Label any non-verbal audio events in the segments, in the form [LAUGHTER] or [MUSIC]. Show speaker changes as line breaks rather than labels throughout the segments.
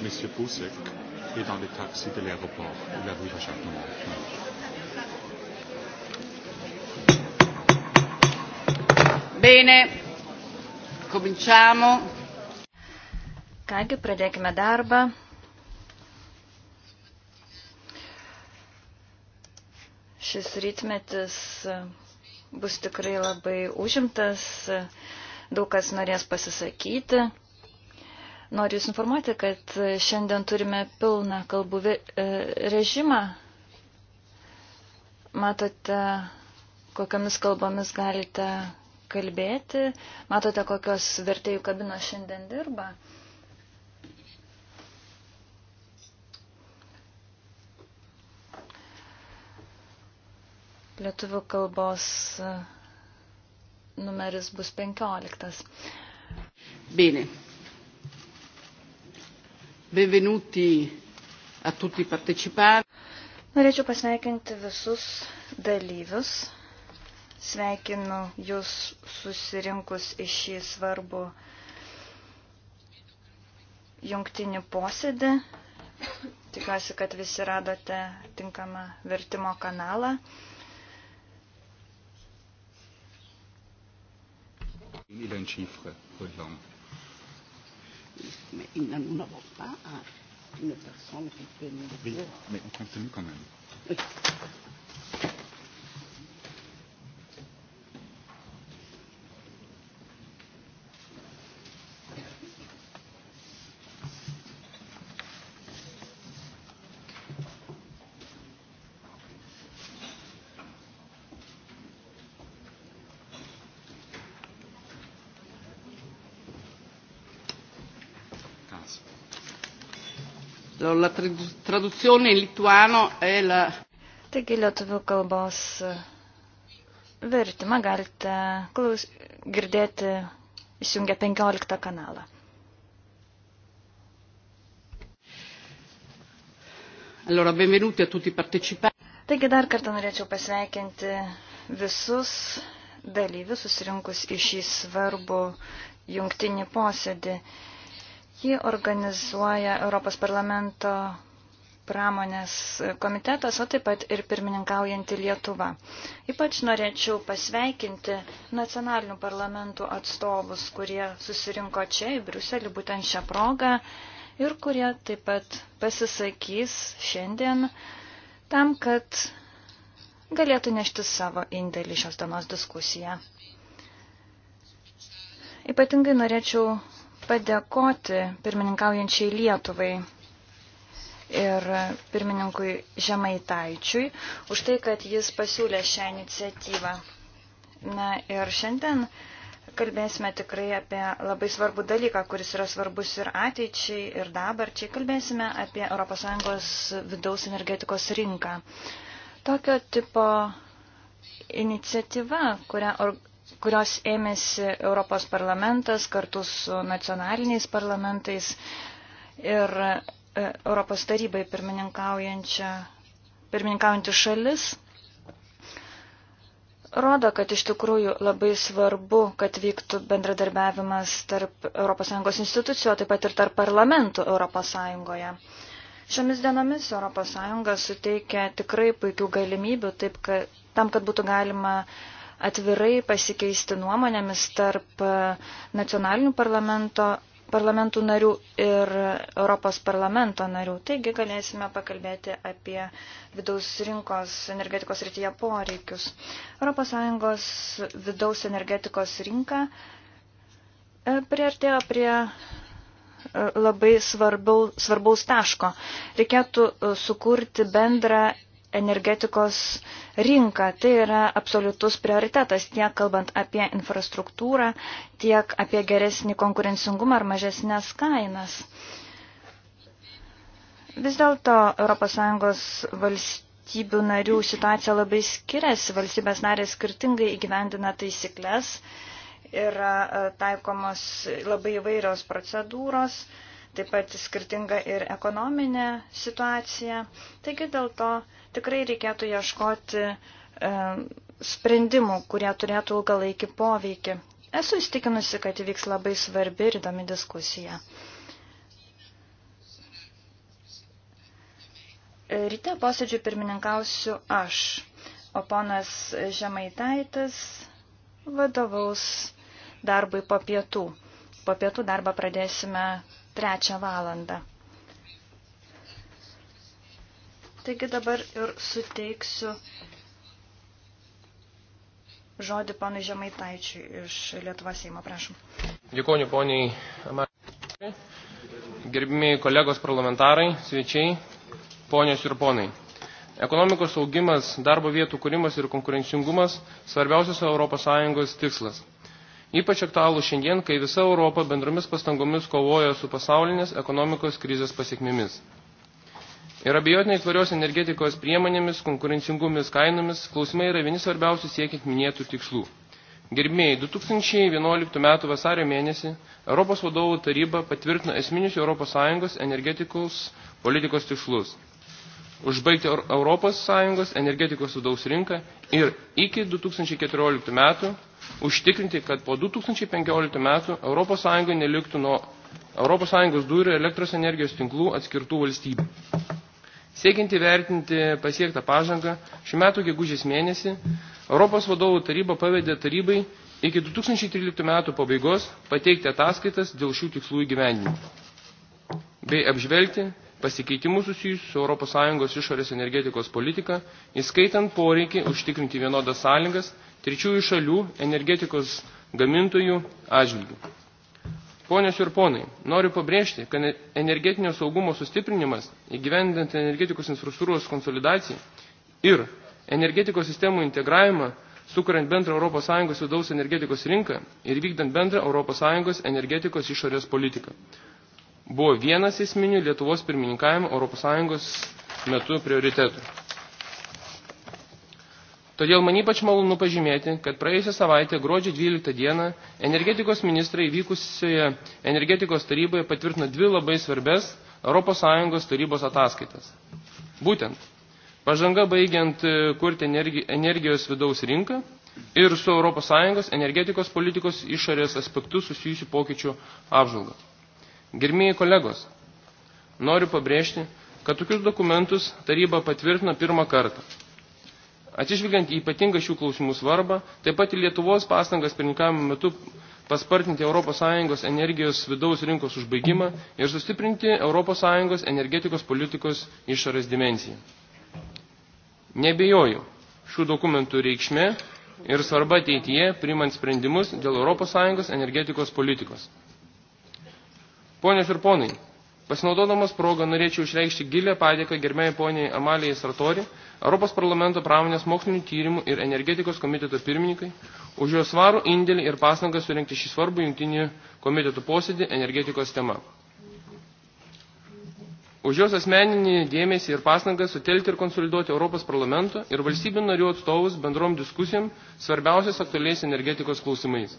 M. Buzek est dans le taxi de l'aéroport.
Il arrive à chaque moment.
Bene, cominciamo.
Kągi, pradėkime darbą. Šis rytmetis bus tikrai labai užimtas, daug kas norės pasisakyti. Noriu Jūs informuoti, kad šiandien turime pilną kalbų e, režimą. Matote, kokiamis kalbomis galite kalbėti, matote, kokios vertėjų kabinos šiandien dirba. Lietuvių kalbos e, numeris bus 15.
Bene. Benvenuti a tutti partecipanti.
Norėčiau pasveikinti visus dalyvius. Sveikinu jūs susirinkus į šį svarbų jungtinį posėdį. Tikiuosi, kad visi radote tinkamą vertimo kanalą.
Il a une chiffre, par exemple
in, nous n'avons pas à une personne qui peut nous. Oui,
mais on continue quand même. Oui.
La traduzione in lituano è la. Taigi lietuvių kalbos eh, vertimą
galite klaus... girdėti įsijungę 15 kanalą.
Allora, benvenuti a tutti i partecipanti.
Taigi dar kartą norėčiau pasveikinti visus dalyvius susirinkus į šį svarbų jungtinį posėdį. Ji organizuoja Europos parlamento pramonės komitetas, o taip pat ir pirmininkaujanti Lietuva. Ypač norėčiau pasveikinti nacionalinių parlamentų atstovus, kurie susirinko čia į Briuselį būtent šią progą ir kurie taip pat pasisakys šiandien tam, kad galėtų nešti savo indėlį šios dienos diskusiją. Ypatingai norėčiau padėkoti pirmininkaujančiai Lietuvai ir pirmininkui Žemaitaičiui už tai, kad jis pasiūlė šią iniciatyvą. Na ir šiandien kalbėsime tikrai apie labai svarbų dalyką, kuris yra svarbus ir ateičiai, ir dabarčiai. Kalbėsime apie ES vidaus energetikos rinką. Tokio tipo iniciatyva, kurią kurios ėmėsi Europos parlamentas kartu su nacionaliniais parlamentais ir e, Europos tarybai pirmininkaujantį šalis, rodo, kad iš tikrųjų labai svarbu, kad vyktų bendradarbiavimas tarp ES institucijų, o taip pat ir tarp parlamentų ES. Šiomis dienomis ES suteikia tikrai puikių galimybių taip, kad, tam, kad būtų galima uh, atvirai pasikeisti nuomonėmis tarp e, nacionalinių parlamento, parlamentų narių ir Europos parlamento narių. Taigi galėsime pakalbėti apie vidaus rinkos energetikos rytyje poreikius. ES vidaus energetikos rinka e, priartėjo prie e, labai svarbaus, svarbaus taško. Reikėtų sukurti bendrą energetikos rinką. Tai yra absoliutus prioritetas tiek kalbant apie infrastruktūrą, tiek apie geresnį konkurencingumą ar mažesnės kainas. Vis dėlto ES valstybių narių situacija labai skiriasi. Valstybės narės skirtingai įgyvendina taisyklės, yra e, taikomos labai įvairios procedūros taip pat skirtinga ir ekonominė situacija. Taigi dėl to tikrai reikėtų ieškoti e, sprendimų, kurie turėtų ilgalaikį poveikį. Esu įstikinusi, kad įvyks labai svarbi ir įdomi diskusija. Ryte posėdžių pirmininkausiu aš, o ponas Žemaitaitis vadovaus darbui po pietų. Po pietų darbą pradėsime trečią valandą. Taigi dabar ir suteiksiu žodį ponui Žemaitaičiui iš Lietuvos Seimo, prašom.
Dėkuoju poniai Amariai, gerbimiai kolegos parlamentarai, svečiai, ponios ir ponai. Ekonomikos augimas, darbo vietų kūrimas ir konkurencingumas – svarbiausias ES tikslas ypač aktualų šiandien, kai visa Europa bendromis pastangomis kovoja su pasaulinės ekonomikos krizės pasiekmėmis. Ir abejotinai tvarios energetikos priemonėmis, konkurencingumis kainomis klausimai yra vieni svarbiausių siekiant minėtų tikslų. Gerbėjai, 2011 m. vasario mėnesį Europos vadovų taryba patvirtino esminius ES energetikos politikos tikslus užbaigti ES energetikos vidaus rinką ir iki 2014 metų užtikrinti, kad po 2015 metų ES neliktų nuo ES dūrių elektros energijos tinklų atskirtų valstybių. Siekiant įvertinti pasiektą pažangą, šiuo metu gegužės mėnesį Europos vadovų taryba pavedė tarybai iki 2013 metų pabaigos pateikti ataskaitas dėl šių tikslų įgyvendinimo bei apžvelgti pasikeitimus susijusius su ES išorės energetikos politika, įskaitant poreikį užtikrinti vienodas sąlygas trečiųjų šalių energetikos gamintojų atžvilgių. Ponios ir ponai, noriu pabrėžti, kad energetinio saugumo sustiprinimas įgyvendinant energetikos infrastruktūros konsolidaciją ir energetikos sistemų integravimą, sukuriant bendrą ES vidaus energetikos rinką ir vykdant bendrą ES energetikos išorės politiką buvo vienas esminių Lietuvos pirmininkavimo ES metu prioritetų. Todėl man ypač malonu pažymėti, kad praėjusią savaitę gruodžio 12 dieną energetikos ministrai vykusioje energetikos taryboje patvirtino dvi labai svarbes ES tarybos ataskaitas. Būtent, pažanga baigiant e, kurti energijos vidaus rinką ir su ES energetikos politikos išorės aspektų susijusių pokyčių apžalgą. Girmieji kolegos, noriu pabrėžti, kad tokius dokumentus taryba patvirtina pirmą kartą. Atsižvelgiant į ypatingą šių klausimų svarbą, taip pat į Lietuvos pastangas pirmininkavimo metu paspartinti ES energijos vidaus rinkos užbaigimą ir sustiprinti ES energetikos politikos išorės dimensiją. Nebejoju šių dokumentų reikšmė ir svarba ateityje priimant sprendimus dėl ES energetikos politikos. Ponios ir ponai, Pasinaudodamas progą norėčiau išreikšti gilę padėką gerbėjai poniai Amalijai Sartori, Europos parlamento pramonės mokslinių tyrimų ir energetikos komiteto pirmininkai, už jos svarų indėlį ir pastangas surinkti šį svarbų jungtinį komiteto posėdį energetikos tema. Už jos asmeninį dėmesį ir pastangas sutelkti ir konsoliduoti Europos parlamento ir valstybių narių atstovus bendrom diskusijom svarbiausias aktualiais energetikos klausimais.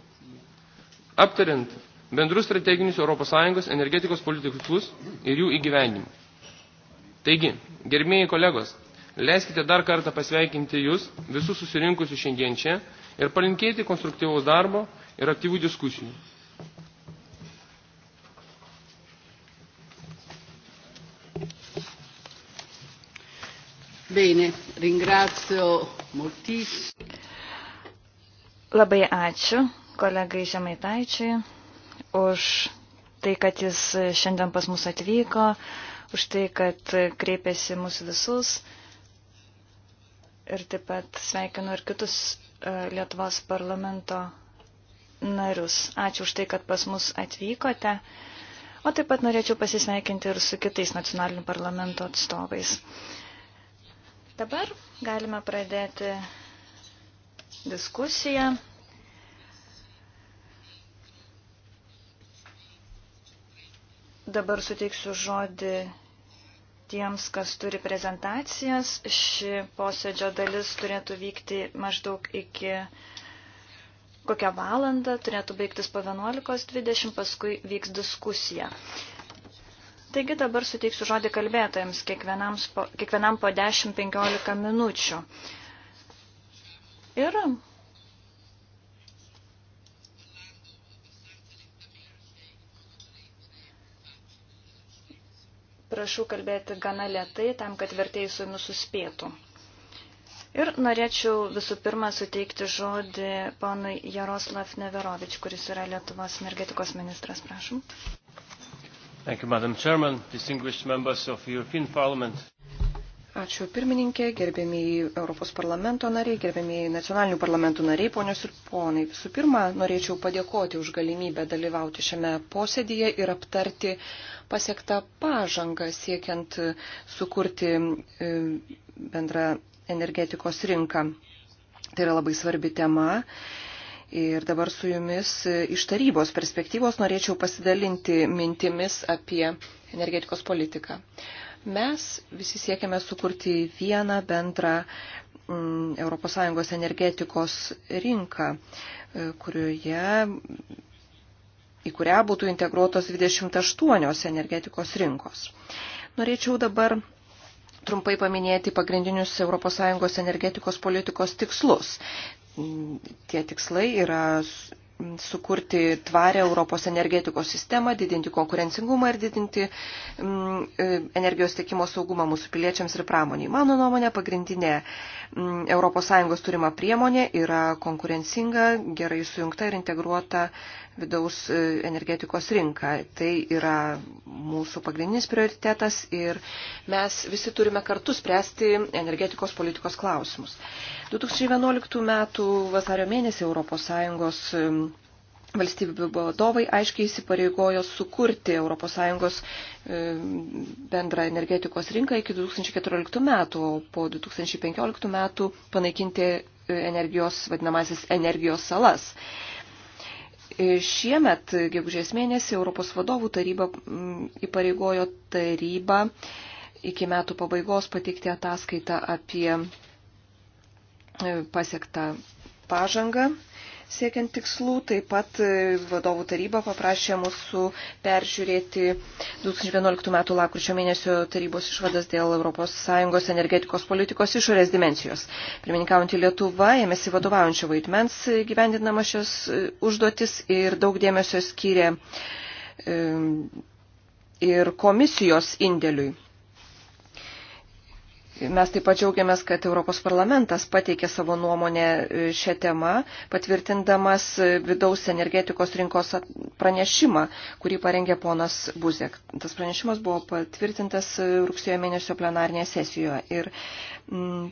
Aptariant bendrus strateginius ES energetikos politikų tikslus ir jų įgyvendimą. Taigi, gerbėjai kolegos, leiskite dar kartą pasveikinti Jūs visus susirinkusius šiandien čia ir palinkėti konstruktyvaus darbo ir aktyvų diskusijų.
Bene, ringrazio moltissimo. Labai
ačiū kolegai Žemaitaičiui už tai, kad jis šiandien pas mus atvyko, už tai, kad kreipėsi mūsų visus. Ir taip pat sveikinu ir kitus e, Lietuvos parlamento narius. Ačiū už tai, kad pas mus atvykote. O taip pat norėčiau pasisveikinti ir su kitais nacionalinių parlamento atstovais. Dabar galime pradėti diskusiją. Dabar suteiksiu žodį tiems, kas turi prezentacijas. Ši posėdžio dalis turėtų vykti maždaug iki kokią valandą, turėtų baigtis po 11.20, paskui vyks diskusija. Taigi dabar suteiksiu žodį kalbėtojams, po, kiekvienam po 10-15 minučių. Ir Prašau kalbėti gana lietai, tam, kad vertėjai su jumis suspėtų. Ir norėčiau visų pirma suteikti žodį ponui Jaroslav Neverovič, kuris yra Lietuvos energetikos ministras. Prašom.
Thank you, Madam Chairman, distinguished members of European Parliament.
Ačiū
pirmininkė, gerbėmiai Europos parlamento nariai, gerbėmiai nacionalinių parlamentų nariai, ponios ir ponai. Visų pirma, norėčiau padėkoti už galimybę dalyvauti šiame posėdėje ir aptarti pasiektą pažangą siekiant sukurti e, bendrą energetikos rinką. Tai yra labai svarbi tema. Ir dabar su jumis iš tarybos perspektyvos norėčiau pasidalinti mintimis apie energetikos politiką. Mes visi siekiame sukurti vieną bendrą mm, ES energetikos rinką, e, kurioje į kurią būtų integruotos 28 energetikos rinkos. Norėčiau dabar trumpai paminėti pagrindinius ES energetikos politikos tikslus. Mm, tie tikslai yra sukurti tvarę Europos energetikos sistemą, didinti konkurencingumą ir didinti mm, e, energijos tiekimo saugumą mūsų piliečiams ir pramoniai. Mano nuomonė, pagrindinė mm, ES turima priemonė yra konkurencinga, gerai sujungta ir integruota vidaus e, energetikos rinką. Tai yra mūsų pagrindinis prioritetas ir mes visi turime kartu spręsti energetikos politikos klausimus. 2011 m. vasario mėnesį ES e, valstybių vadovai aiškiai įsipareigojo sukurti ES e, bendrą energetikos rinką iki 2014 metų, o po 2015 metų panaikinti energijos, vadinamasis energijos salas. Šiemet, gegužės mėnesį, Europos vadovų taryba mm, įpareigojo tarybą iki metų pabaigos pateikti ataskaitą apie e, pasiektą pažangą siekiant tikslų. Taip pat e, vadovų taryba paprašė mūsų peržiūrėti 2011 m. lakrūčio mėnesio tarybos išvadas dėl ES energetikos politikos išorės dimensijos. Pirmininkaujantį Lietuvą ėmėsi vadovaujančio vaidmens gyvendinama šias e, užduotis ir daug dėmesio skyrė e, ir komisijos indėliui. Mes taip pat džiaugiamės, kad Europos parlamentas pateikė savo nuomonę e, šią temą, patvirtindamas e, vidaus energetikos rinkos pranešimą, kurį parengė ponas Buzek. Tas pranešimas buvo patvirtintas e, rugsėjo mėnesio plenarnėje sesijoje. Ir, m, mm,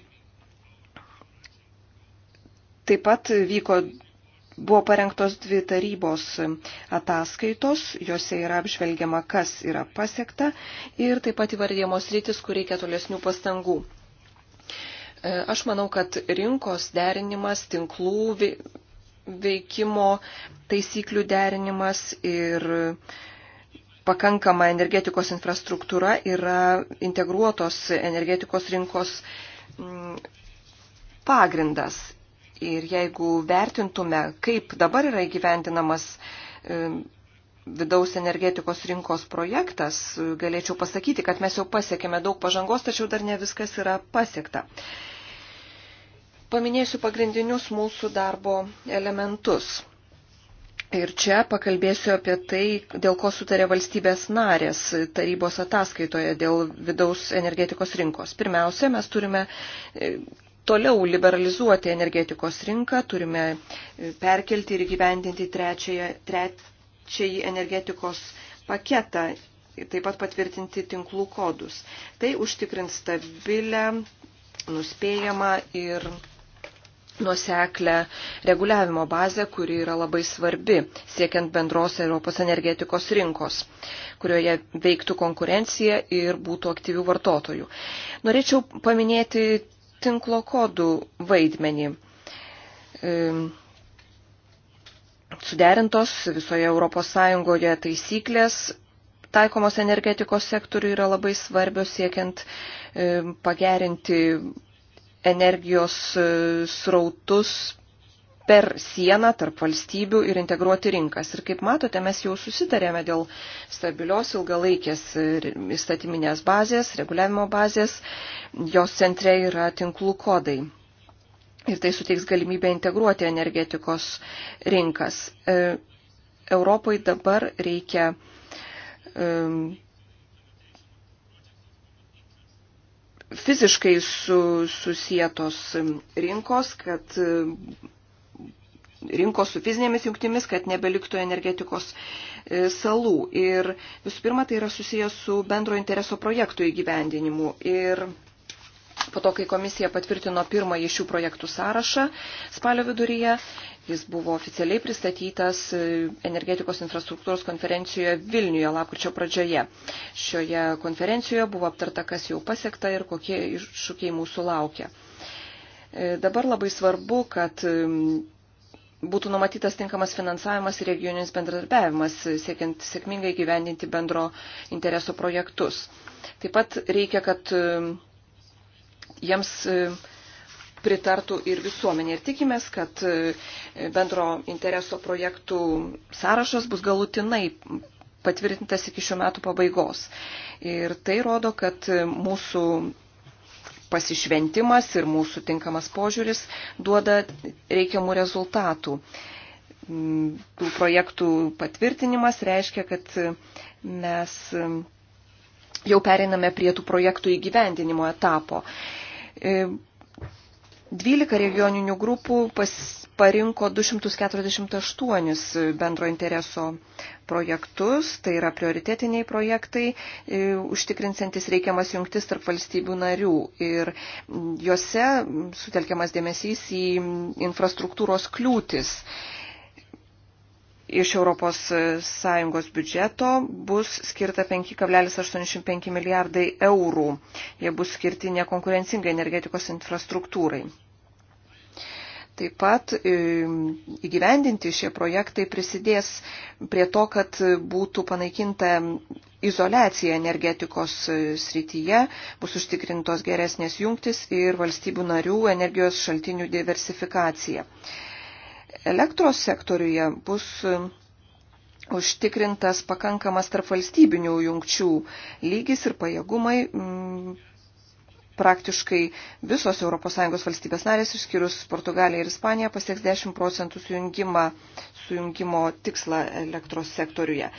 taip pat vyko Buvo parengtos dvi tarybos ataskaitos, juose yra apžvelgiama, kas yra pasiekta ir taip pat įvardėmos rytis, kur reikia tolesnių pastangų. E, aš manau, kad rinkos derinimas, tinklų veikimo taisyklių derinimas ir pakankama energetikos infrastruktūra yra integruotos energetikos rinkos pagrindas. Ir jeigu vertintume, kaip dabar yra įgyvendinamas e, vidaus energetikos rinkos projektas, e, galėčiau pasakyti, kad mes jau pasiekėme daug pažangos, tačiau dar ne viskas yra pasiekta. Paminėsiu pagrindinius mūsų darbo elementus. Ir čia pakalbėsiu apie tai, dėl ko sutarė valstybės narės tarybos ataskaitoje dėl vidaus energetikos rinkos. Pirmiausia, mes turime e, toliau liberalizuoti energetikos rinką, turime e, perkelti ir gyvendinti trečiąją, trečiąjį energetikos paketą, taip pat patvirtinti tinklų kodus. Tai užtikrins stabilę, nuspėjamą ir nuoseklę reguliavimo bazę, kuri yra labai svarbi siekiant bendros Europos energetikos rinkos, kurioje veiktų konkurencija ir būtų aktyvių vartotojų. Norėčiau paminėti tinklo kodų vaidmenį. E, suderintos visoje Europos Sąjungoje taisyklės taikomos energetikos sektoriui yra labai svarbios siekiant e, pagerinti energijos e, srautus per sieną tarp valstybių ir integruoti rinkas. Ir kaip matote, mes jau susitarėme dėl stabilios ilgalaikės įstatyminės bazės, reguliavimo bazės, jos centre yra tinklų kodai. Ir tai suteiks galimybę integruoti energetikos rinkas. E, Europai dabar reikia e, fiziškai su, susietos rinkos, kad rinkos su fizinėmis jungtimis, kad nebeliktų energetikos e, salų. Ir visų pirma, tai yra susijęs su bendro intereso projektų įgyvendinimu. Ir po to, kai komisija patvirtino pirmąjį šių projektų sąrašą spalio viduryje, jis buvo oficialiai pristatytas e, energetikos infrastruktūros konferencijoje Vilniuje lapkričio pradžioje. Šioje konferencijoje buvo aptarta, kas jau pasiekta ir kokie iššūkiai mūsų laukia. E, dabar labai svarbu, kad būtų numatytas tinkamas finansavimas ir regioninis bendradarbiavimas, siekiant sėkmingai gyvendinti bendro intereso projektus. Taip pat reikia, kad e, jiems e, pritartų ir visuomenė. Ir tikimės, kad e, bendro intereso projektų sąrašas bus galutinai patvirtintas iki šių metų pabaigos. Ir tai rodo, kad mūsų pasišventimas ir mūsų tinkamas požiūris duoda reikiamų rezultatų. Mm, tų projektų patvirtinimas reiškia, kad mes mm, jau pereiname prie tų projektų įgyvendinimo etapo. E, 12 regioninių grupų pas, parinko 248 bendro intereso projektus, tai yra prioritetiniai projektai, e, užtikrinsantis reikiamas jungtis tarp valstybių narių. Ir juose sutelkiamas dėmesys į infrastruktūros kliūtis iš ES biudžeto bus skirta 5,85 milijardai eurų. Jie bus skirti nekonkurencingai energetikos infrastruktūrai. Taip pat e, įgyvendinti šie projektai prisidės prie to, kad būtų panaikinta izolacija energetikos e, srityje, bus užtikrintos geresnės jungtis ir valstybių narių energijos šaltinių diversifikacija elektros sektoriuje bus e, užtikrintas pakankamas tarpvalstybinių jungčių lygis ir pajėgumai. M, praktiškai visos ES valstybės narės, išskyrus Portugaliją ir Ispaniją, pasieks 10 procentų sujungimą, sujungimo tikslą elektros sektoriuje.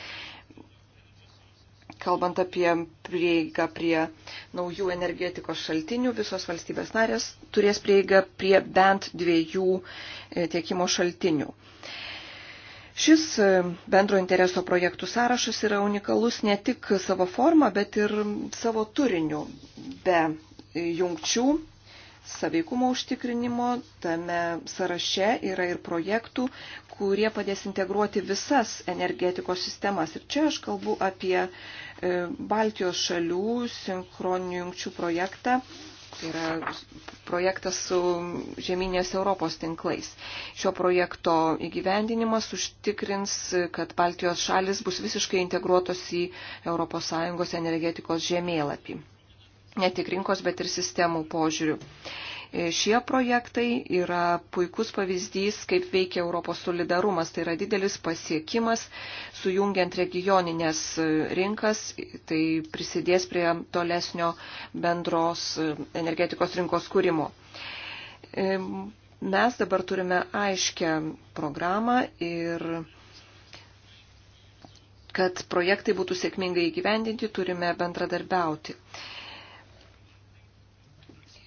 Kalbant apie prieigą prie naujų energetikos šaltinių, visos valstybės narės turės prieigą prie bent dviejų e, tiekimo šaltinių. Šis e, bendro intereso projektų sąrašas yra unikalus ne tik savo forma, bet ir savo turiniu. Be jungčių saveikumo užtikrinimo. Tame sąraše yra ir projektų, kurie padės integruoti visas energetikos sistemas. Ir čia aš kalbu apie e, Baltijos šalių sinchroninių jungčių projektą. Tai yra projektas su žemynės Europos tinklais. Šio projekto įgyvendinimas užtikrins, kad Baltijos šalis bus visiškai integruotos į ES energetikos žemėlapį ne tik rinkos, bet ir sistemų požiūrių. E, šie projektai yra puikus pavyzdys, kaip veikia Europos solidarumas. Tai yra didelis pasiekimas, sujungiant regioninės e, rinkas, tai prisidės prie tolesnio bendros e, energetikos rinkos kūrimo. Mes dabar turime aiškę programą ir kad projektai būtų sėkmingai įgyvendinti, turime bendradarbiauti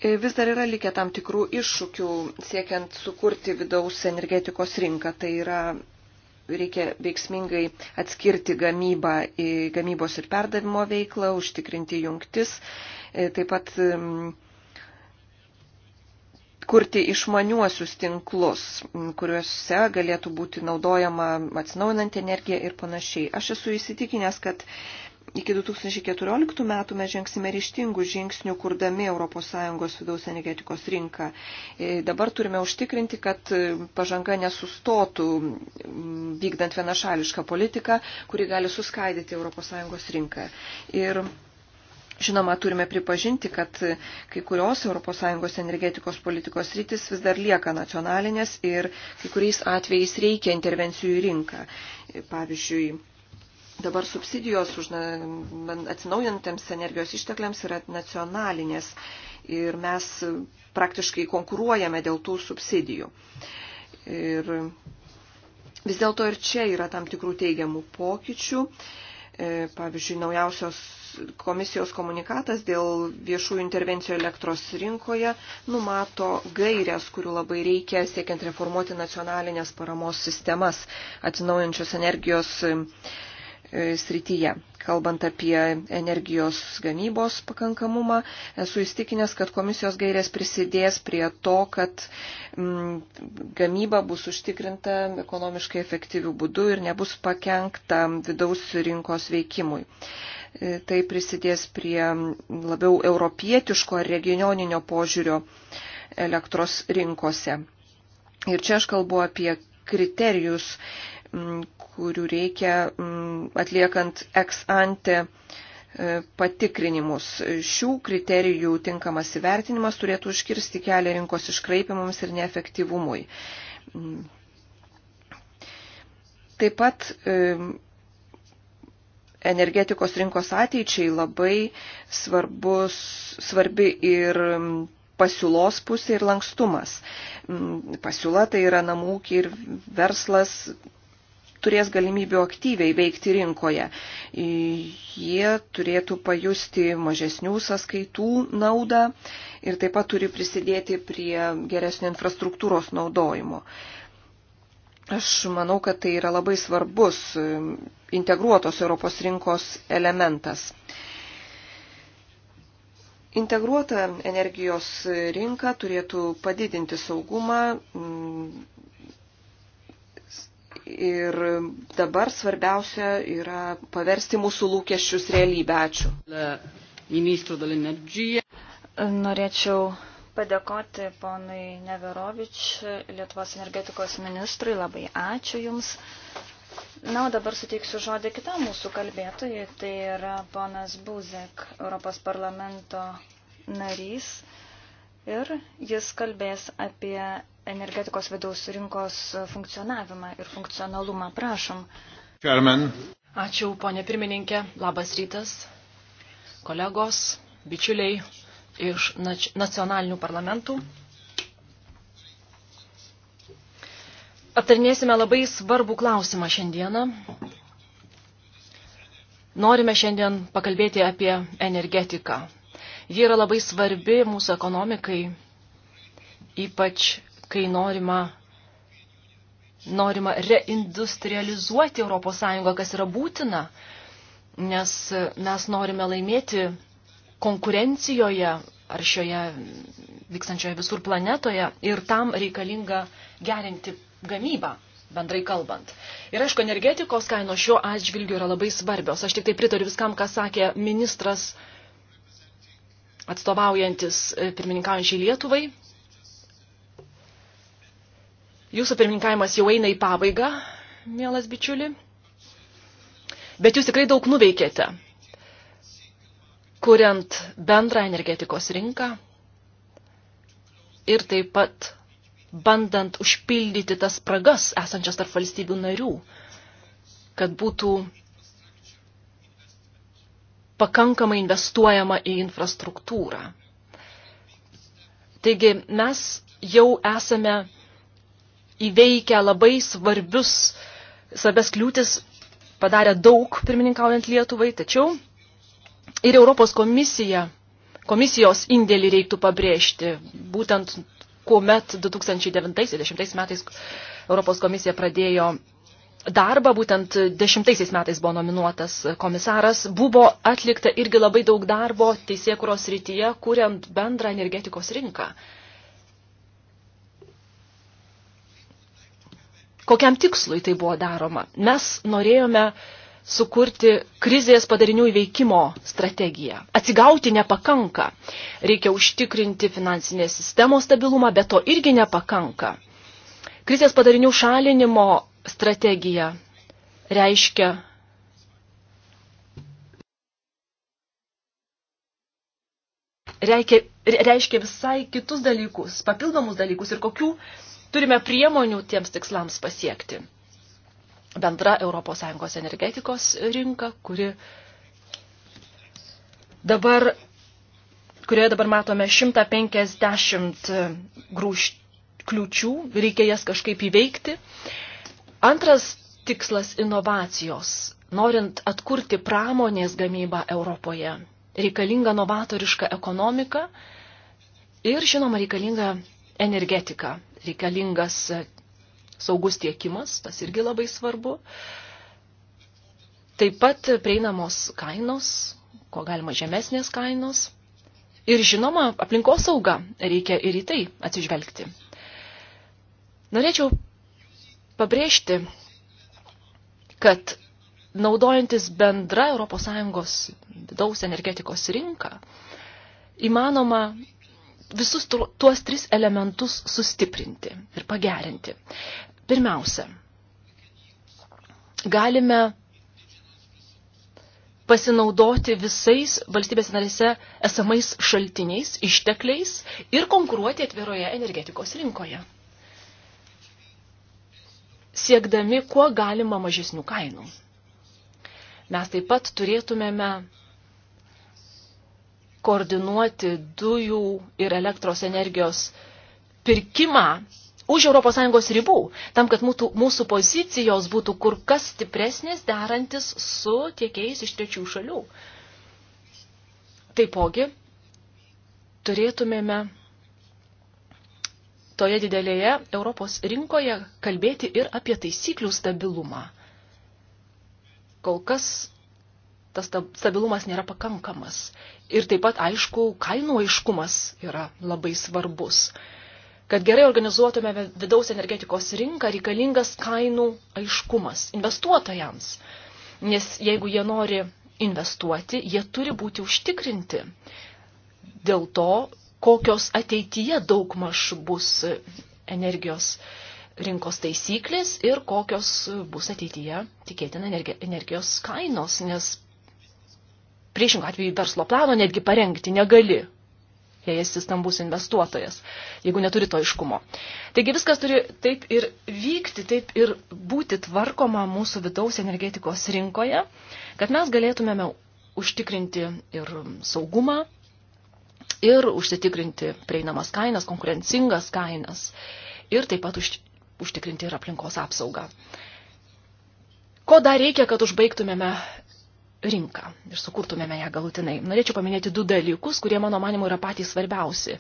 vis dar yra likę tam tikrų iššūkių siekiant sukurti vidaus energetikos rinką. Tai yra reikia veiksmingai atskirti gamybą, gamybos ir perdavimo veiklą, užtikrinti jungtis, e, taip pat kurti išmaniuosius tinklus, kuriuose galėtų būti naudojama atsinaujinanti energija ir panašiai. Aš esu įsitikinęs, kad iki 2014 metų mes žengsime ryštingų žingsnių, kurdami ES vidaus energetikos rinką. E, dabar turime užtikrinti, kad pažanga nesustotų vykdant vienašališką politiką, kuri gali suskaidyti ES rinką. Ir Žinoma, turime pripažinti, kad kai kurios ES energetikos politikos rytis vis dar lieka nacionalinės ir kai kuriais atvejais reikia intervencijų į rinką. Pavyzdžiui, dabar subsidijos už atsinaujantiems energijos ištekliams yra nacionalinės ir mes praktiškai konkuruojame dėl tų subsidijų. Ir vis dėlto ir čia yra tam tikrų teigiamų pokyčių. E, pavyzdžiui, naujausios komisijos komunikatas dėl viešųjų intervencijų elektros rinkoje numato gairias, kurių labai reikia siekiant reformuoti nacionalinės paramos sistemas atsinaujančios energijos srityje. Kalbant apie energijos gamybos pakankamumą, esu įstikinęs, kad komisijos gairės prisidės prie to, kad mm, gamyba bus užtikrinta ekonomiškai efektyvių būdų ir nebus pakengta vidaus rinkos veikimui. E, tai prisidės prie labiau europietiško ar regioninio požiūrio elektros rinkose. Ir čia aš kalbu apie kriterijus kurių reikia atliekant ex ante e, patikrinimus. Šių kriterijų tinkamas įvertinimas turėtų užkirsti kelią rinkos iškraipimams ir neefektyvumui. Taip pat e, energetikos rinkos ateičiai labai svarbus, svarbi ir pasiūlos pusė ir lankstumas. Pasiūla tai yra namų ūkiai ir verslas, turės galimybių aktyviai veikti rinkoje. Jie turėtų pajusti mažesnių sąskaitų naudą ir taip pat turi prisidėti prie geresnio infrastruktūros naudojimo. Aš manau, kad tai yra labai svarbus um, integruotos Europos rinkos elementas. Integruota energijos rinka turėtų padidinti saugumą, mm, Ir dabar svarbiausia yra paversti mūsų lūkesčius
realybę. Ačiū. Norėčiau padėkoti ponui Neverovič, Lietuvos energetikos ministrui. Labai ačiū Jums. Na, o dabar suteiksiu žodį kitam mūsų kalbėtojui. Tai yra ponas Buzek, Europos parlamento narys. Ir jis kalbės apie energetikos vidaus rinkos funkcionavimą ir funkcionalumą. Prašom. Chairman. Ačiū, ponė pirmininkė. Labas
rytas, kolegos, bičiuliai iš nacionalinių parlamentų. Aptarnėsime labai svarbų klausimą šiandieną. Norime šiandien pakalbėti apie energetiką. Ji yra labai svarbi mūsų ekonomikai, ypač kai norima, norima reindustrializuoti ES, kas yra būtina, nes mes norime laimėti konkurencijoje ar šioje vykstančioje visur planetoje ir tam reikalinga gerinti gamybą bendrai kalbant. Ir aišku, energetikos kainos šiuo atžvilgiu yra labai svarbios. Aš tik tai pritariu viskam, ką sakė ministras atstovaujantis e, pirmininkaujančiai Lietuvai. Jūsų pirmininkavimas jau eina į pabaigą, mielas bičiuli, bet jūs tikrai daug nuveikėte, kuriant bendrą energetikos rinką ir taip pat bandant užpildyti tas spragas esančias tarp valstybių narių, kad būtų pakankamai investuojama į infrastruktūrą. Taigi mes jau esame įveikę labai svarbius, svarbės kliūtis, padarė daug pirmininkaujant Lietuvai, tačiau ir Europos komisija, komisijos indėlį reiktų pabrėžti, būtent kuomet 2009-2010 metais Europos komisija pradėjo darbą, būtent dešimtaisiais metais buvo nominuotas komisaras, buvo atlikta irgi labai daug darbo teisėkuros rytyje, kuriant bendrą energetikos rinką. kokiam tikslui tai buvo daroma. Mes norėjome sukurti krizės padarinių įveikimo strategiją. Atsigauti nepakanka. Reikia užtikrinti finansinės sistemos stabilumą, bet to irgi nepakanka. Krizės padarinių šalinimo strategija reiškia reikia, reiškia visai kitus dalykus, papildomus dalykus ir kokių turime priemonių tiems tikslams pasiekti. Bendra ES energetikos rinka, kuri dabar, kurioje dabar matome 150 grūš, kliučių, reikia jas kažkaip įveikti. Antras tikslas - inovacijos. Norint atkurti pramonės gamybą Europoje, reikalinga novatoriška ekonomika ir, žinoma, reikalinga energetika reikalingas e, saugus tiekimas, tas irgi labai svarbu. Taip pat prieinamos kainos, ko galima žemesnės kainos. Ir žinoma, aplinkos sauga reikia ir į tai atsižvelgti. Norėčiau pabrėžti, kad naudojantis bendra ES vidaus energetikos rinka, įmanoma visus tuos tris elementus sustiprinti ir pagerinti. Pirmiausia, galime pasinaudoti visais valstybės narėse esamais šaltiniais, ištekliais ir konkuruoti atviroje energetikos rinkoje. Siekdami kuo galima mažesnių kainų. Mes taip pat turėtumėme koordinuoti dujų ir elektros energijos pirkimą už ES ribų, tam, kad mūsų, mūsų pozicijos būtų kur kas stipresnės derantis su tiekėjais iš trečių šalių. Taipogi, turėtumėme toje didelėje Europos rinkoje kalbėti ir apie taisyklių stabilumą. Kol kas tas stabilumas nėra pakankamas. Ir taip pat, aišku, kainų aiškumas yra labai svarbus. Kad gerai organizuotume vidaus energetikos rinką, reikalingas kainų aiškumas investuotojams. Nes jeigu jie nori investuoti, jie turi būti užtikrinti dėl to, kokios ateityje daugmaž bus energijos rinkos taisyklės ir kokios bus ateityje tikėtina energijos kainos, nes priešingų atveju verslo plano netgi parengti negali, jei esi stambus investuotojas, jeigu neturi to iškumo. Taigi viskas turi taip ir vykti, taip ir būti tvarkoma mūsų vidaus energetikos rinkoje, kad mes galėtumėme užtikrinti ir saugumą, ir užsitikrinti prieinamas kainas, konkurencingas kainas, ir taip pat užtikrinti ir aplinkos apsaugą. Ko dar reikia, kad užbaigtumėme rinką ir sukurtumėme ją galutinai. Norėčiau paminėti du dalykus, kurie mano manimo yra patys svarbiausi.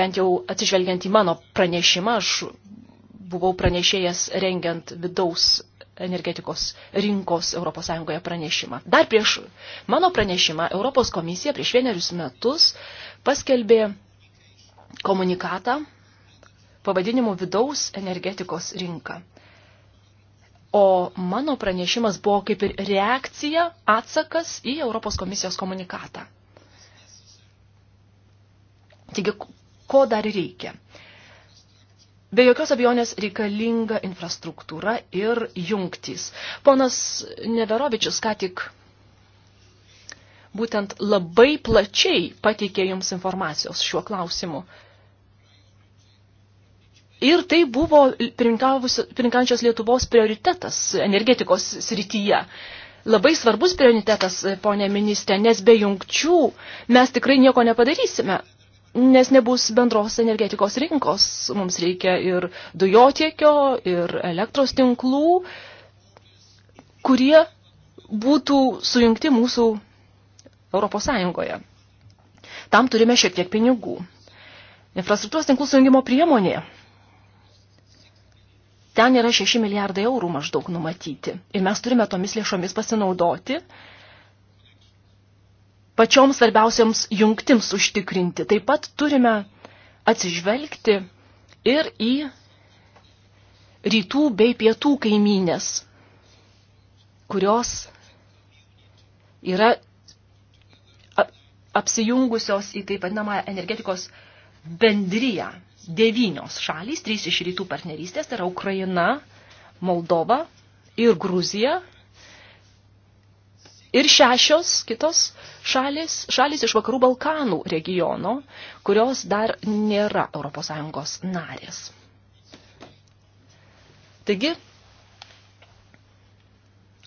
Bent jau atsižvelgiant į mano pranešimą, aš buvau pranešėjęs rengiant vidaus energetikos rinkos ES pranešimą. Dar prieš mano pranešimą Europos komisija prieš vienerius metus paskelbė komunikatą pavadinimu vidaus energetikos rinka. O mano pranešimas buvo kaip ir reakcija, atsakas į Europos komisijos komunikatą. Taigi, ko dar reikia? Be jokios abejonės reikalinga infrastruktūra ir jungtys. Ponas Neverovičius ką tik būtent labai plačiai pateikė jums informacijos šiuo klausimu. Ir tai buvo pirinkančios Lietuvos prioritetas energetikos srityje. Labai svarbus prioritetas, ponė ministrė, nes be jungčių mes tikrai nieko nepadarysime, nes nebus bendros energetikos rinkos. Mums reikia ir dujotiekio, ir elektros tinklų, kurie būtų sujungti mūsų Europos Sąjungoje. Tam turime šiek tiek pinigų. Infrastruktūros tinklų sujungimo priemonė ten yra 6 milijardai eurų maždaug numatyti. Ir mes turime tomis lėšomis pasinaudoti pačioms svarbiausiams jungtims užtikrinti. Taip pat turime atsižvelgti ir į rytų bei pietų kaimynės, kurios yra apsijungusios į taip vadinamą energetikos bendryją devynios šalys, trys iš rytų partnerystės, tai yra Ukraina, Moldova ir Gruzija. Ir šešios kitos šalis, šalis iš vakarų Balkanų regiono, kurios dar nėra ES narės. Taigi,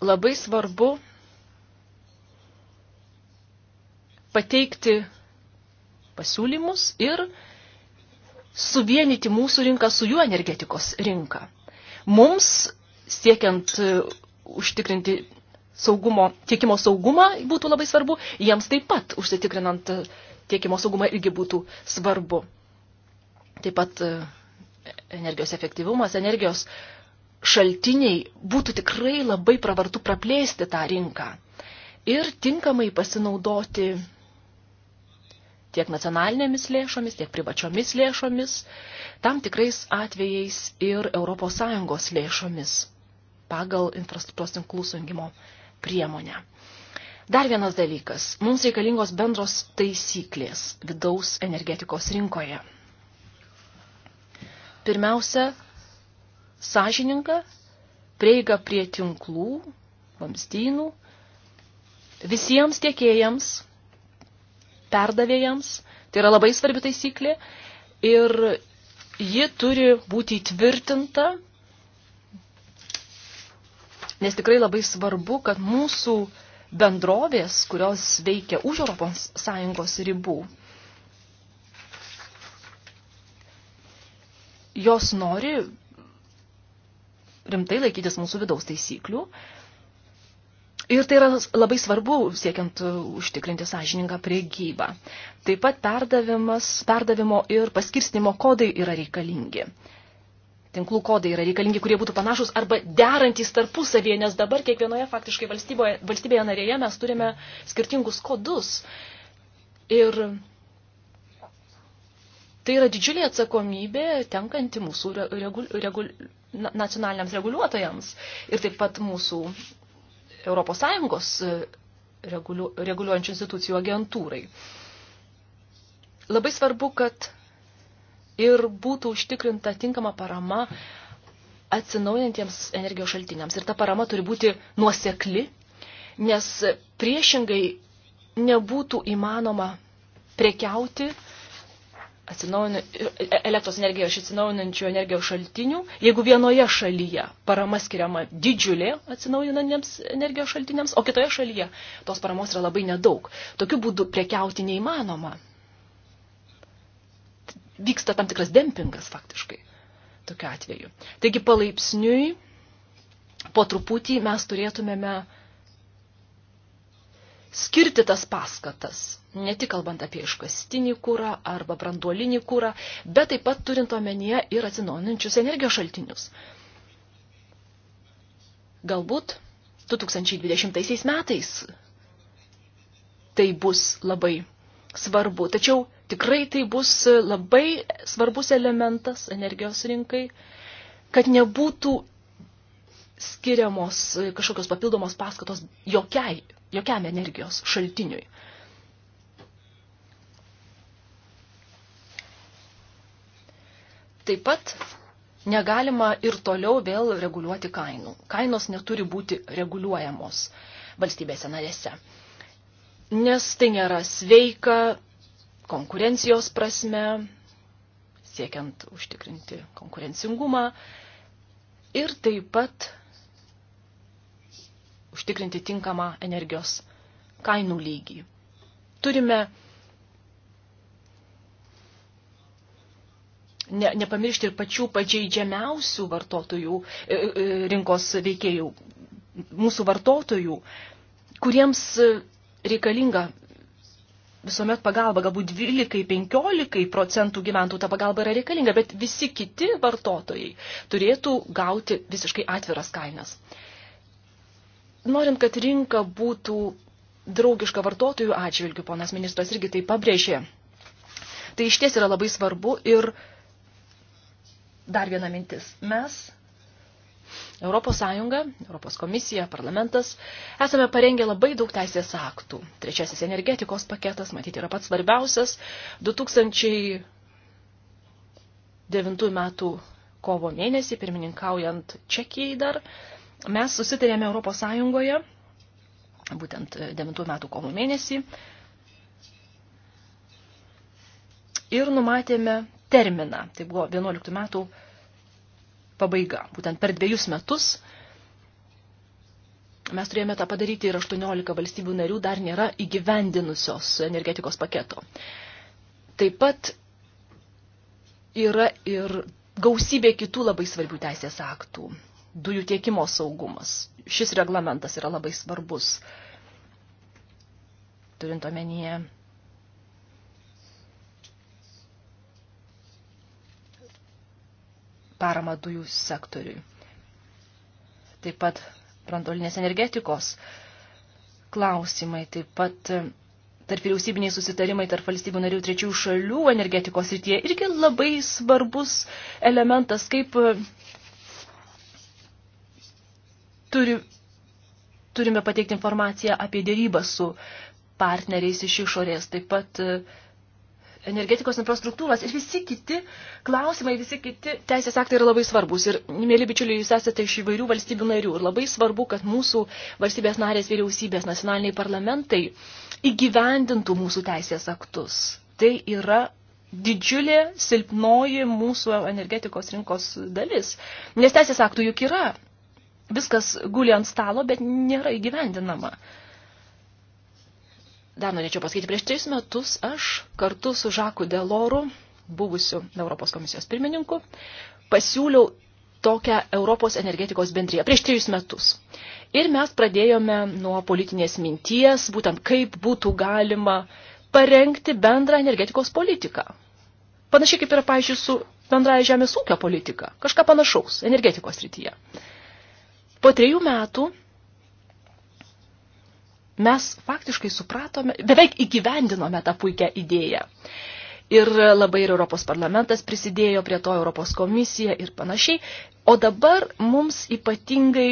labai svarbu pateikti pasiūlymus ir uh, suvienyti mūsų rinką su jų energetikos rinka. Mums, siekiant e, užtikrinti saugumo, tiekimo saugumą, būtų labai svarbu, jiems taip pat užsitikrinant e, tiekimo saugumą irgi būtų svarbu. Taip pat e, energijos efektyvumas, energijos šaltiniai būtų tikrai labai pravartu praplėsti tą rinką ir tinkamai pasinaudoti tiek nacionalinėmis lėšomis, tiek privačiomis lėšomis, tam tikrais atvejais ir ES lėšomis pagal infrastruktūros tinklų sujungimo priemonę. Dar vienas dalykas. Mums reikalingos bendros taisyklės vidaus energetikos rinkoje. Pirmiausia, sąžininga prieiga prie tinklų, vamzdynų, visiems tiekėjams perdavėjams. Tai yra labai svarbi taisyklė. Ir ji turi būti įtvirtinta, nes tikrai labai svarbu, kad mūsų bendrovės, kurios veikia už Europos Sąjungos ribų, jos nori rimtai laikytis mūsų vidaus taisyklių, Ir tai yra labai svarbu, siekiant e, užtikrinti sąžiningą priegybą. Taip pat perdavimo ir paskirstimo kodai yra reikalingi. Tinklų kodai yra reikalingi, kurie būtų panašus arba derantys tarpusavėje, nes dabar kiekvienoje faktiškai valstybėje, valstybėje narėje mes turime skirtingus kodus. Ir tai yra didžiulė atsakomybė tenkanti mūsų regul, regul, nacionaliniams reguliuotojams ir taip pat mūsų ES e, reguliu, reguliuojančių institucijų agentūrai. Labai svarbu, kad ir būtų užtikrinta tinkama parama atsinaujantiems energijos šaltiniams. Ir ta parama turi būti nuosekli, nes priešingai nebūtų įmanoma prekiauti E- elektros energijos iš atsinaujinančių energijos šaltinių, jeigu vienoje šalyje parama skiriama didžiulė atsinaujinantiems energijos šaltiniams, o kitoje šalyje tos paramos yra labai nedaug. Tokiu būdu prekiauti neįmanoma. Vyksta tam tikras dempingas faktiškai tokiu atveju. Taigi palaipsniui, po truputį mes turėtumėme skirti tas paskatas, ne tik kalbant apie iškastinį kūrą arba branduolinį kūrą, bet taip pat turint omenyje ir atsinaujinančius energijos šaltinius. Galbūt 2020 metais tai bus labai svarbu, tačiau tikrai tai bus labai svarbus elementas energijos rinkai, kad nebūtų skiriamos e, kažkokios papildomos paskatos jokiai, jokiam energijos šaltiniui. Taip pat negalima ir toliau vėl reguliuoti kainų. Kainos neturi būti reguliuojamos valstybėse narėse, nes tai nėra sveika konkurencijos prasme, siekiant užtikrinti konkurencingumą ir taip pat užtikrinti tinkamą energijos kainų lygį. Turime ne, nepamiršti ir pačių pažeidžiamiausių vartotojų e, e, rinkos veikėjų, mūsų vartotojų, kuriems reikalinga visuomet pagalba, galbūt 12-15 procentų gyventojų ta pagalba yra reikalinga, bet visi kiti vartotojai turėtų gauti visiškai atviras kainas norint, kad rinka būtų draugiška vartotojų atžvilgių, ponas ministras irgi tai pabrėžė. Tai iš ties yra labai svarbu ir dar viena mintis. Mes, Europos Sąjunga, Europos komisija, parlamentas, esame parengę labai daug teisės aktų. Trečiasis energetikos paketas, matyti, yra pats svarbiausias. 2009 metų kovo mėnesį, pirmininkaujant Čekijai dar, uh, Mes susitarėme Europos Sąjungoje, būtent 9 metų kovo mėnesį, ir numatėme terminą. Tai buvo 11 metų pabaiga. Būtent per dviejus metus mes turėjome tą padaryti ir 18 valstybių narių dar nėra įgyvendinusios energetikos paketo. Taip pat yra ir gausybė kitų labai svarbių teisės aktų dujų tiekimo saugumas. Šis reglamentas yra labai svarbus, turint omenyje parama dujų sektoriui. Taip pat brandolinės energetikos klausimai, taip pat e, tarp vyriausybiniai susitarimai tarp valstybių narių trečių šalių energetikos rytyje irgi labai svarbus elementas, kaip e, turi, turime pateikti informaciją apie dėrybą su partneriais iš išorės, taip pat e, energetikos infrastruktūros ir visi kiti klausimai, visi kiti teisės aktai yra labai svarbus. Ir, mėly bičiuliai, jūs esate iš įvairių valstybių narių ir labai svarbu, kad mūsų valstybės narės vyriausybės, nacionaliniai parlamentai įgyvendintų mūsų teisės aktus. Tai yra didžiulė silpnoji mūsų energetikos rinkos dalis. Nes teisės aktų juk yra, viskas guli ant stalo, bet nėra įgyvendinama. Dar norėčiau pasakyti, prieš tris metus aš kartu su Žaku Deloru, buvusiu Europos komisijos pirmininku, pasiūliau tokią Europos energetikos bendriją prieš trijus metus. Ir mes pradėjome nuo politinės minties, būtent kaip būtų galima parengti bendrą energetikos politiką. Panašiai kaip yra, pavyzdžiui, su bendraja žemės ūkio politika. Kažką panašaus energetikos rytyje. Po trejų metų mes faktiškai supratome, beveik įgyvendinome tą puikią idėją. Ir labai ir Europos parlamentas prisidėjo prie to, Europos komisija ir panašiai. O dabar mums ypatingai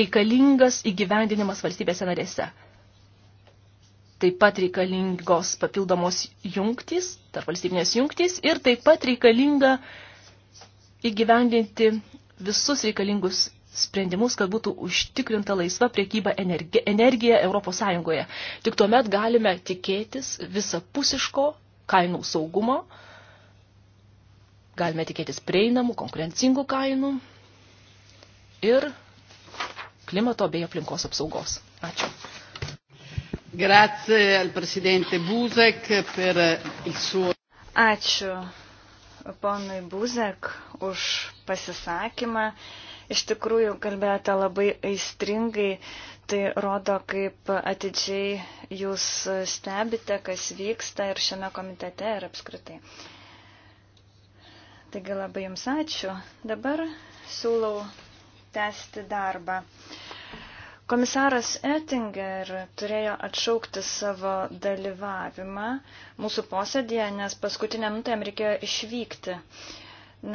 reikalingas įgyvendinimas valstybėse narėse. Taip pat reikalingos papildomos jungtys, tarp valstybinės jungtys ir taip pat reikalinga įgyvendinti visus reikalingus sprendimus, kad būtų užtikrinta laisva priekyba energi energija Europos Sąjungoje. Tik tuomet galime tikėtis visapusiško kainų saugumo, galime tikėtis prieinamų, konkurencingų kainų
ir klimato bei aplinkos apsaugos. Ačiū. Grazie al presidente Buzek per il suo.
Ačiū ponui Buzek už pasisakymą. Iš tikrųjų, kalbėjote labai aistringai, tai rodo, kaip atidžiai jūs stebite, kas vyksta ir šiame komitete ir apskritai. Taigi labai jums ačiū. Dabar siūlau tęsti darbą. Komisaras Ettinger turėjo atšaukti savo dalyvavimą mūsų posėdėje, nes paskutinę minutę jam reikėjo išvykti.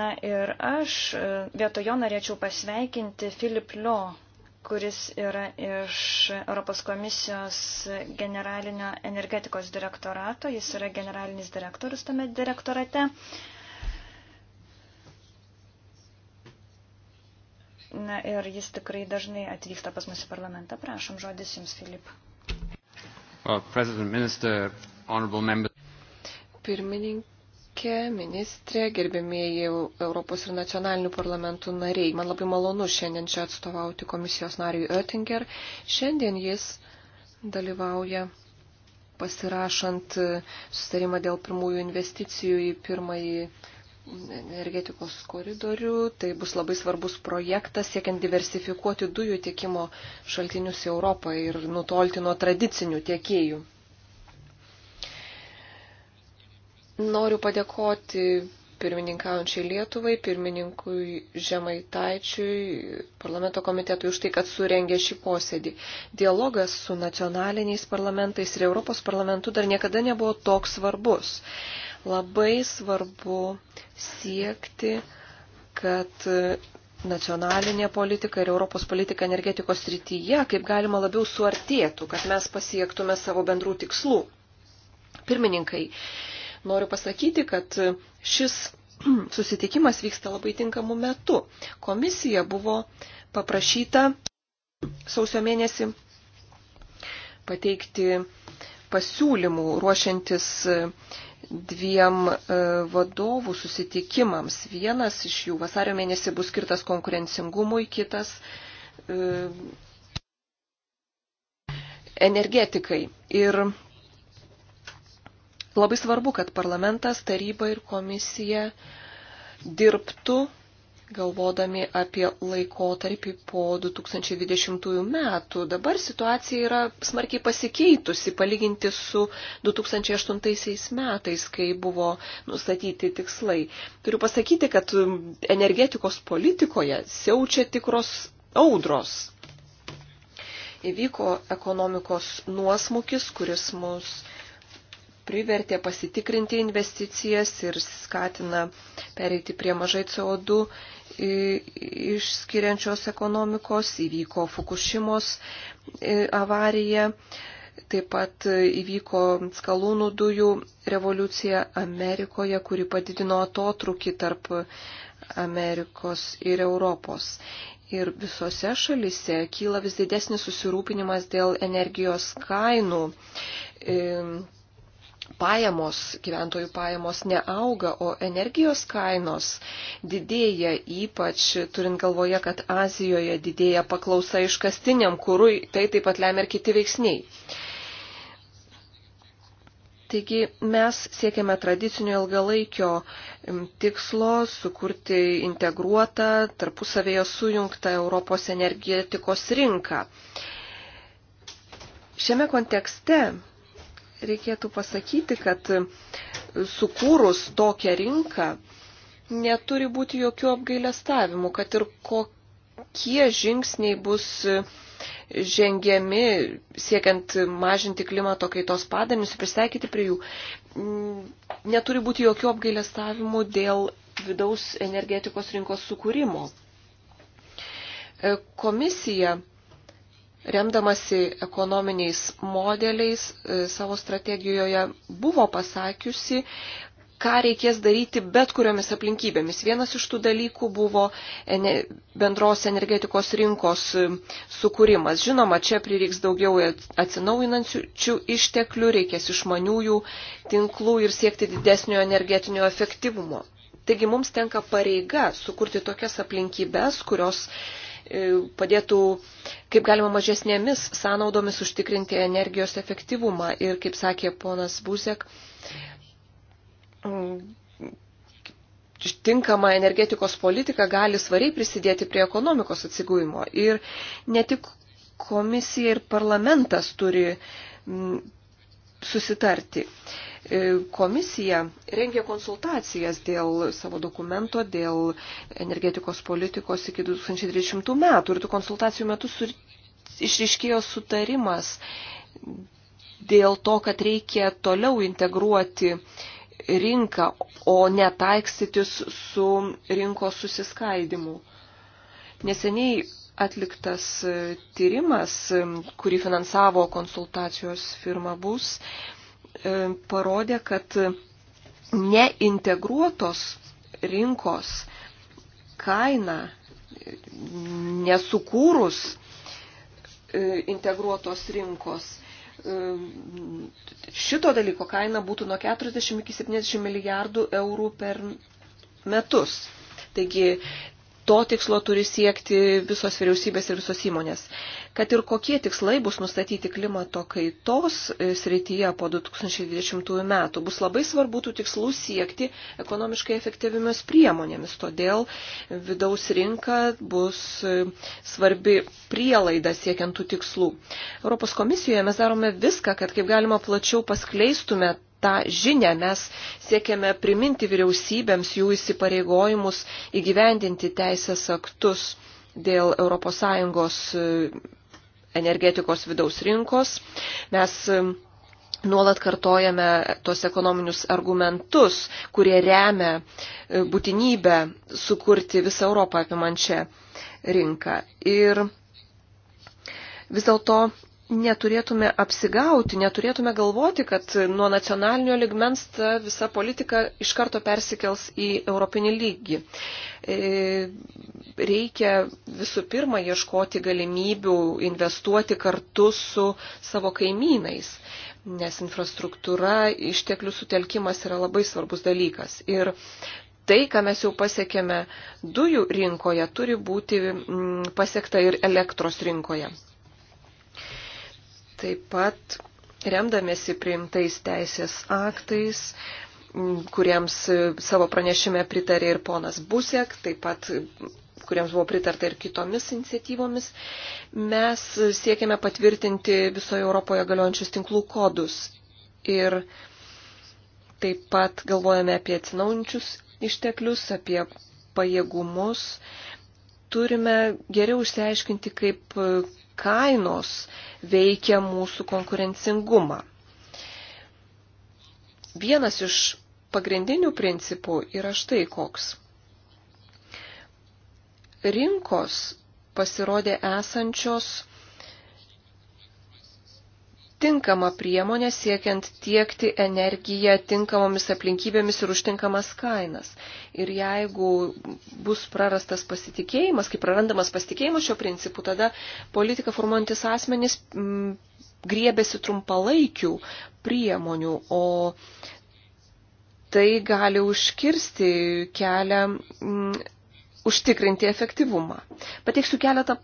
Na ir aš e, vietojo norėčiau pasveikinti Filip Lio, kuris yra iš Europos komisijos generalinio energetikos direktorato, jis yra generalinis direktorius tame direktorate. Na ir jis tikrai dažnai atvyksta pas mus į parlamentą. Prašom, žodis jums, Filip. Well, Pirmininkė,
ministrė, gerbėmėjai Europos ir nacionalinių parlamentų nariai. Man labai malonu šiandien čia atstovauti komisijos nariui Oettinger. Šiandien jis dalyvauja pasirašant sustarimą dėl pirmųjų investicijų į pirmąjį energetikos koridorių. Tai bus labai svarbus projektas siekiant diversifikuoti dujų tiekimo šaltinius į Europą ir nutolti nuo tradicinių tiekėjų. Noriu padėkoti pirmininkaujančiai Lietuvai, pirmininkui Žemaitaičiui, parlamento komitetui už tai, kad surengė šį posėdį. Dialogas su nacionaliniais parlamentais ir Europos parlamentu dar niekada nebuvo toks svarbus. Labai svarbu siekti, kad nacionalinė politika ir Europos politika energetikos srityje kaip galima labiau suartėtų, kad mes pasiektume savo bendrų tikslų. Pirmininkai, noriu pasakyti, kad šis [CLEARS THROAT] susitikimas vyksta labai tinkamu metu. Komisija buvo paprašyta sausio mėnesį pateikti pasiūlymų ruošiantis dviem e, vadovų susitikimams. Vienas iš jų vasario mėnesį bus skirtas konkurencingumui, kitas e, energetikai. Ir labai svarbu, kad parlamentas, taryba ir komisija dirbtų galvodami apie laikotarpį po 2020 metų. Dabar situacija yra smarkiai pasikeitusi palyginti su 2008 metais, kai buvo nustatyti tikslai. Turiu pasakyti, kad energetikos politikoje siaučia tikros audros. Įvyko ekonomikos nuosmukis, kuris mus privertė pasitikrinti investicijas ir skatina pereiti prie mažai CO2 išskiriančios ekonomikos, įvyko Fukushimos e, avarija, taip pat e, įvyko skalūnų dujų revoliucija Amerikoje, kuri padidino atotrukį tarp Amerikos ir Europos. Ir visose šalise kyla vis didesnis susirūpinimas dėl energijos kainų. E, pajamos, gyventojų pajamos neauga, o energijos kainos didėja, ypač turint galvoje, kad Azijoje didėja paklausa iškastiniam kūrui, tai taip pat lemia ir kiti veiksniai. Taigi mes siekiame tradicinio ilgalaikio tikslo sukurti integruotą, tarpusavėje sujungtą Europos energetikos rinką. Šiame kontekste reikėtų pasakyti, kad sukūrus tokią rinką neturi būti jokių apgailestavimų, kad ir kokie žingsniai bus žengiami siekiant mažinti klimato kaitos padarinius ir pristaikyti prie jų. Neturi būti jokių apgailestavimų dėl vidaus energetikos rinkos sukūrimo. Komisija remdamasi ekonominiais modeliais e, savo strategijoje buvo pasakiusi, ką reikės daryti bet kuriomis aplinkybėmis. Vienas iš tų dalykų buvo bendros energetikos rinkos e, sukūrimas. Žinoma, čia prireiks daugiau e, atsinaujinančių išteklių, reikės išmaniųjų tinklų ir siekti didesnio energetinio efektyvumo. Taigi mums tenka pareiga sukurti tokias aplinkybės, kurios E, padėtų kaip galima mažesnėmis sąnaudomis užtikrinti energijos efektyvumą. Ir kaip sakė ponas Buzek, mm, tinkama energetikos politika gali svariai prisidėti prie ekonomikos atsigūimo. Ir ne tik komisija ir parlamentas turi mm, susitarti. E, komisija rengia konsultacijas dėl savo dokumento, dėl energetikos politikos iki 2030 metų ir tų konsultacijų metu sur... išriškėjo sutarimas dėl to, kad reikia toliau integruoti rinką, o netaikstytis su rinkos susiskaidimu. Neseniai atliktas tyrimas, kurį finansavo konsultacijos firma BUS, E, parodė, kad neintegruotos rinkos kaina nesukūrus e, integruotos rinkos e, šito dalyko kaina būtų nuo 40 iki 70 milijardų eurų per metus. Taigi to tikslo turi siekti visos vyriausybės ir visos įmonės. Kad ir kokie tikslai bus nustatyti klimato kaitos e, srityje po 2020 metų, bus labai svarbu tų tikslų siekti ekonomiškai efektyvimis priemonėmis. Todėl vidaus rinka bus e, svarbi prielaida siekiant tų tikslų. Europos komisijoje mes darome viską, kad kaip galima plačiau paskleistume tą žinę mes siekiame priminti vyriausybėms jų įsipareigojimus įgyvendinti teisės aktus dėl ES e, energetikos vidaus rinkos. Mes e, nuolat kartojame tos ekonominius argumentus, kurie remia e, būtinybę sukurti visą Europą apimančią rinką. Ir vis dėlto neturėtume apsigauti, neturėtume galvoti, kad nuo nacionalinio ligmens ta visa politika iš karto persikels į europinį lygį. E, reikia visų pirma ieškoti galimybių investuoti kartu su savo kaimynais, nes infrastruktūra, išteklių sutelkimas yra labai svarbus dalykas. Ir tai, ką mes jau pasiekėme dujų rinkoje, turi būti mm, pasiekta ir elektros rinkoje. Taip pat remdamėsi priimtais teisės aktais, kuriems e, savo pranešime pritarė ir ponas Busek, taip pat kuriems buvo pritarta ir kitomis iniciatyvomis, mes siekiame patvirtinti visoje Europoje galiojančius tinklų kodus ir taip pat galvojame apie atsinaujančius išteklius, apie pajėgumus. Turime geriau išsiaiškinti, kaip e, kainos veikia mūsų konkurencingumą. Vienas iš pagrindinių principų yra štai koks. Rinkos pasirodė esančios tinkama priemonė siekiant tiekti energiją tinkamomis aplinkybėmis ir užtinkamas kainas. Ir jeigu bus prarastas pasitikėjimas, kai prarandamas pasitikėjimas šio principu, tada politika formuojantis asmenys m, mm, griebėsi trumpalaikių priemonių, o tai gali užkirsti kelią. M, mm, užtikrinti efektyvumą. Pateiksiu keletą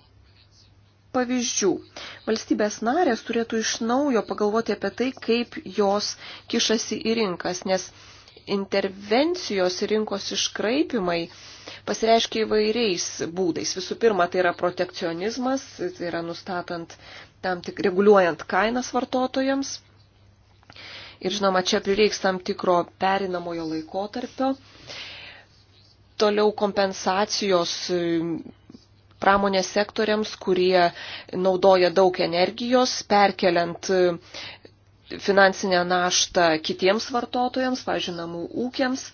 pavyzdžių. Valstybės narės turėtų iš naujo pagalvoti apie tai, kaip jos kišasi į rinkas, nes intervencijos rinkos iškraipimai pasireiškia įvairiais būdais. Visų pirma, tai yra protekcionizmas, tai yra nustatant tam tik reguliuojant kainas vartotojams. Ir žinoma, čia prireiks tam tikro perinamojo laikotarpio toliau kompensacijos pramonės sektoriams, kurie naudoja daug energijos, perkeliant e, finansinę naštą kitiems vartotojams, pažinamų ūkiams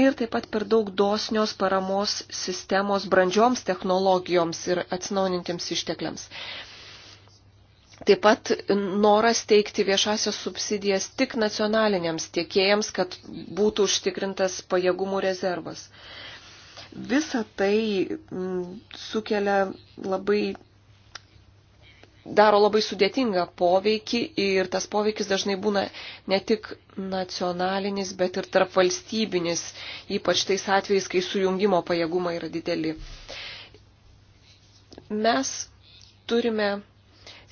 ir taip pat per daug dosnios paramos sistemos brandžioms technologijoms ir atsinaujinantiems ištekliams. Taip pat noras teikti viešasias subsidijas tik nacionaliniams tiekėjams, kad būtų užtikrintas pajėgumų rezervas. Visa tai mm, sukelia labai daro labai sudėtingą poveikį ir tas poveikis dažnai būna ne tik nacionalinis, bet ir tarpvalstybinis, ypač tais atvejais, kai sujungimo pajėgumai yra dideli. Mes turime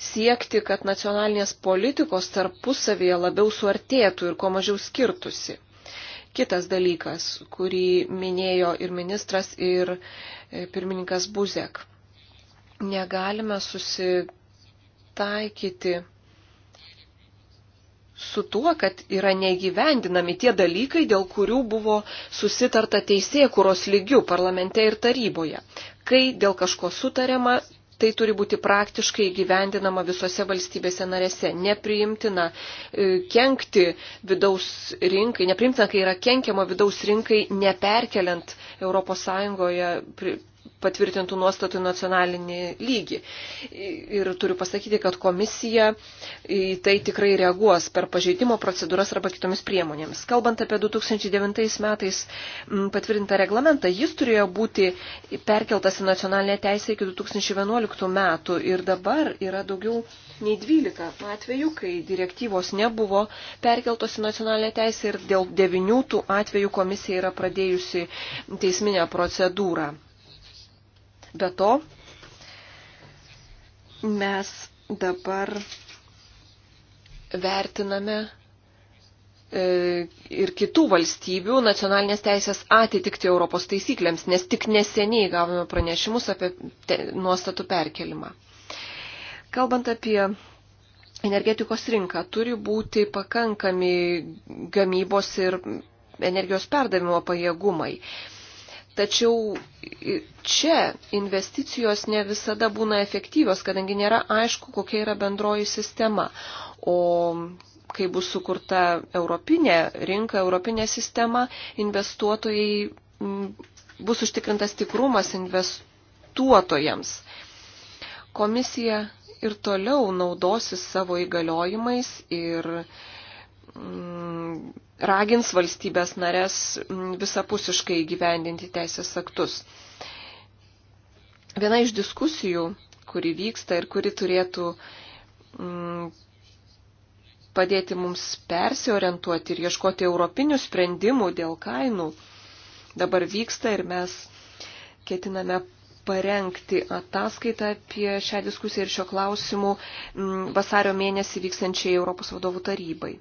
siekti, kad nacionalinės politikos tarpusavėje labiau suartėtų ir kuo mažiau skirtusi. Kitas dalykas, kurį minėjo ir ministras, ir e, pirmininkas Buzek. Negalime susitaikyti su tuo, kad yra negyvendinami tie dalykai, dėl kurių buvo susitarta teisėkuros lygių parlamente ir taryboje. Kai dėl kažko sutarėma, tai turi būti praktiškai gyvendinama visose valstybėse narėse. Nepriimtina e, kenkti vidaus rinkai, nepriimtina, kai yra kenkiama vidaus rinkai, neperkeliant ES patvirtintų nuostatų nacionalinį lygį. Ir turiu pasakyti, kad komisija į tai tikrai reaguos per pažeidimo procedūras arba kitomis priemonėmis. Kalbant apie 2009 metais patvirtintą reglamentą, jis turėjo būti perkeltas į nacionalinę teisę iki 2011 metų ir dabar yra daugiau nei 12 atvejų, kai direktyvos nebuvo perkeltos į nacionalinę teisę ir dėl 9 atvejų komisija yra pradėjusi teisminę procedūrą. Be to, mes dabar vertiname e, ir kitų valstybių nacionalinės teisės atitikti Europos taisyklėms, nes tik neseniai gavome pranešimus apie nuostatų perkelimą. Kalbant apie energetikos rinką, turi būti pakankami gamybos ir energijos perdavimo pajėgumai. Tačiau čia investicijos ne visada būna efektyvios, kadangi nėra aišku, kokia yra bendroji sistema. O kai bus sukurta europinė rinka, europinė sistema, investuotojai mm, bus užtikrintas tikrumas investuotojams. Komisija ir toliau naudosis savo įgaliojimais ir uh, Mm, ragins valstybės narės mm, visapusiškai gyvendinti teisės aktus. Viena iš diskusijų, kuri vyksta ir kuri turėtų mm, padėti mums persiorientuoti ir ieškoti europinių sprendimų dėl kainų, dabar vyksta ir mes ketiname parengti ataskaitą apie šią diskusiją ir šio klausimų mm, vasario mėnesį vykstančiai Europos vadovų tarybai.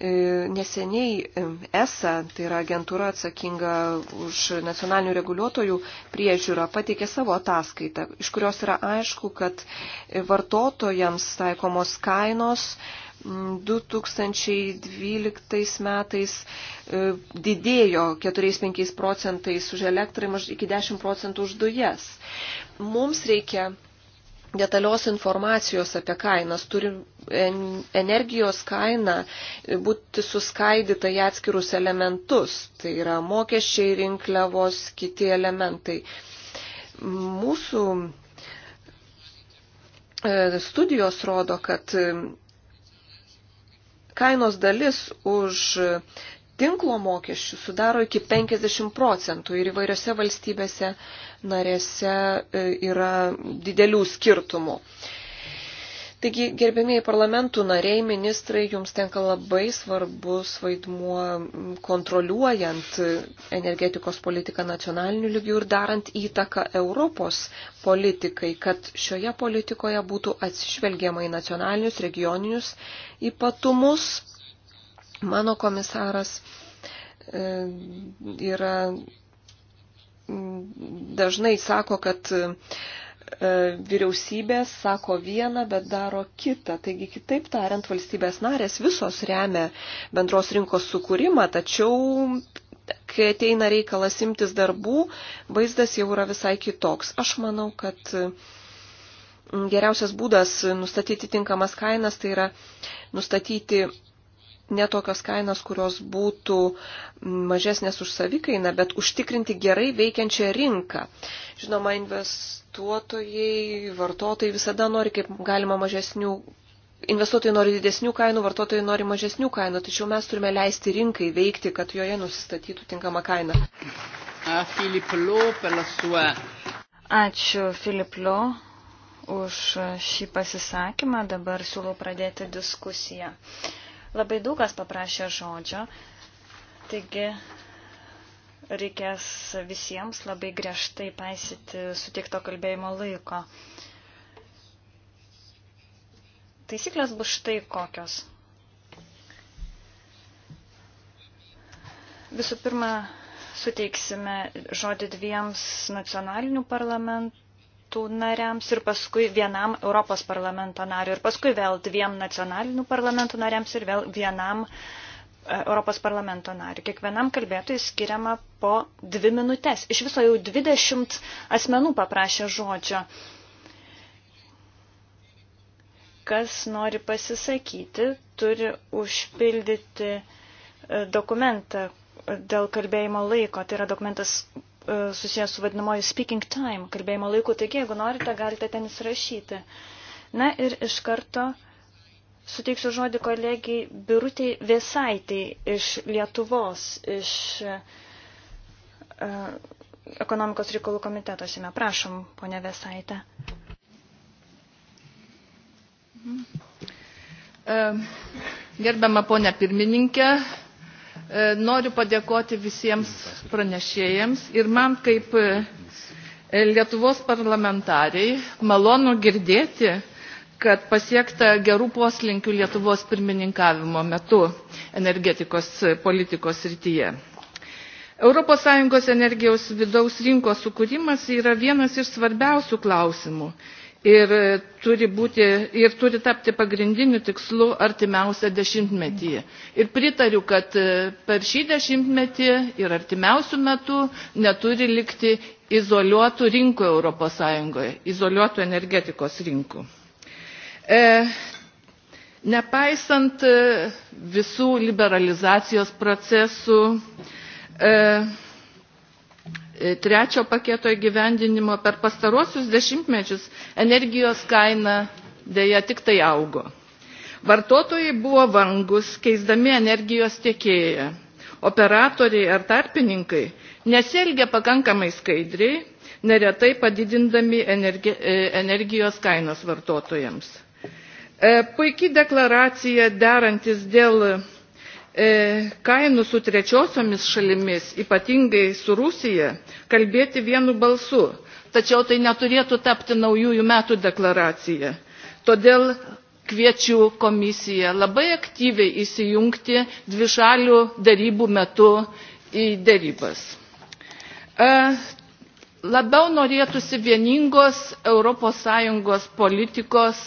E, neseniai e, ESA, tai yra agentūra atsakinga už nacionalinių reguliuotojų priežiūrą, pateikė savo ataskaitą, iš kurios yra aišku, kad vartotojams taikomos kainos 2012 mm, metais e, didėjo 4-5 procentais už elektrą iki 10 procentų už dujas. Mums reikia detalios informacijos apie kainas. Turi energijos kaina e, būti suskaidyta į atskirus elementus. Tai yra mokesčiai, rinkliavos, kiti elementai. Mūsų e, studijos rodo, kad kainos dalis už tinklo mokesčių sudaro iki 50 procentų ir įvairiose valstybėse narėse e, yra didelių skirtumų. Taigi, gerbėmiai parlamentų nariai, ministrai, jums tenka labai svarbus vaidmuo kontroliuojant energetikos politiką nacionaliniu lygiu ir darant įtaką Europos politikai, kad šioje politikoje būtų atsižvelgiama į nacionalinius, regioninius ypatumus. Mano komisaras e, yra dažnai sako, kad E, vyriausybės sako vieną, bet daro kitą. Taigi, kitaip tariant, valstybės narės visos remia bendros rinkos sukūrimą, tačiau, kai ateina reikalas imtis darbų, vaizdas jau yra visai kitoks. Aš manau, kad geriausias būdas nustatyti tinkamas kainas tai yra nustatyti netokios kainas, kurios būtų mažesnės už savikainą, bet užtikrinti gerai veikiančią rinką. Žinoma, investuotojai, vartotojai visada nori kaip galima mažesnių. Investuotojai nori didesnių kainų, vartotojai nori mažesnių kainų, tačiau mes turime leisti rinkai veikti, kad joje nusistatytų tinkama
kaina.
Ačiū Filiplio už šį pasisakymą. Dabar siūlau pradėti diskusiją. Labai daug kas paprašė žodžio, taigi reikės visiems labai griežtai paisyti sutikto kalbėjimo laiko. Taisyklės bus štai kokios. Visų pirma, suteiksime žodį dviems nacionalinių parlamentų parlamentų nariams ir paskui vienam Europos parlamento nariu ir paskui vėl dviem nacionalinių parlamentų nariams ir vėl vienam e, Europos parlamento nariu. Kiekvienam kalbėtojui skiriama po dvi minutės. Iš viso jau 20 asmenų paprašė žodžio. Kas nori pasisakyti, turi užpildyti e, dokumentą dėl kalbėjimo laiko. Tai yra dokumentas, E, susijęs su vadinamoji speaking time, kalbėjimo laiku, taigi jeigu norite, galite ten įsirašyti. Na ir iš karto suteiksiu žodį kolegijai Birutiai Vėsaitiai iš Lietuvos, iš uh, ekonomikos reikalų komiteto seime. Prašom, ponė Vėsaitė.
Gerbiama ponė pirmininkė, E, noriu padėkoti visiems pranešėjams ir man kaip e, Lietuvos parlamentariai malonu girdėti, kad pasiekta gerų poslinkių Lietuvos pirmininkavimo metu energetikos politikos rytyje. ES energijos vidaus rinkos sukūrimas yra vienas iš svarbiausių klausimų ir e, turi, būti, ir turi tapti pagrindiniu tikslu artimiausią dešimtmetį. Ir pritariu, kad e, per šį dešimtmetį ir artimiausių metų neturi likti izoliuotų rinkų Europos Sąjungoje, izoliuotų energetikos rinkų. E, nepaisant e, visų liberalizacijos procesų, e, E, trečio paketo įgyvendinimo per pastaruosius dešimtmečius energijos kaina dėja tik tai augo. Vartotojai buvo vangus, keisdami energijos tiekėją. Operatoriai ar tarpininkai nesielgia pakankamai skaidriai, neretai padidindami energi, e, energijos kainas vartotojams. E, Puikiai deklaracija derantis dėl E, kainų su trečiosiomis šalimis, ypatingai su Rusija, kalbėti vienu balsu, tačiau tai neturėtų tapti naujųjų metų deklaracija. Todėl kviečiu komisiją labai aktyviai įsijungti dvišalių darybų metu į darybas. E, labiau norėtųsi vieningos ES politikos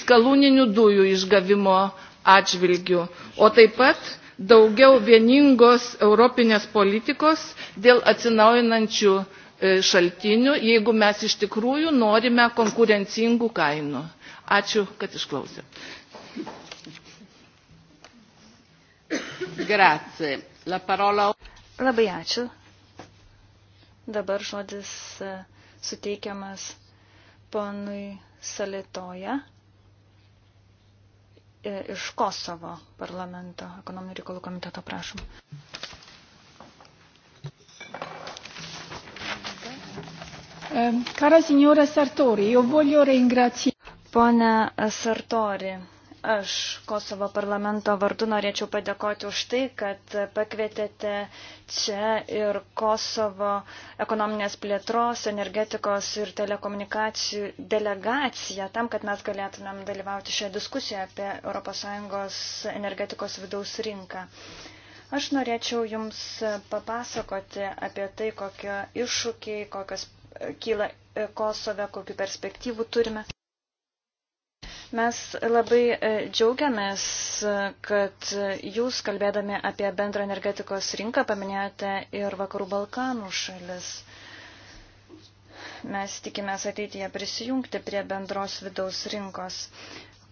skaluninių dujų išgavimo atžvilgių, o taip pat daugiau vieningos europinės politikos dėl atsinaujinančių e, šaltinių jeigu mes iš tikrųjų norime konkurencingų kainų. Ačiū, kad išklausė. Grazie. La parola... Labai ačiū.
Dabar žodis e, suteikiamas ponui Salitoja. E, iš Kosovo parlamento ekonominių reikalų komiteto, prašom. Ehm, cara signora Sartori, io voglio ringraziare. Pone Sartori, Aš Kosovo parlamento vardu norėčiau padėkoti už tai, kad pakvietėte čia ir Kosovo ekonominės plėtros, energetikos ir telekomunikacijų delegaciją tam, kad mes galėtumėm dalyvauti šią diskusiją apie ES energetikos vidaus rinką. Aš norėčiau Jums papasakoti apie tai, kokie iššūkiai, kokios kyla Kosove, kokiu perspektyvų turime. Mes labai e, džiaugiamės, e, kad jūs, kalbėdami apie bendrą energetikos rinką, paminėjote ir Vakarų Balkanų šalis. Mes tikimės ateityje prisijungti prie bendros vidaus rinkos.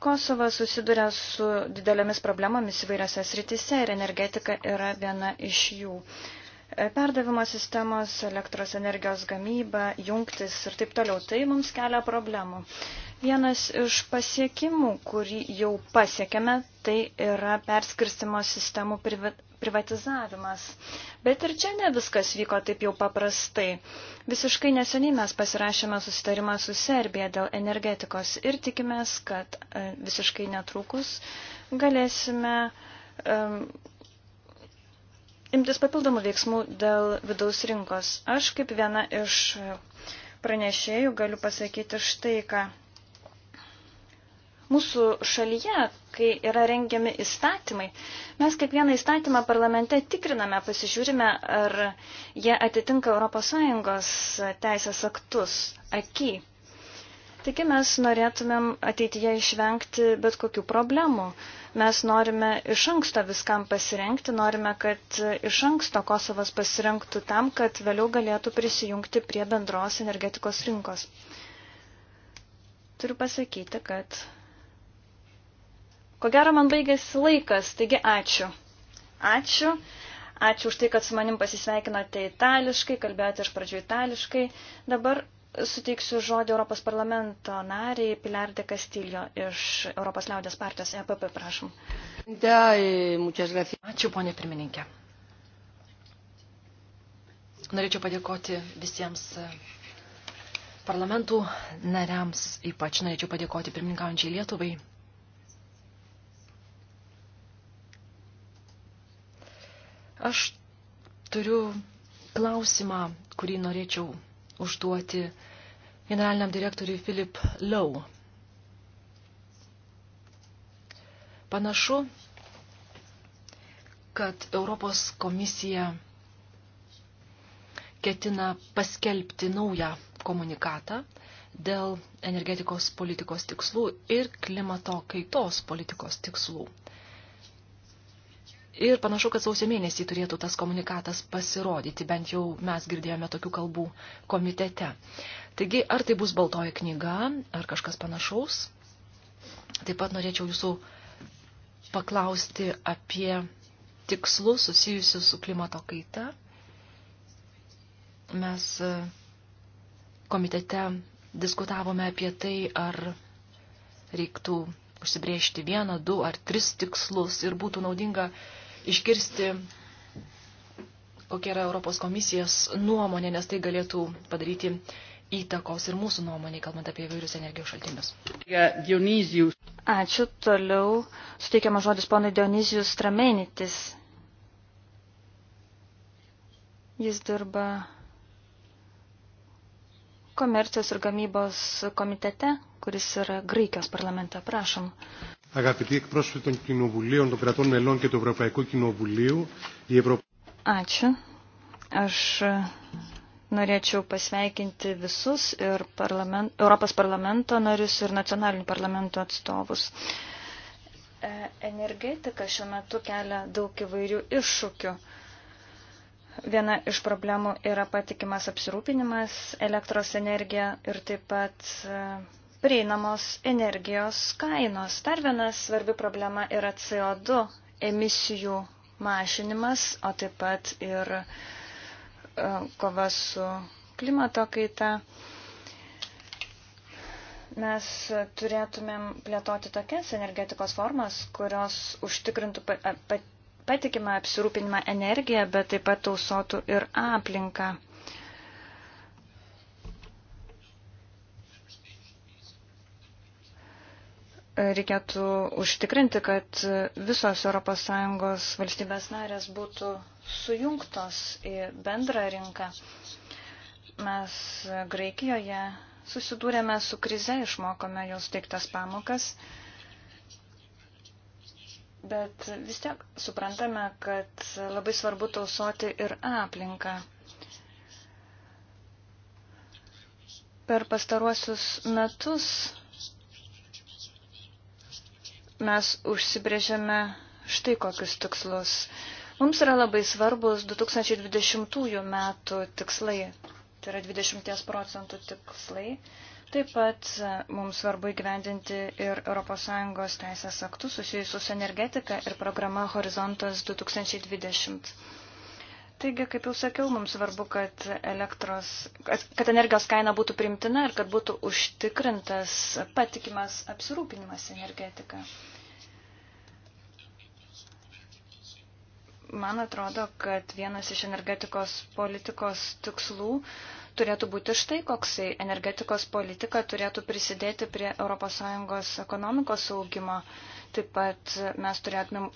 Kosovas susiduria su didelėmis problemomis įvairiose srityse ir energetika yra viena iš jų. E, perdavimo sistemos, elektros energijos gamyba, jungtis ir taip toliau. Tai mums kelia problemų. Vienas iš pasiekimų, kurį jau pasiekėme, tai yra perskirstimo sistemų privatizavimas. Bet ir čia ne viskas vyko taip jau paprastai. Visiškai neseniai mes pasirašėme susitarimą su Serbija dėl energetikos ir tikimės, kad e, visiškai netrukus galėsime imtis papildomų veiksmų dėl vidaus rinkos. Aš kaip viena iš pranešėjų galiu pasakyti štai ką. Mūsų šalyje, kai yra rengiami įstatymai, mes kiekvieną įstatymą parlamente tikriname, pasižiūrime, ar jie atitinka ES teisės aktus, akį. Taigi mes norėtumėm ateityje išvengti bet kokių problemų. Uh, Mes norime iš anksto viskam pasirenkti, norime, kad iš anksto Kosovas pasirinktų tam, kad vėliau galėtų prisijungti prie bendros energetikos rinkos. Turiu pasakyti, kad ko gero man baigėsi laikas, taigi ačiū. Ačiū. Ačiū už tai, kad su manim pasisveikinote itališkai, kalbėjote iš pradžių itališkai. Dabar suteiksiu žodį Europos parlamento nariai Pilar de Castillo iš Europos liaudės partijos EPP, prašom.
E, Ačiū, ponė pirmininkė. Norėčiau padėkoti visiems e, parlamentų nariams, ypač norėčiau padėkoti pirmininkaujančiai Lietuvai. Aš turiu klausimą, kurį norėčiau užduoti generaliniam direktoriui Filip Lau. Panašu, kad Europos komisija ketina paskelbti naują komunikatą dėl energetikos politikos tikslų ir klimato kaitos politikos tikslų. Ir panašu, kad sausio mėnesį turėtų tas komunikatas pasirodyti, bent jau mes girdėjome tokių kalbų komitete. Taigi, ar tai bus baltoji knyga, ar kažkas panašaus. Taip pat norėčiau jūsų paklausti apie tikslus susijusius su klimato kaita. Mes e, komitete diskutavome apie tai, ar reiktų užsibriežti vieną, du ar tris tikslus ir būtų naudinga uh, išgirsti, kokia yra Europos komisijos nuomonė, nes tai galėtų padaryti įtakos ir mūsų nuomonė, kalbant apie įvairius
energijos
šaltinius. Dionizijus.
Ačiū. Toliau suteikiamas žodis ponui Dionizijus Stramenitis. Jis dirba komercijos ir gamybos komitete, kuris yra Graikijos parlamente. Prašom.
Αγαπητοί εκπρόσωποι των κοινοβουλίων, των κρατών μελών και του Ευρωπαϊκού Κοινοβουλίου, η Ευρωπαϊκή.
Ačiū. Aš e, norėčiau pasveikinti visus ir parlament, Europos parlamento narius ir nacionalinių parlamentų atstovus. E, energetika šiuo metu kelia daug įvairių iššūkių. Viena iš problemų yra patikimas apsirūpinimas elektros energija ir taip pat e, prieinamos energijos kainos. Dar viena svarbi problema yra CO2 emisijų mažinimas, o taip pat ir e, kova su klimato kaita. Mes turėtumėm plėtoti tokias energetikos formas, kurios užtikrintų patikimą apsirūpinimą energiją, bet taip pat tausotų ir aplinką. reikėtų užtikrinti, kad visos ES valstybės narės būtų sujungtos į bendrą rinką. Mes Graikijoje susidūrėme su krize, išmokome jos teiktas pamokas, bet vis tiek suprantame, kad labai svarbu tausoti ir aplinką. Per pastaruosius metus mes užsibrėžėme štai kokius tikslus. Mums yra labai svarbus 2020 metų tikslai, tai yra 20 procentų tikslai. Taip pat mums svarbu įgyvendinti ir ES teisės aktus susijusius su energetika ir programa Horizontas 2020. Taigi, kaip jau sakiau, mums svarbu, kad, elektros, kad energijos kaina būtų primtina ir kad būtų užtikrintas patikimas apsirūpinimas energetika. Man atrodo, kad vienas iš energetikos politikos tikslų turėtų būti štai koksai. Energetikos politika turėtų prisidėti prie ES ekonomikos augimo. Taip pat mes turėtumėm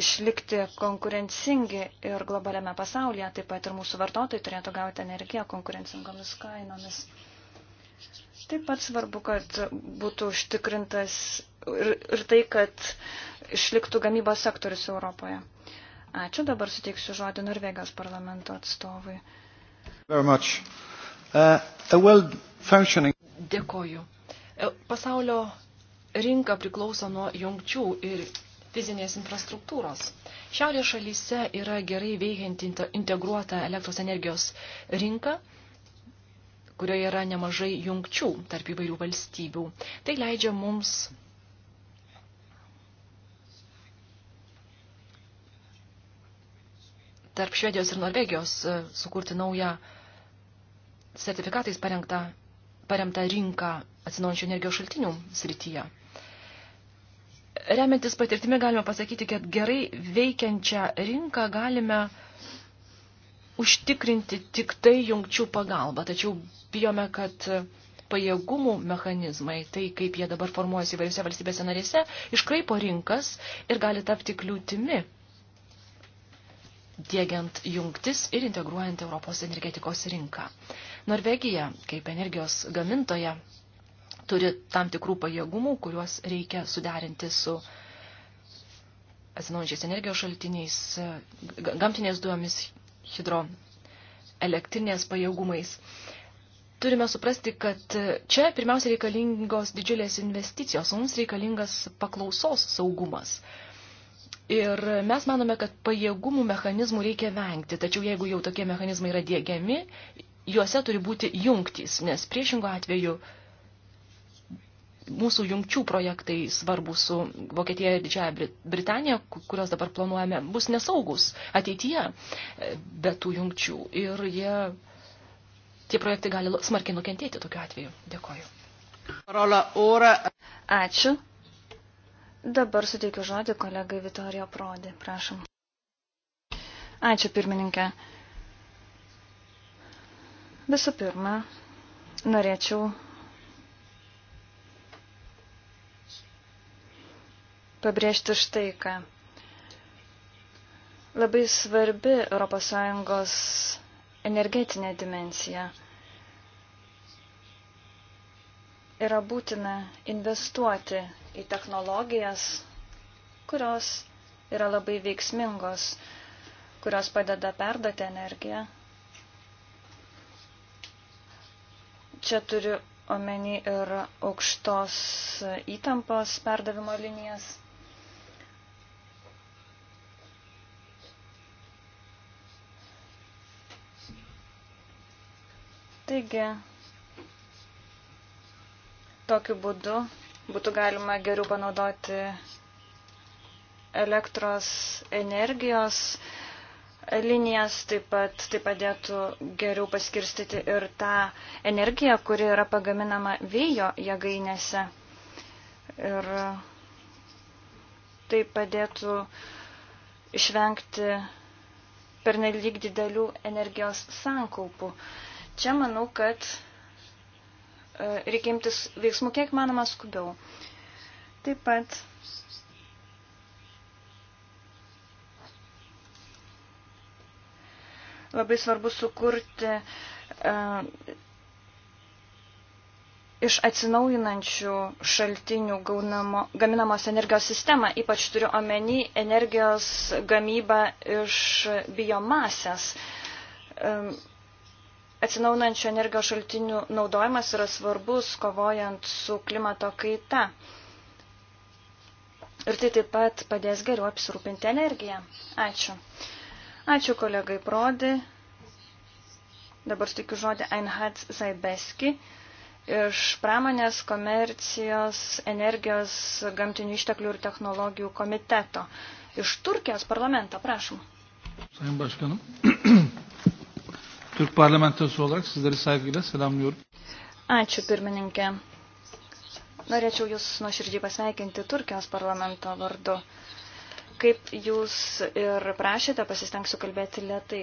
išlikti konkurencingi ir globaliame pasaulyje, taip pat ir mūsų vartotojai turėtų gauti energiją konkurencingomis kainomis. Taip pat svarbu, kad būtų užtikrintas ir, ir tai, kad išliktų gamybos sektorius Europoje. Ačiū, dabar suteiksiu žodį Norvegijos parlamento atstovui.
Uh, well functioning...
Dėkoju.
E, pasaulio rinka priklauso nuo jungčių ir fizinės infrastruktūros. Šiaurės šalyse yra gerai veikianti integruota elektros energijos rinka, kurioje yra nemažai jungčių tarp įvairių valstybių. Tai leidžia mums tarp Švedijos ir Norvegijos e, sukurti naują sertifikatais parengtą, paremtą rinką atsinaujančių energijos šaltinių srityje. Remiantis patirtimi galime pasakyti, kad gerai veikiančią rinką galime užtikrinti tik tai jungčių pagalba, tačiau bijome, kad pajėgumų mechanizmai, tai kaip jie dabar formuojasi įvairiose valstybėse narėse, iškraipo rinkas ir gali tapti kliūtimi, dėgiant jungtis ir integruojant Europos energetikos rinką. Norvegija, kaip energijos gamintoja, turi tam tikrų pajėgumų, kuriuos reikia suderinti su atsinaujančiais energijos šaltiniais, gamtinės duomis, hidroelektrinės pajėgumais. Turime suprasti, kad čia pirmiausia reikalingos didžiulės investicijos, mums reikalingas paklausos saugumas. Ir mes manome, kad pajėgumų mechanizmų reikia vengti, tačiau jeigu jau tokie mechanizmai yra dėgiami, juose turi būti jungtys, nes priešingo atveju uh, mūsų jungčių projektai svarbu su Vokietija ir Didžiaja Britanija, kurios dabar planuojame, bus nesaugus ateityje e, be tų jungčių. Ir jie, tie projektai gali smarkiai nukentėti tokiu atveju. Dėkoju.
Ačiū. Dabar suteikiu žodį kolegai Vitorijo Prodi. Prašom. Ačiū, pirmininkė. Visų pirma, norėčiau pabrėžti štai ką. Labai svarbi ES energetinė dimensija. Yra būtina investuoti į technologijas, kurios yra labai veiksmingos, kurios padeda perduoti energiją. Čia turiu omeny ir aukštos įtampos perdavimo linijas. Taigi, tokiu būdu būtų galima geriau panaudoti elektros energijos linijas, taip pat tai padėtų geriau paskirstyti ir tą energiją, kuri yra pagaminama vėjo jėgainėse. Ir tai padėtų išvengti pernelyg didelių energijos sankaupų. Uh, Čia manau, kad e, reikia imtis veiksmų kiek manoma skubiau. Taip pat labai svarbu sukurti uh, iš atsinaujinančių šaltinių gaunamo, gaminamos energijos sistemą, ypač turiu omeny energijos gamybą iš biomasės. Uh, Atsinaunančio energijos šaltinių naudojimas yra svarbus, kovojant su klimato kaita. Ir tai taip pat padės geriau apsirūpinti energiją. Ačiū. Ačiū kolegai Prodi. Dabar stikiu žodį Einhard Zaibeski iš pramonės, komercijos, energijos, gamtinių išteklių ir technologijų komiteto. Iš Turkijos parlamento, prašom.
Sayın Başkanım, Türk parlamentosu olarak sizleri saygıyla selamlıyorum.
Ačiū pirmininkė. Norėčiau Jūs nuoširdžiai pasveikinti Turkijos parlamento vardu. Kaip Jūs ir prašėte, pasistengsiu kalbėti lietai.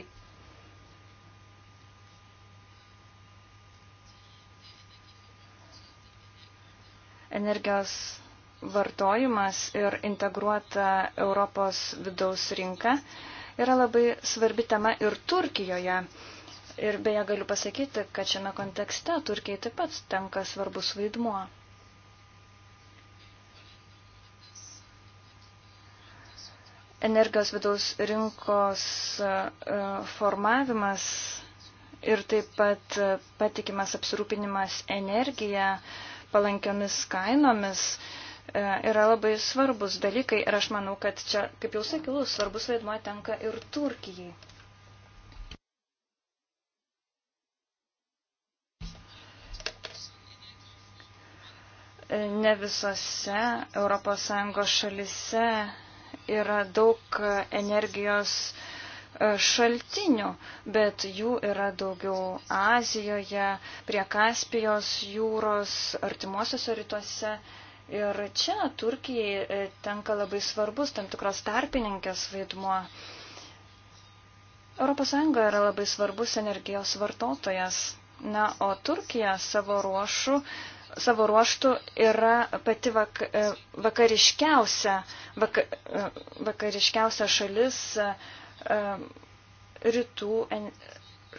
Energijos vartojimas ir integruota Europos vidaus rinka yra labai svarbi tema ir Turkijoje. Ir beje galiu pasakyti, kad šiame kontekste Turkijai taip pat tenka svarbus vaidmuo. Energijos vidaus rinkos e, formavimas ir taip pat e, patikimas apsirūpinimas energija palankiomis kainomis e, yra labai svarbus dalykai ir aš manau, kad čia, kaip jau sakiau, svarbus vaidmuo tenka ir Turkijai. ne visose ES šalise yra daug energijos e, šaltinių, bet jų yra daugiau Azijoje, prie Kaspijos jūros, artimuosiuose rytuose. Ir čia Turkijai e, tenka labai svarbus tam tikros tarpininkės vaidmuo. ES yra labai svarbus energijos vartotojas. Na, o Turkija savo ruošų savo ruoštų yra pati vak, e, vakariškiausia, vaka, e, vakariškiausia šalis e, rytų en,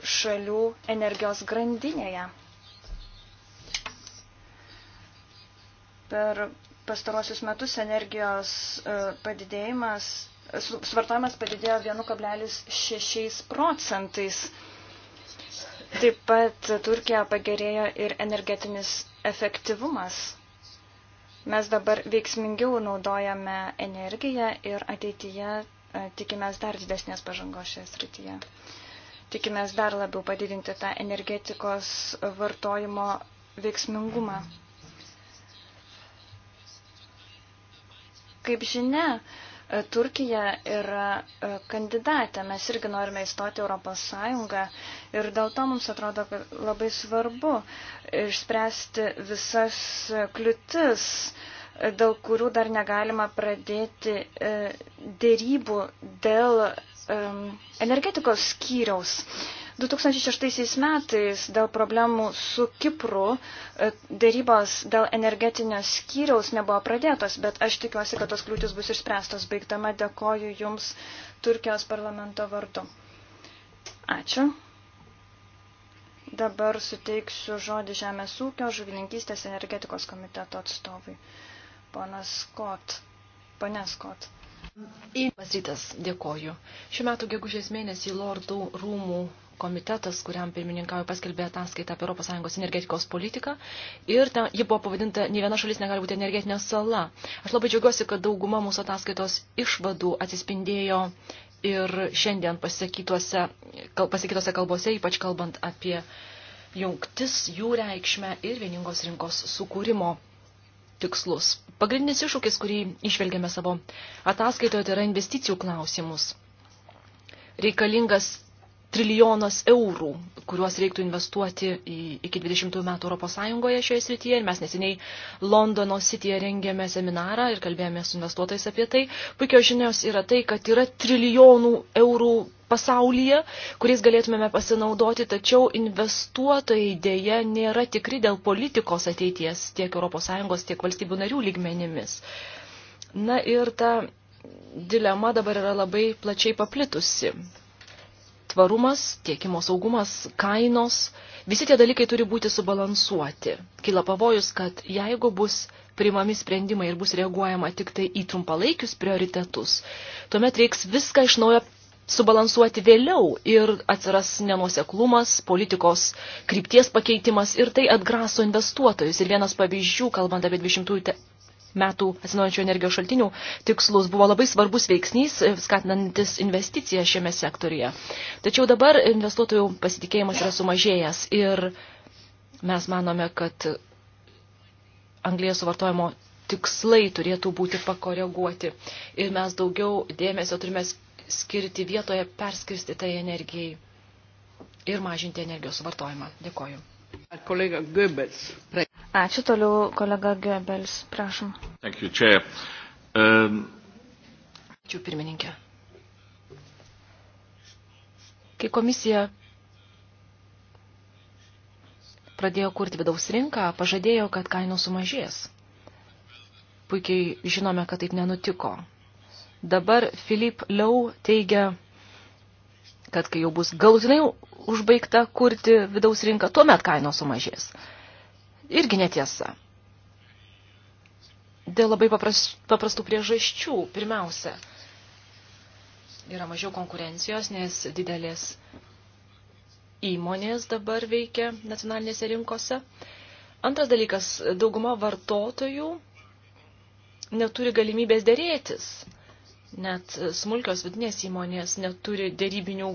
šalių energijos grandinėje. Per pastarosius metus energijos padidėjimas, suvartojimas padidėjo 1,6 procentais. Taip pat Turkija pagerėjo ir energetinis efektyvumas. Mes dabar veiksmingiau naudojame energiją ir ateityje e, tikimės dar didesnės pažangos šioje srityje. Tikimės dar labiau padidinti tą energetikos vartojimo veiksmingumą. Kaip žinia, Turkija yra e, kandidatė, mes irgi norime įstoti Europos Sąjungą ir dėl to mums atrodo labai svarbu išspręsti visas kliūtis, dėl kurių dar negalima pradėti e, dėrybų dėl energetikos skyriaus. 2006 metais dėl problemų su Kipru e, dėrybos dėl energetinio skyriaus nebuvo pradėtos, bet aš tikiuosi, kad tos kliūtis bus išspręstos. Baigdama dėkoju Jums Turkijos parlamento vardu. Ačiū. Dabar suteiksiu žodį Žemės ūkio žuvininkystės energetikos komiteto atstovui. Ponas Skot. Pane Skot.
Labas rytas, dėkoju. Šiuo metu gegužės mėnesį Lordų rūmų komitetas, kuriam pirmininkauju paskelbė ataskaitą apie ES energetikos politiką. Ir ten, ji buvo pavadinta, ne viena šalis negali būti energetinė sala. Aš labai džiaugiuosi, kad dauguma mūsų ataskaitos išvadų atsispindėjo ir šiandien pasakytose, pasakytose kalbose, ypač kalbant apie jungtis, jų reikšmę ir vieningos rinkos sukūrimo tikslus. Pagrindinis iššūkis, kurį išvelgėme savo ataskaitoje, tai yra investicijų klausimus. Reikalingas trilijonas eurų, kuriuos reiktų investuoti į, iki 20 metų Europos Sąjungoje šioje srityje. Ir mes neseniai Londono Cityje rengėme seminarą ir kalbėjome su investuotojais apie tai. Puikios žinios yra tai, kad yra trilijonų eurų pasaulyje, kuriais galėtumėme pasinaudoti, tačiau investuotojai dėje nėra tikri dėl politikos ateities tiek ES, tiek valstybių narių lygmenimis. Na ir ta dilema dabar yra labai plačiai paplitusi tvarumas, tiekimo saugumas, kainos, visi tie dalykai turi būti subalansuoti. Kila pavojus, kad jeigu bus priimami sprendimai ir bus reaguojama tik tai į trumpalaikius prioritetus, tuomet reiks viską iš naujo subalansuoti vėliau ir atsiras nenuoseklumas, politikos krypties pakeitimas ir tai atgraso investuotojus. Ir vienas pavyzdžių, kalbant apie 20 metų atsinaujančių energijos šaltinių tikslus buvo labai svarbus veiksnys, e, skatinantis investiciją šiame sektorija. Tačiau dabar investuotojų pasitikėjimas yra sumažėjęs ir mes manome, kad anglijas suvartojimo tikslai turėtų būti pakoreguoti ir mes daugiau dėmesio turime skirti vietoje perskirstytai energijai ir mažinti energijos suvartojimą. Dėkoju.
Ar kolega Goebbels? Ačiū toliau, kolega
Goebbels, prašom.
Thank you, chair. Um...
Ačiū, pirmininkė. Kai komisija pradėjo kurti vidaus rinką, pažadėjo, kad kainos sumažės. Puikiai žinome, kad taip nenutiko. Dabar Filip Liau teigia, kad kai jau bus galutinai užbaigta kurti vidaus rinką, tuomet kainos sumažės irgi netiesa. Dėl labai paprastų priežasčių. Pirmiausia, yra mažiau konkurencijos, nes didelės įmonės dabar veikia nacionalinėse rinkose. Antras dalykas, dauguma vartotojų neturi galimybės dėrėtis. Net smulkios vidinės įmonės neturi dėrybinių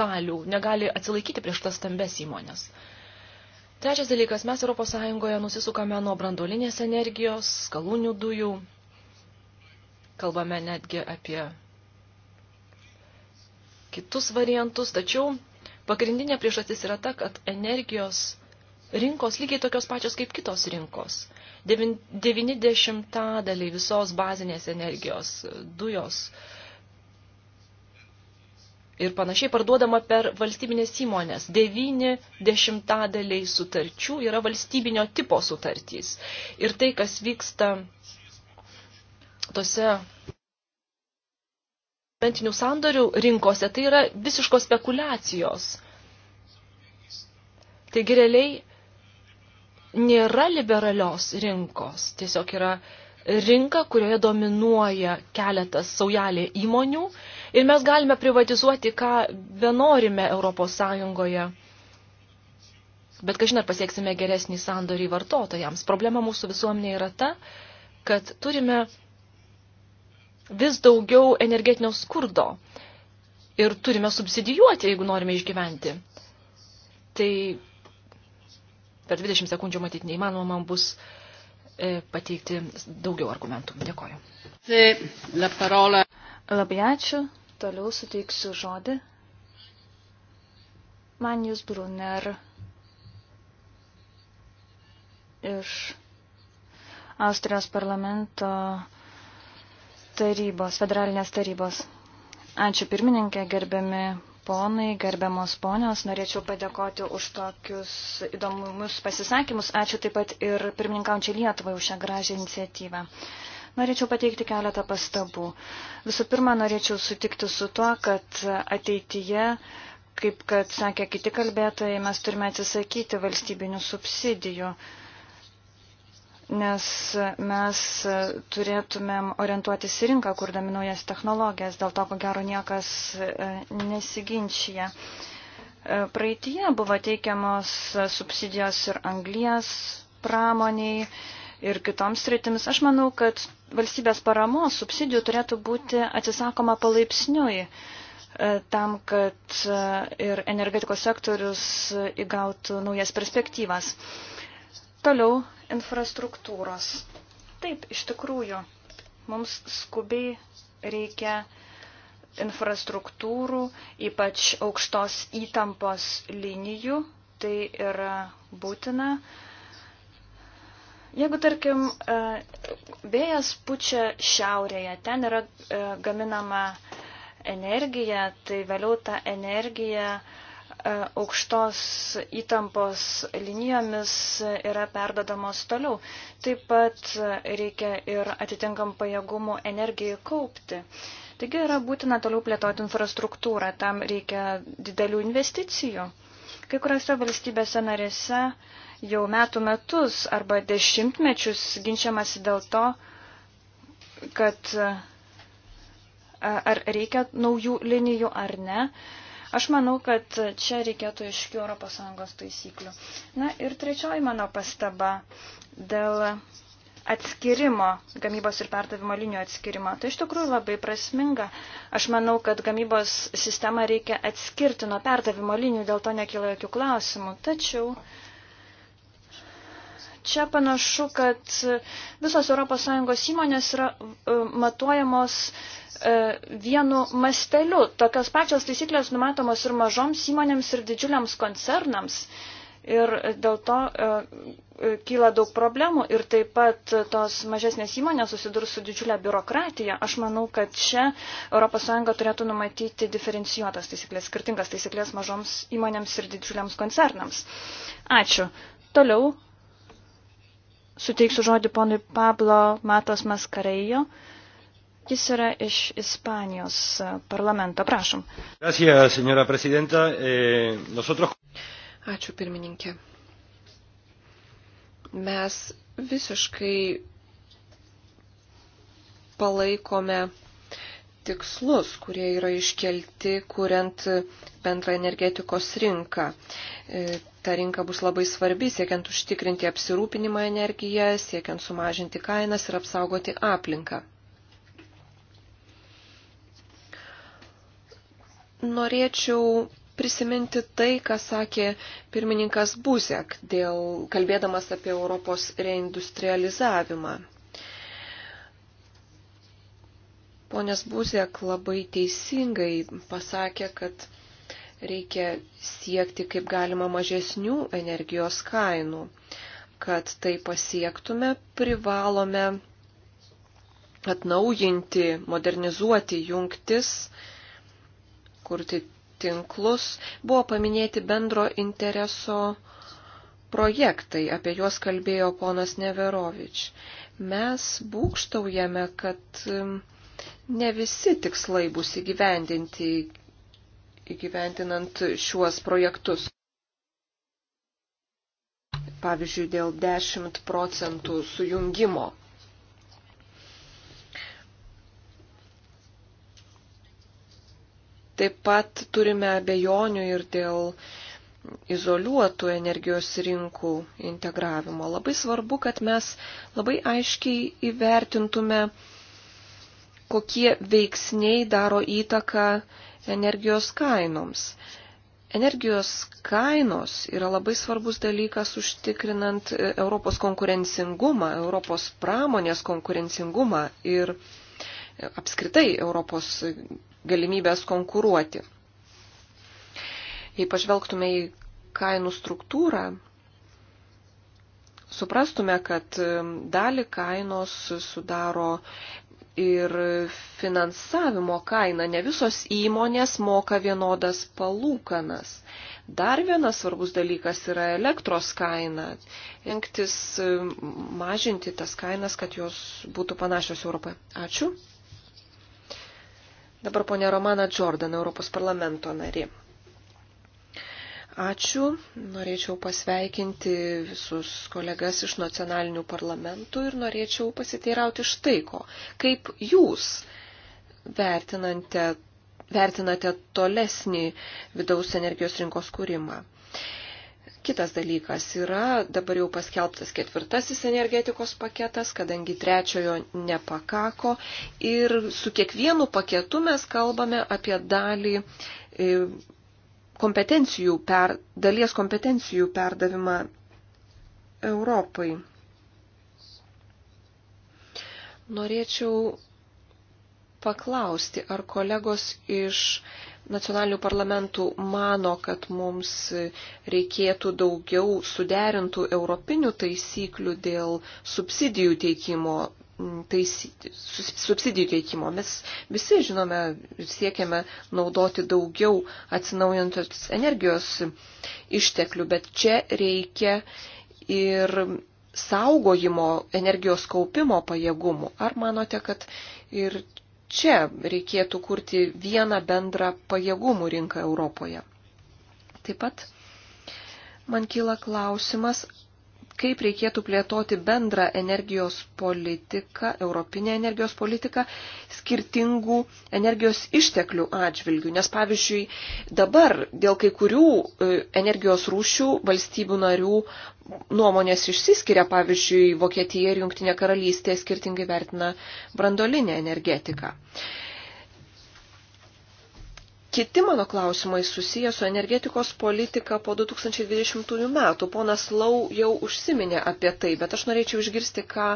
galių, negali atsilaikyti prieš tas stambes įmonės. Uh, Trečias dalykas, mes ES nusisukame nuo brandolinės energijos, skalūnių dujų, kalbame netgi apie kitus variantus, tačiau pagrindinė priežastis yra ta, kad energijos rinkos lygiai tokios pačios kaip kitos rinkos. 90 daliai visos bazinės energijos, dujos, ir panašiai parduodama per valstybinės įmonės. Devyni dešimtadaliai sutarčių yra valstybinio tipo sutartys. Ir tai, kas vyksta tose mentinių sandorių rinkose, tai yra visiškos spekulacijos. Taigi realiai nėra liberalios rinkos, tiesiog yra rinka, kurioje dominuoja keletas saujelė įmonių Ir mes galime privatizuoti, ką benorime Europos Sąjungoje. Bet kažin ar pasieksime geresnį sandorį vartotojams. Problema mūsų visuomenė yra ta, kad turime vis daugiau energetinio skurdo ir turime subsidijuoti, jeigu norime išgyventi. Tai per 20 sekundžių matyti neįmanoma man bus e, pateikti daugiau argumentų. Dėkoju. Labai
ačiū. Toliau suteiksiu žodį. Manijus Brunner iš Austrijos parlamento tarybos, federalinės tarybos. Ačiū pirmininkė, gerbiami ponai, gerbiamos ponios. Norėčiau padėkoti už tokius įdomus pasisakymus. Ačiū taip pat ir pirmininkaujančiai Lietuvai už šią gražią iniciatyvą. Norėčiau pateikti keletą pastabų. Visų pirma, norėčiau sutikti su tuo, kad ateityje, kaip kad sakė kiti kalbėtojai, mes turime atsisakyti valstybinių subsidijų, nes mes turėtumėm orientuotis į rinką, kurdami naujas technologijas, dėl to, ko gero, niekas e, nesiginčia. E, praeitie buvo teikiamos subsidijos ir anglijas pramoniai ir kitoms sritims. Aš manau, kad valstybės paramos subsidijų turėtų būti atsisakoma palaipsniui e, tam, kad e, ir energetikos sektorius įgautų naujas perspektyvas. Toliau infrastruktūros. Taip, iš tikrųjų, mums skubiai reikia infrastruktūrų, ypač aukštos įtampos linijų. Tai yra būtina. Uh, Jeigu, tarkim, e, vėjas pučia šiaurėje, ten yra e, gaminama energija, tai vėliau ta energija e, aukštos įtampos linijomis yra perdodamos toliau. Taip pat reikia ir atitinkam pajėgumų energijai kaupti. Taigi yra būtina toliau plėtoti infrastruktūrą, tam reikia didelių investicijų. Kai kuriuose valstybėse narėse uh, jau metų metus arba dešimtmečius ginčiamasi dėl to, kad e, ar reikia naujų linijų ar ne. Aš manau, kad čia reikėtų iškių ES taisyklių. Na ir trečioji mano pastaba dėl atskirimo, gamybos ir perdavimo linijų atskirimo. Tai iš tikrųjų labai prasminga. Aš manau, kad gamybos sistemą reikia atskirti nuo perdavimo linijų, dėl to nekyla jokių klausimų. Tačiau uh, Čia panašu, kad visos ES įmonės yra e, matuojamos e, vienu masteliu. Tokios pačios taisyklės numatomos ir mažoms įmonėms, ir didžiuliams koncernams. Ir dėl to e, kyla daug problemų ir taip pat tos mažesnės įmonės susidurs su didžiulė biurokratija. Aš manau, kad čia ES turėtų numatyti diferencijuotas taisyklės, skirtingas taisyklės mažoms įmonėms ir didžiuliams koncernams. Ačiū. Toliau suteiksiu žodį ponui Pablo Matos Maskareijo. Jis yra iš Ispanijos parlamento. Prašom.
Gracias, señora presidenta. Eh, nosotros...
Ačiū, pirmininkė. Mes visiškai palaikome tikslus, kurie yra iškelti, kuriant bendrą energetikos rinką. E, ta rinka bus labai svarbi, siekiant užtikrinti apsirūpinimą energiją, siekiant sumažinti kainas ir apsaugoti aplinką. Norėčiau prisiminti tai, ką sakė pirmininkas Buzek, dėl, kalbėdamas apie Europos reindustrializavimą. Ponės Būzėk labai teisingai pasakė, kad reikia siekti kaip galima mažesnių energijos kainų. Kad tai pasiektume, privalome atnaujinti, modernizuoti jungtis, kurti tinklus. Buvo paminėti bendro intereso projektai, apie juos kalbėjo ponas Neverovič. Mes būkštaujame, kad ne visi tikslai bus įgyvendinti įgyvendinant šiuos projektus. Pavyzdžiui, dėl 10 procentų sujungimo. Taip pat turime abejonių ir dėl izoliuotų energijos rinkų integravimo. Labai svarbu, kad mes labai aiškiai įvertintume, kokie veiksniai daro įtaką energijos kainoms. Energijos kainos yra labai svarbus dalykas užtikrinant e, Europos konkurencingumą, Europos pramonės konkurencingumą ir e, apskritai Europos galimybės konkuruoti. Jei pažvelgtume į kainų struktūrą, suprastume, kad e, dalį kainos sudaro ir finansavimo kaina. Ne visos įmonės moka vienodas palūkanas. Dar vienas svarbus dalykas yra elektros kaina. Engtis mažinti tas kainas, kad jos būtų panašios Europoje. Ačiū. Dabar ponė Romana Jordan, Europos parlamento narė. Ačiū. Norėčiau pasveikinti visus kolegas iš nacionalinių parlamentų ir norėčiau pasiteirauti štai ko. Kaip jūs vertinate, vertinate tolesnį vidaus energijos rinkos kūrimą? Kitas dalykas yra dabar jau paskelbtas ketvirtasis energetikos paketas, kadangi trečiojo nepakako. Ir su kiekvienu paketu mes kalbame apie dalį e, kompetencijų per, dalies kompetencijų perdavimą Europai. Norėčiau paklausti, ar kolegos iš nacionalinių parlamentų mano, kad mums reikėtų daugiau suderintų europinių taisyklių dėl subsidijų teikimo taisyti, subsidijų teikimo. Mes visi žinome ir siekiame naudoti daugiau atsinaujantos energijos išteklių, bet čia reikia ir saugojimo energijos kaupimo pajėgumų. Ar manote, kad ir čia reikėtų kurti vieną bendrą pajėgumų rinką Europoje? Taip pat man kyla klausimas, kaip reikėtų plėtoti bendrą energijos politiką, europinę energijos politiką, skirtingų energijos išteklių atžvilgių. Nes pavyzdžiui, dabar dėl kai kurių e, energijos rūšių valstybių narių nuomonės išsiskiria, pavyzdžiui, Vokietija ir Junktinė karalystė skirtingai vertina brandolinę energetiką. Uh, Kiti mano klausimai susiję su energetikos politika po 2020 metų. Ponas Lau jau užsiminė apie tai, bet aš norėčiau išgirsti, ką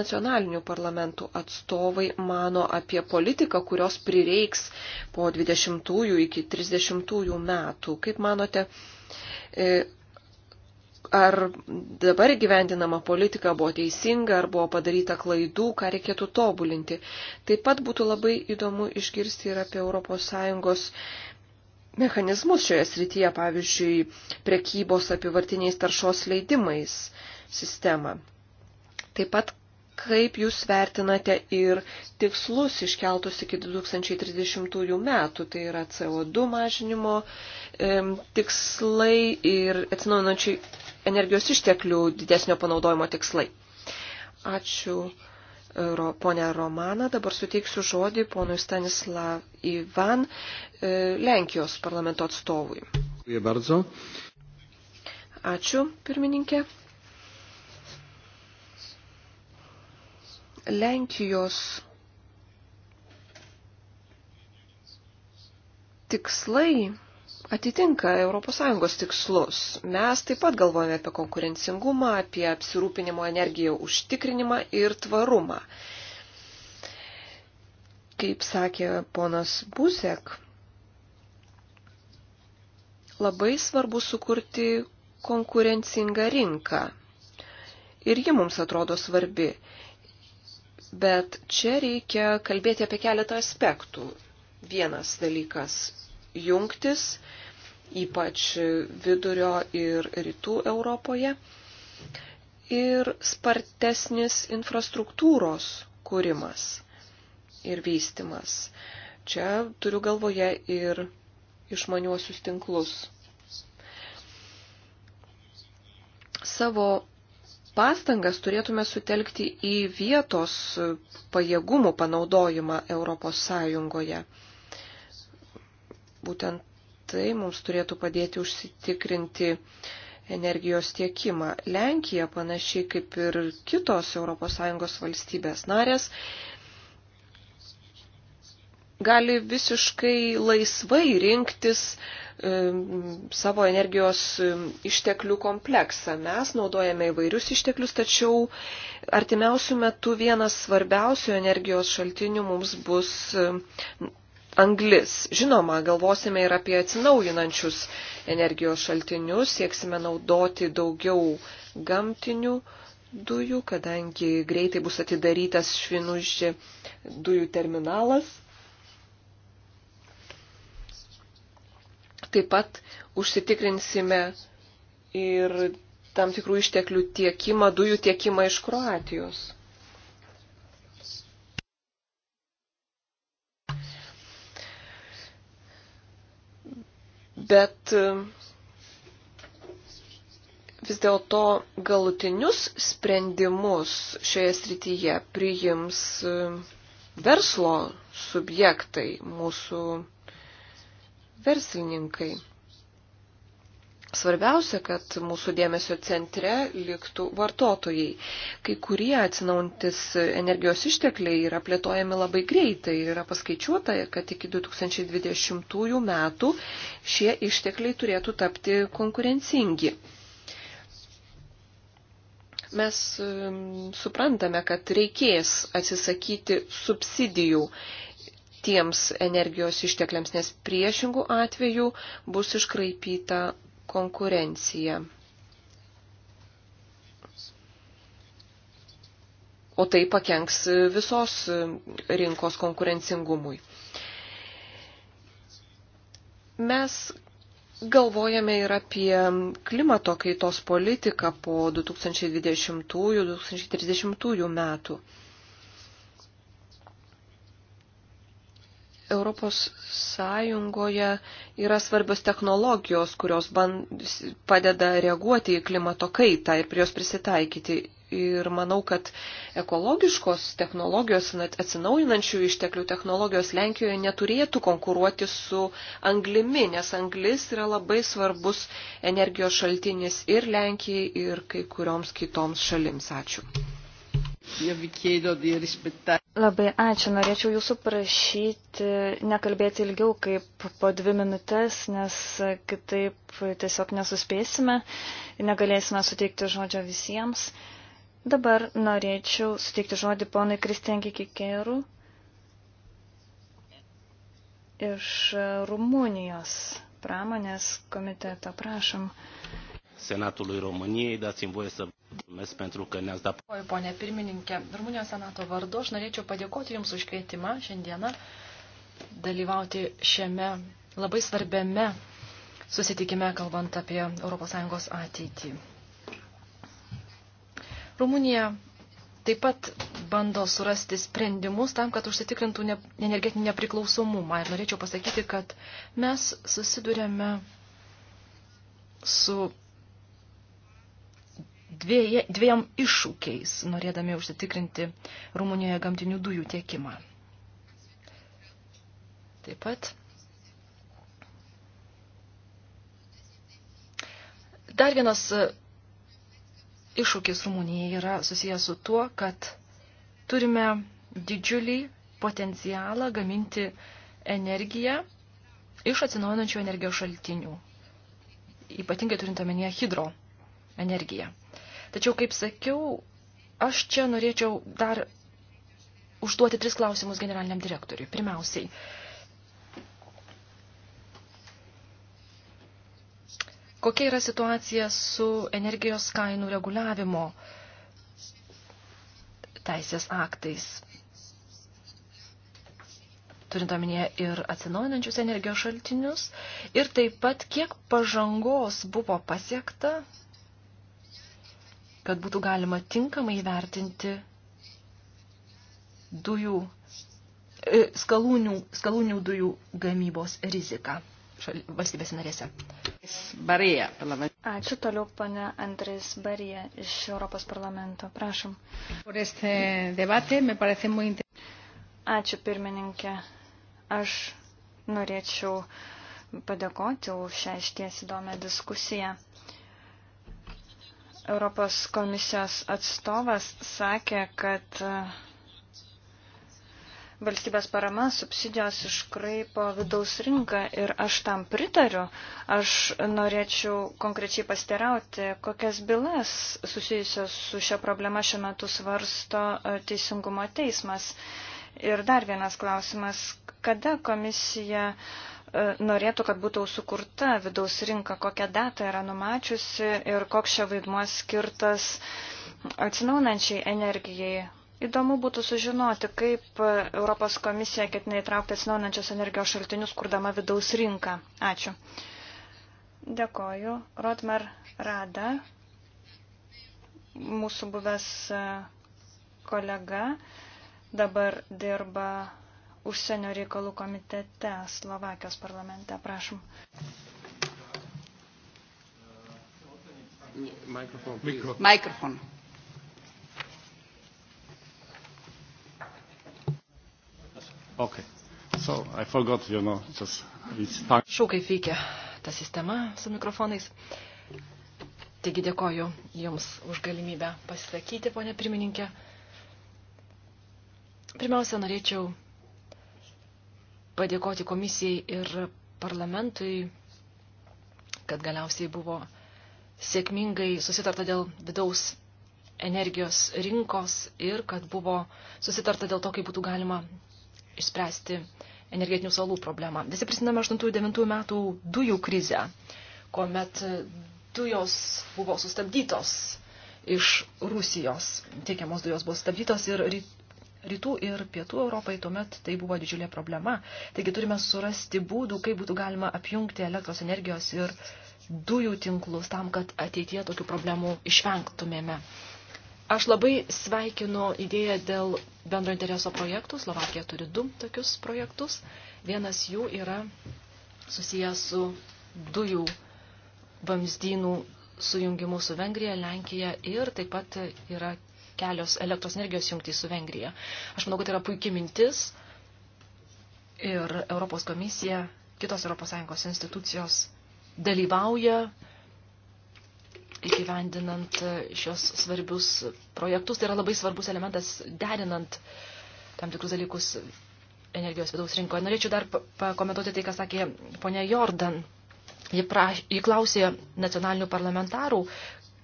nacionalinių parlamentų atstovai mano apie politiką, kurios prireiks po 20 iki 30 metų. Kaip manote, e, ar dabar gyvendinama politika buvo teisinga, ar buvo padaryta klaidų, ką reikėtų tobulinti. Taip pat būtų labai įdomu išgirsti ir apie ES mechanizmus šioje srityje, pavyzdžiui, prekybos apivartiniais taršos leidimais sistemą. Taip pat, kaip jūs vertinate ir tikslus iškeltus iki 2030 metų, tai yra CO2 mažinimo e, tikslai ir atsinaujinančių energijos išteklių didesnio panaudojimo tikslai. Ačiū, ponė Romana. Dabar suteiksiu žodį ponui Stanislav Ivan, e, Lenkijos parlamento atstovui. Ačiū, pirmininkė. Lenkijos tikslai atitinka ES tikslus. Mes taip pat galvojame apie konkurencingumą, apie apsirūpinimo energiją užtikrinimą ir tvarumą. Kaip sakė ponas Buzek, labai svarbu sukurti konkurencingą rinką. Ir ji mums atrodo svarbi. Bet čia reikia kalbėti apie keletą aspektų. Vienas dalykas jungtis, ypač vidurio ir rytų Europoje, ir spartesnis infrastruktūros kūrimas ir vystimas. Čia turiu galvoje ir išmaniuosius tinklus. Savo pastangas turėtume sutelkti į vietos pajėgumų panaudojimą Europos Sąjungoje. Būtent tai mums turėtų padėti užsitikrinti energijos tiekimą. Lenkija, panašiai kaip ir kitos ES valstybės narės, gali visiškai laisvai rinktis e, savo energijos išteklių kompleksą. Mes naudojame įvairius išteklius, tačiau artimiausių metų vienas svarbiausių energijos šaltinių mums bus anglis. Žinoma, galvosime ir apie atsinaujinančius energijos šaltinius, sieksime naudoti daugiau gamtinių dujų, kadangi greitai bus atidarytas švinužė dujų terminalas. Taip pat užsitikrinsime ir tam tikrų išteklių tiekimą, dujų tiekimą iš Kroatijos. bet e, vis dėlto galutinius sprendimus šioje srityje priims e, verslo subjektai, mūsų verslininkai. Svarbiausia, kad mūsų dėmesio centre liktų vartotojai. Kai kurie atsinaujantis energijos ištekliai yra plėtojami labai greitai ir yra paskaičiuota, kad iki 2020 metų šie ištekliai turėtų tapti konkurencingi. Mes um, suprantame, kad reikės atsisakyti subsidijų tiems energijos ištekliams, nes priešingų atveju bus iškraipyta konkurencija. O tai pakenks visos rinkos konkurencingumui. Mes galvojame ir apie klimato kaitos politiką po 2020-2030 metų. Europos Sąjungoje yra svarbios technologijos, kurios ban, padeda reaguoti į klimato kaitą ir prie jos prisitaikyti. Ir manau, kad ekologiškos technologijos, atsinaujinančių išteklių technologijos Lenkijoje neturėtų konkuruoti su anglimi, nes anglis yra labai svarbus energijos šaltinis ir Lenkijai, ir kai kurioms kitoms šalims. Ačiū.
Labai
ačiū. Norėčiau jūsų prašyti nekalbėti ilgiau kaip po dvi minutės, nes kitaip tiesiog nesuspėsime ir negalėsime suteikti žodžio visiems. Dabar norėčiau suteikti žodį ponui Kristian Kikikerų iš Rumunijos pramonės komiteto. Prašom.
Senatului României, dați-mi voie să Mes pentru că ne-ați dat...
Dėkoju, ponė pirmininkė. Rumunijos senato vardu aš norėčiau padėkoti Jums už kvietimą šiandieną dalyvauti šiame labai svarbiame susitikime, kalbant apie ES ateitį. Rumunija taip pat bando surasti sprendimus tam, kad užsitikrintų ne, energetinį nepriklausomumą. Ir norėčiau pasakyti, kad mes susidurėme su dvieje, dviem iššūkiais, norėdami užsitikrinti Rumunijoje gamtinių dujų tiekimą. Taip pat Dar vienas e, iššūkis Rumunijai yra susijęs su tuo, kad turime didžiulį potencialą gaminti energiją iš atsinaujinančių energijos šaltinių, ypatingai turint omenyje hidro energiją. Tačiau, kaip sakiau, aš čia norėčiau dar užduoti tris klausimus generaliniam direktoriui. Pirmiausiai, kokia yra situacija su energijos kainų reguliavimo teisės aktais? turint omenyje ir atsinaujinančius energijos šaltinius, ir taip pat kiek pažangos buvo pasiekta kad būtų galima tinkamai vertinti dujų, e, skalūnių, skalūnių dujų gamybos riziką valstybės narėse.
Barija, Ačiū toliau, pane Andrės Barija iš Europos parlamento. Prašom. Ačiū pirmininkė. Aš norėčiau padėkoti už šią išties įdomią diskusiją. Europos komisijos atstovas sakė, kad e, valstybės parama, subsidijos iškraipo vidaus rinką ir aš tam pritariu. Aš norėčiau konkrečiai pasterauti, kokias bylas susijusios su šia problema šiuo metu svarsto e, Teisingumo teismas. Ir dar vienas klausimas, kada komisija E, norėtų, kad būtų sukurta vidaus rinka, kokią datą yra numačiusi ir koks čia vaidmuo skirtas atsinaunančiai energijai. Įdomu būtų sužinoti, kaip Europos komisija ketina įtraukti atsinaunančios energijos šaltinius, kurdama vidaus rinką. Ačiū. Dėkoju. Rotmar Rada, mūsų buvęs e, kolega, dabar dirba užsienio reikalų komitete Slovakijos parlamente. Prašom.
Mikrofon.
Okay. So, I forgot, you know,
just it's time.
Šau kaip veikia ta sistema su mikrofonais. Taigi dėkoju Jums už galimybę pasisakyti, ponė pirmininkė. Pirmiausia, norėčiau padėkoti komisijai ir parlamentui, kad galiausiai buvo sėkmingai susitarta dėl vidaus energijos rinkos ir kad buvo susitarta dėl to, kaip būtų galima išspręsti energetinių salų problemą. Visi prisimame 8-9 metų dujų krizę, kuomet dujos buvo sustabdytos iš Rusijos. Tiekiamos dujos buvo sustabdytos ir rytų ir pietų Europai, tuomet tai buvo didžiulė problema. Taigi turime surasti būdų, kaip būtų galima apjungti elektros energijos ir dujų tinklus tam, kad ateityje tokių problemų išvengtumėme. Aš labai sveikinu idėją dėl bendro intereso projektų. Slovakija turi du tokius projektus. Vienas jų yra susijęs su dujų vamzdynų sujungimu su Vengrija, Lenkija ir taip pat yra kelios elektros energijos jungtys su Vengrija. Aš manau, kad tai yra puikia mintis ir Europos komisija, kitos ES institucijos dalyvauja įgyvendinant šios svarbius projektus. Tai yra labai svarbus elementas derinant tam tikrus dalykus energijos vidaus rinkoje. Norėčiau dar pakomentuoti tai, ką sakė ponia Jordan. Ji, praš, ji klausė nacionalinių parlamentarų,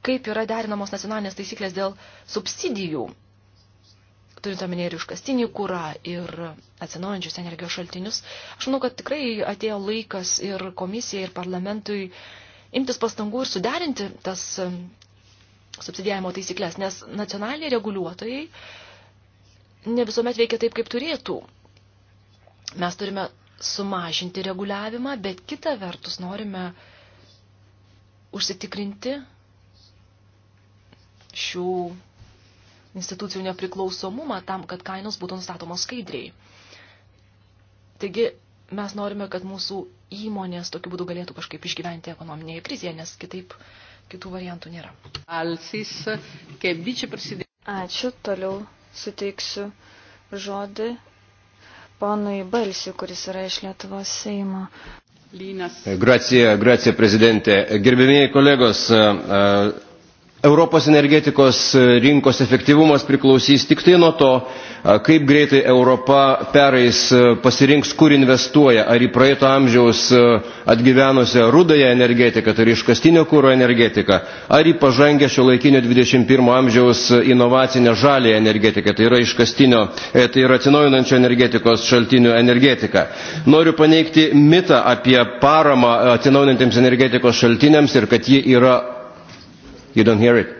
kaip yra derinamos nacionalinės taisyklės dėl subsidijų, turint omenyje ir iškastinį kūrą, ir atsinaujančius energijos šaltinius. Aš manau, kad tikrai atėjo laikas ir komisijai, ir parlamentui imtis pastangų ir suderinti tas um, subsidijavimo taisyklės, nes nacionaliniai reguliuotojai ne visuomet veikia taip, kaip turėtų. Mes turime sumažinti reguliavimą, bet kitą vertus norime užsitikrinti šių institucijų nepriklausomumą tam, kad kainos būtų nustatomos skaidriai. Taigi mes norime, kad mūsų įmonės tokiu būdu galėtų kažkaip išgyventi ekonominėje krizėje, nes kitaip kitų
variantų nėra. Ačiū, toliau suteiksiu žodį ponui Balsiu, kuris yra iš Lietuvos Seimo.
Lynas. Gracija, gracija prezidentė. Gerbėmėjai kolegos, Europos energetikos e, rinkos efektyvumas priklausys tik tai nuo to, kaip greitai Europa pereis e, pasirinks, kur investuoja, ar į praeito amžiaus e, atgyvenusią rudąją energetiką, tai yra iškastinio kūro energetiką, ar į pažangę šio laikinio 21 amžiaus inovacinę žalį energetiką, tai yra iškastinio, tai yra atsinaujinančio energetikos šaltinių energetiką. Noriu paneigti mitą apie paramą atsinaujinantiems energetikos šaltiniams ir kad ji yra You don't hear it?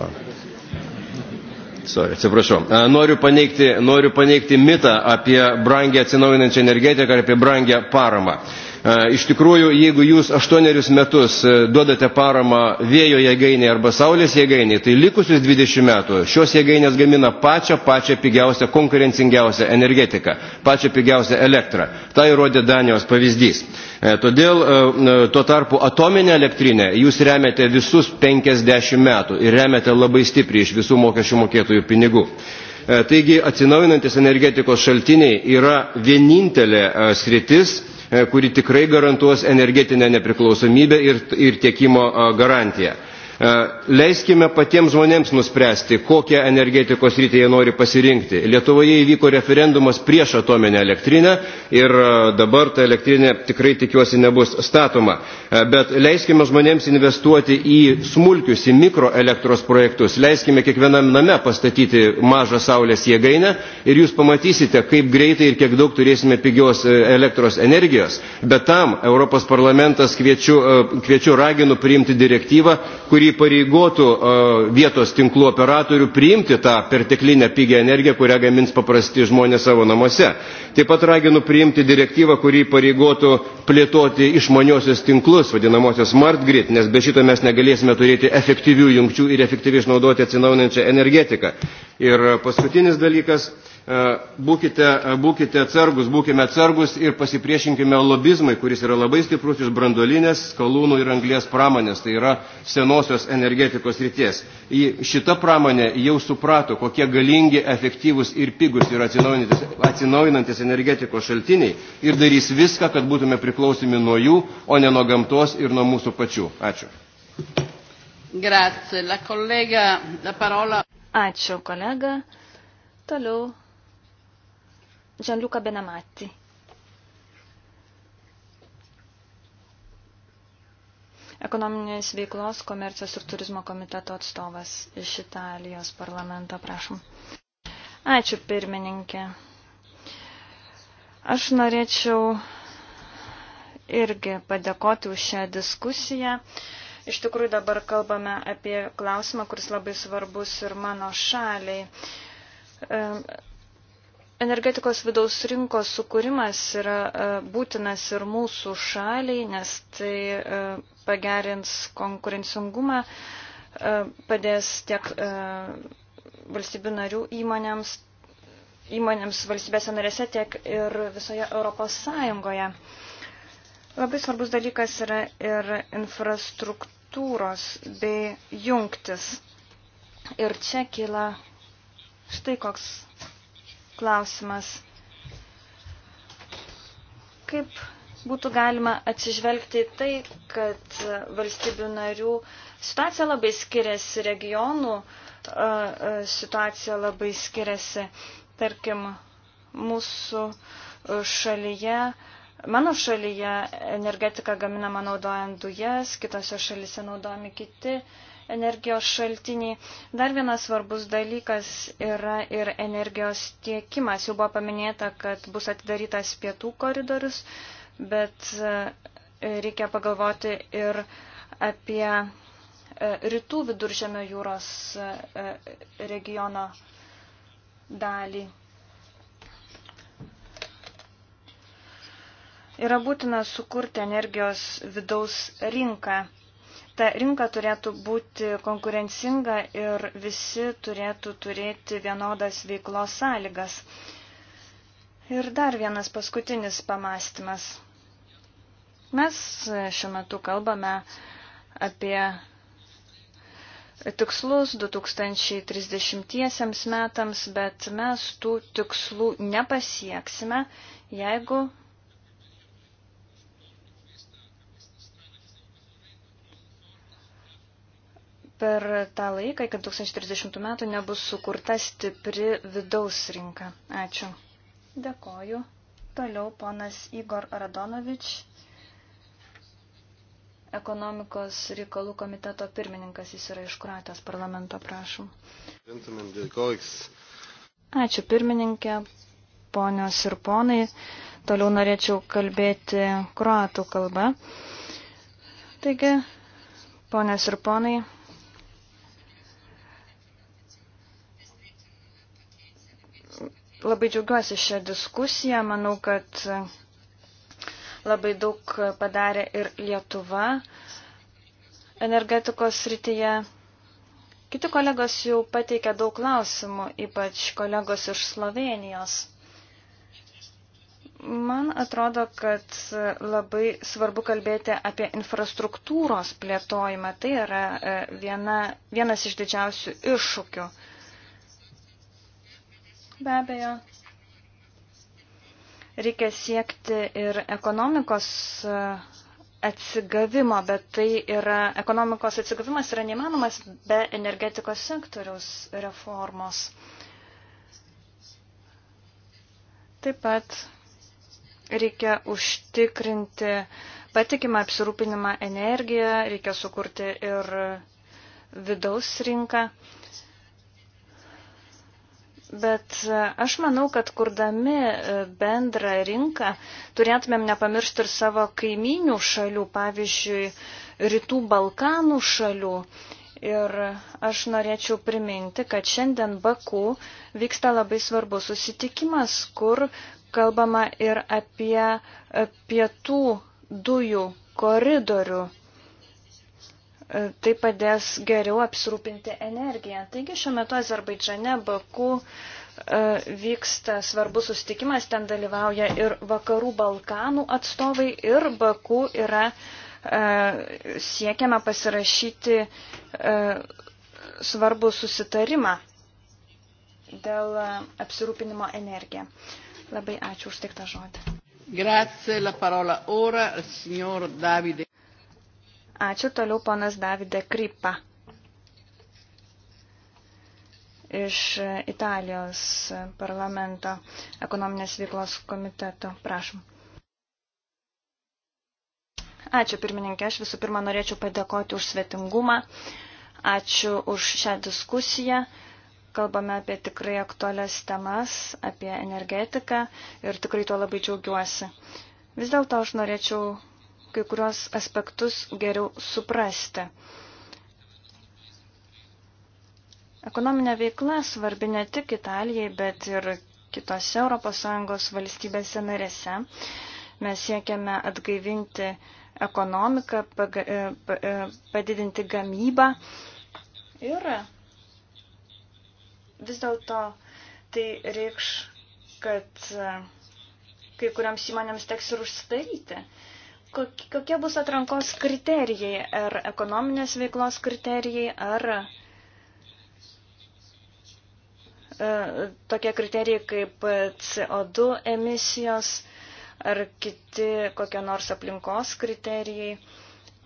Oh. Sorry, atsiprašau. Noriu paneigti, noriu paneigti mitą apie brangę atsinaujinančią energetiką ir apie brangę paramą. E, iš tikrųjų, jeigu jūs aštuonerius metus e, duodate paramą vėjo jėgainiai arba saulės jėgainiai, tai likusius 20 metų šios jėgainės gamina pačią, pačią pigiausią, konkurencingiausią energetiką, pačią pigiausią elektrą. Tai rodė Danijos pavyzdys. E, todėl tuo tarpu atominę elektrinę jūs remiate visus 50 metų ir remiate labai stipriai iš visų mokesčių mokėtojų pinigų. Taigi atsinaujinantis energetikos šaltiniai yra vienintelė sritis, E, kuri tikrai garantuos energetinę nepriklausomybę ir, ir tiekimo garantiją. E, leiskime patiems žmonėms nuspręsti, kokią energetikos rytį jie nori pasirinkti. Lietuvoje įvyko referendumas prieš atominę elektrinę ir e, dabar ta elektrinė tikrai tikiuosi nebus statoma. E, bet leiskime žmonėms investuoti į smulkius, į mikroelektros projektus. Leiskime kiekvienam name pastatyti mažą saulės jėgainę ir jūs pamatysite, kaip greitai ir kiek daug turėsime pigios elektros energijos. Bet tam Europos parlamentas kviečiu, kviečiu raginu priimti direktyvą, kuri kuri pareigotų e, vietos tinklų operatorių priimti tą perteklinę pigią energiją, kurią gamins paprasti žmonės savo namuose. Taip pat raginu priimti direktyvą, kuri pareigotų plėtoti išmaniosios tinklus, vadinamosios smart grid, nes be šito mes negalėsime turėti efektyvių jungčių ir efektyviai išnaudoti atsinaujinančią energetiką. Ir paskutinis dalykas E, būkite, e, būkite atsargus, būkime atsargus ir pasipriešinkime lobizmai, kuris yra labai stiprus iš brandolinės, skalūnų ir anglės pramonės, tai yra senosios energetikos ryties. Šita pramonė jau suprato, kokie galingi, efektyvus ir pigus yra atsinaujinantis energetikos šaltiniai ir darys viską, kad būtume priklausomi nuo jų, o ne nuo gamtos ir nuo mūsų pačių. Ačiū.
Grazie. La collega, la parola. Ačiū, kolega. Toliau Gianluca
Benamatti. Ekonominės veiklos, komercijos ir turizmo komiteto atstovas iš Italijos parlamento, prašom. Ačiū, pirmininkė. Aš norėčiau irgi padėkoti už šią diskusiją. Iš tikrųjų dabar kalbame apie klausimą, kuris labai svarbus ir mano šaliai. Energetikos vidaus rinkos sukūrimas yra e, būtinas ir mūsų šaliai, nes tai e, pagerins konkurencingumą, e, padės tiek valstybių narių įmonėms, įmonėms valstybėse narėse, tiek ir visoje Europos Sąjungoje. Labai svarbus dalykas yra ir infrastruktūros bei jungtis. Ir čia kyla štai koks klausimas. Kaip būtų galima atsižvelgti į tai, kad valstybių narių situacija labai skiriasi, regionų situacija labai skiriasi. Tarkim, mūsų šalyje, mano šalyje energetika gaminama naudojant dujas, kitose šalyse naudojami kiti uh, energijos šaltiniai. Dar vienas svarbus dalykas yra ir energijos tiekimas. Jau buvo paminėta, kad bus atidarytas pietų koridorius, bet e, reikia pagalvoti ir apie e, rytų viduržėmio jūros e, regiono dalį. Yra būtina sukurti energijos vidaus rinką ta rinka turėtų būti konkurencinga ir visi turėtų turėti vienodas veiklos sąlygas. Ir dar vienas paskutinis pamastymas. Mes šiuo metu kalbame apie tikslus 2030 metams, bet mes tų tikslų nepasieksime, jeigu per tą laiką iki 2030 metų nebus sukurta stipri vidaus rinka. Ačiū. Dėkoju. Toliau ponas Igor Radonovič, ekonomikos reikalų komiteto pirmininkas, jis yra iš Kroatijos parlamento, prašom. Ačiū pirmininkė, ponios ir ponai. Toliau norėčiau kalbėti kroatų kalba. Taigi, ponios ir ponai, Labai džiaugiuosi šią diskusiją. Manau, kad labai daug padarė ir Lietuva energetikos srityje. Kiti kolegos jau pateikė daug klausimų, ypač kolegos iš Slovenijos. Man atrodo, kad labai svarbu kalbėti apie infrastruktūros plėtojimą. Tai yra e, viena, vienas iš didžiausių iššūkių be abejo. Reikia siekti ir ekonomikos e, atsigavimo, bet tai yra, ekonomikos atsigavimas yra neįmanomas be energetikos sektoriaus reformos. Taip pat reikia užtikrinti patikimą apsirūpinimą energiją, reikia sukurti ir vidaus rinką. Bet e, aš manau, kad kurdami e, bendrą rinką turėtumėm nepamiršti ir savo kaiminių šalių, pavyzdžiui, rytų Balkanų šalių. Ir aš norėčiau priminti, kad šiandien Baku vyksta labai svarbus susitikimas, kur kalbama ir apie e, pietų dujų koridorių E, tai padės geriau apsirūpinti energiją. Taigi šiuo metu Azerbaidžane, Baku e, vyksta svarbus sustikimas, ten dalyvauja ir vakarų Balkanų atstovai ir Baku yra e, siekiama pasirašyti svarbų susitarimą dėl apsirūpinimo energiją. Labai ačiū už tiktą žodį.
Grazie, la parola ora al signor Davide Ačiū
toliau ponas Davide Krypa iš Italijos parlamento ekonominės veiklos komiteto. Prašom. Ačiū pirmininkė, aš visų pirma norėčiau padėkoti už svetingumą. Ačiū už šią diskusiją. Kalbame apie tikrai aktualias temas, apie energetiką ir tikrai tuo labai džiaugiuosi. Vis dėlto aš norėčiau kai kurios aspektus geriau suprasti. Ekonominė veikla svarbi ne tik Italijai, bet ir kitose ES valstybėse narėse. Mes siekiame atgaivinti ekonomiką, e, e, padidinti gamybą ir vis dėlto tai reikš, kad e, kai kuriams įmonėms teks ir užsidaryti. Kokie bus atrankos kriterijai? Ar ekonominės veiklos kriterijai, ar e, tokie kriterijai kaip CO2 emisijos, ar kiti kokie nors aplinkos kriterijai?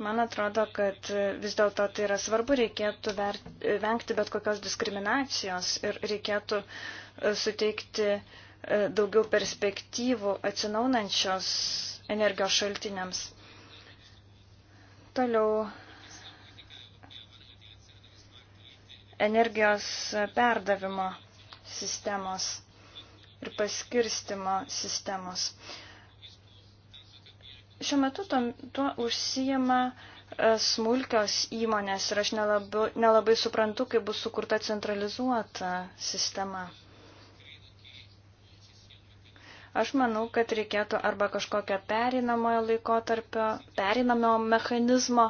Man atrodo, kad vis dėlto tai yra svarbu, reikėtų ver, vengti bet kokios diskriminacijos ir reikėtų e, suteikti e, daugiau perspektyvų atsinaunančios energijos šaltiniams. Toliau energijos perdavimo sistemos ir paskirstimo sistemos. Šiuo metu to, tuo užsijama e, smulkios įmonės ir aš nelabai, nelabai suprantu, kaip bus sukurta centralizuota sistema. Aš manau, kad reikėtų arba kažkokio perinamojo laikotarpio, perinamojo mechanizmo.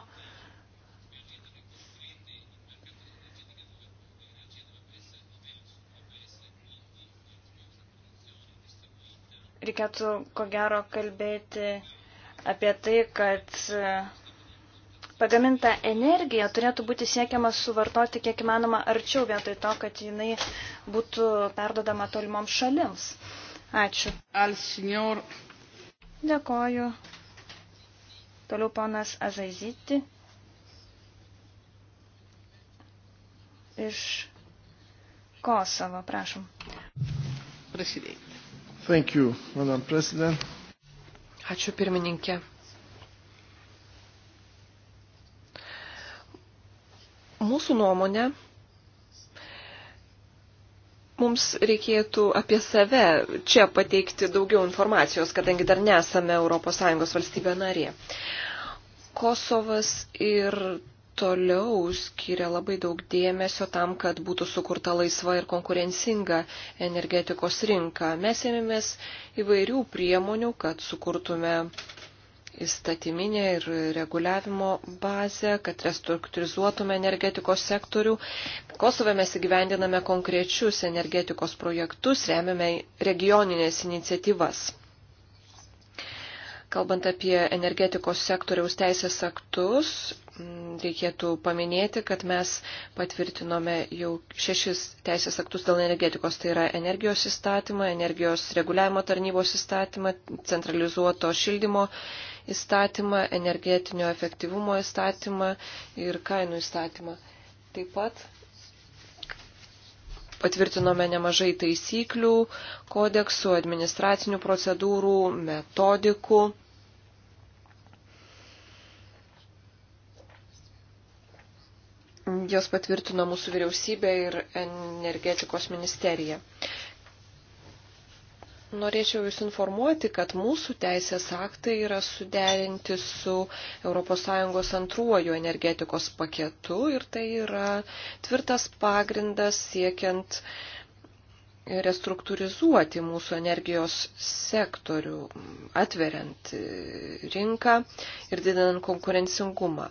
Reikėtų, ko gero, kalbėti apie tai, kad pagaminta energija turėtų būti siekiama suvartoti kiek įmanoma arčiau vietoj to, kad jinai būtų perdodama tolimoms šalims. Ačiū. Al signor. Dėkoju. Toliau ponas Azaizyti iš Kosovo, prašom. Prasidėjai.
Thank you, Madam President.
Ačiū pirmininkė. Mūsų nuomonė mums reikėtų apie save čia pateikti daugiau informacijos, kadangi dar nesame ES valstybė narė. Kosovas ir toliau skiria labai daug dėmesio tam, kad būtų sukurta laisva ir konkurencinga energetikos rinka. Mes ėmėmės įvairių priemonių, kad sukurtume įstatyminė ir reguliavimo bazė, kad restruktūrizuotume energetikos sektorių. Kosove mes įgyvendiname konkrečius energetikos projektus, remiame regioninės iniciatyvas. Kalbant apie energetikos sektoriaus teisės aktus, reikėtų paminėti, kad mes patvirtinome jau šešis teisės aktus dėl energetikos. Tai yra energijos įstatymą, energijos reguliavimo tarnybos įstatymą, centralizuoto šildymo įstatymą, energetinio efektyvumo įstatymą ir kainų įstatymą. Taip pat patvirtinome nemažai taisyklių, kodeksų, administracinių procedūrų, metodikų jos patvirtino mūsų vyriausybė ir energetikos ministerija. Norėčiau Jūs informuoti, kad mūsų teisės aktai yra suderinti su ES antruoju energetikos paketu ir tai yra tvirtas pagrindas siekiant restruktūrizuoti mūsų energijos sektorių, atveriant rinką ir didinant konkurencingumą.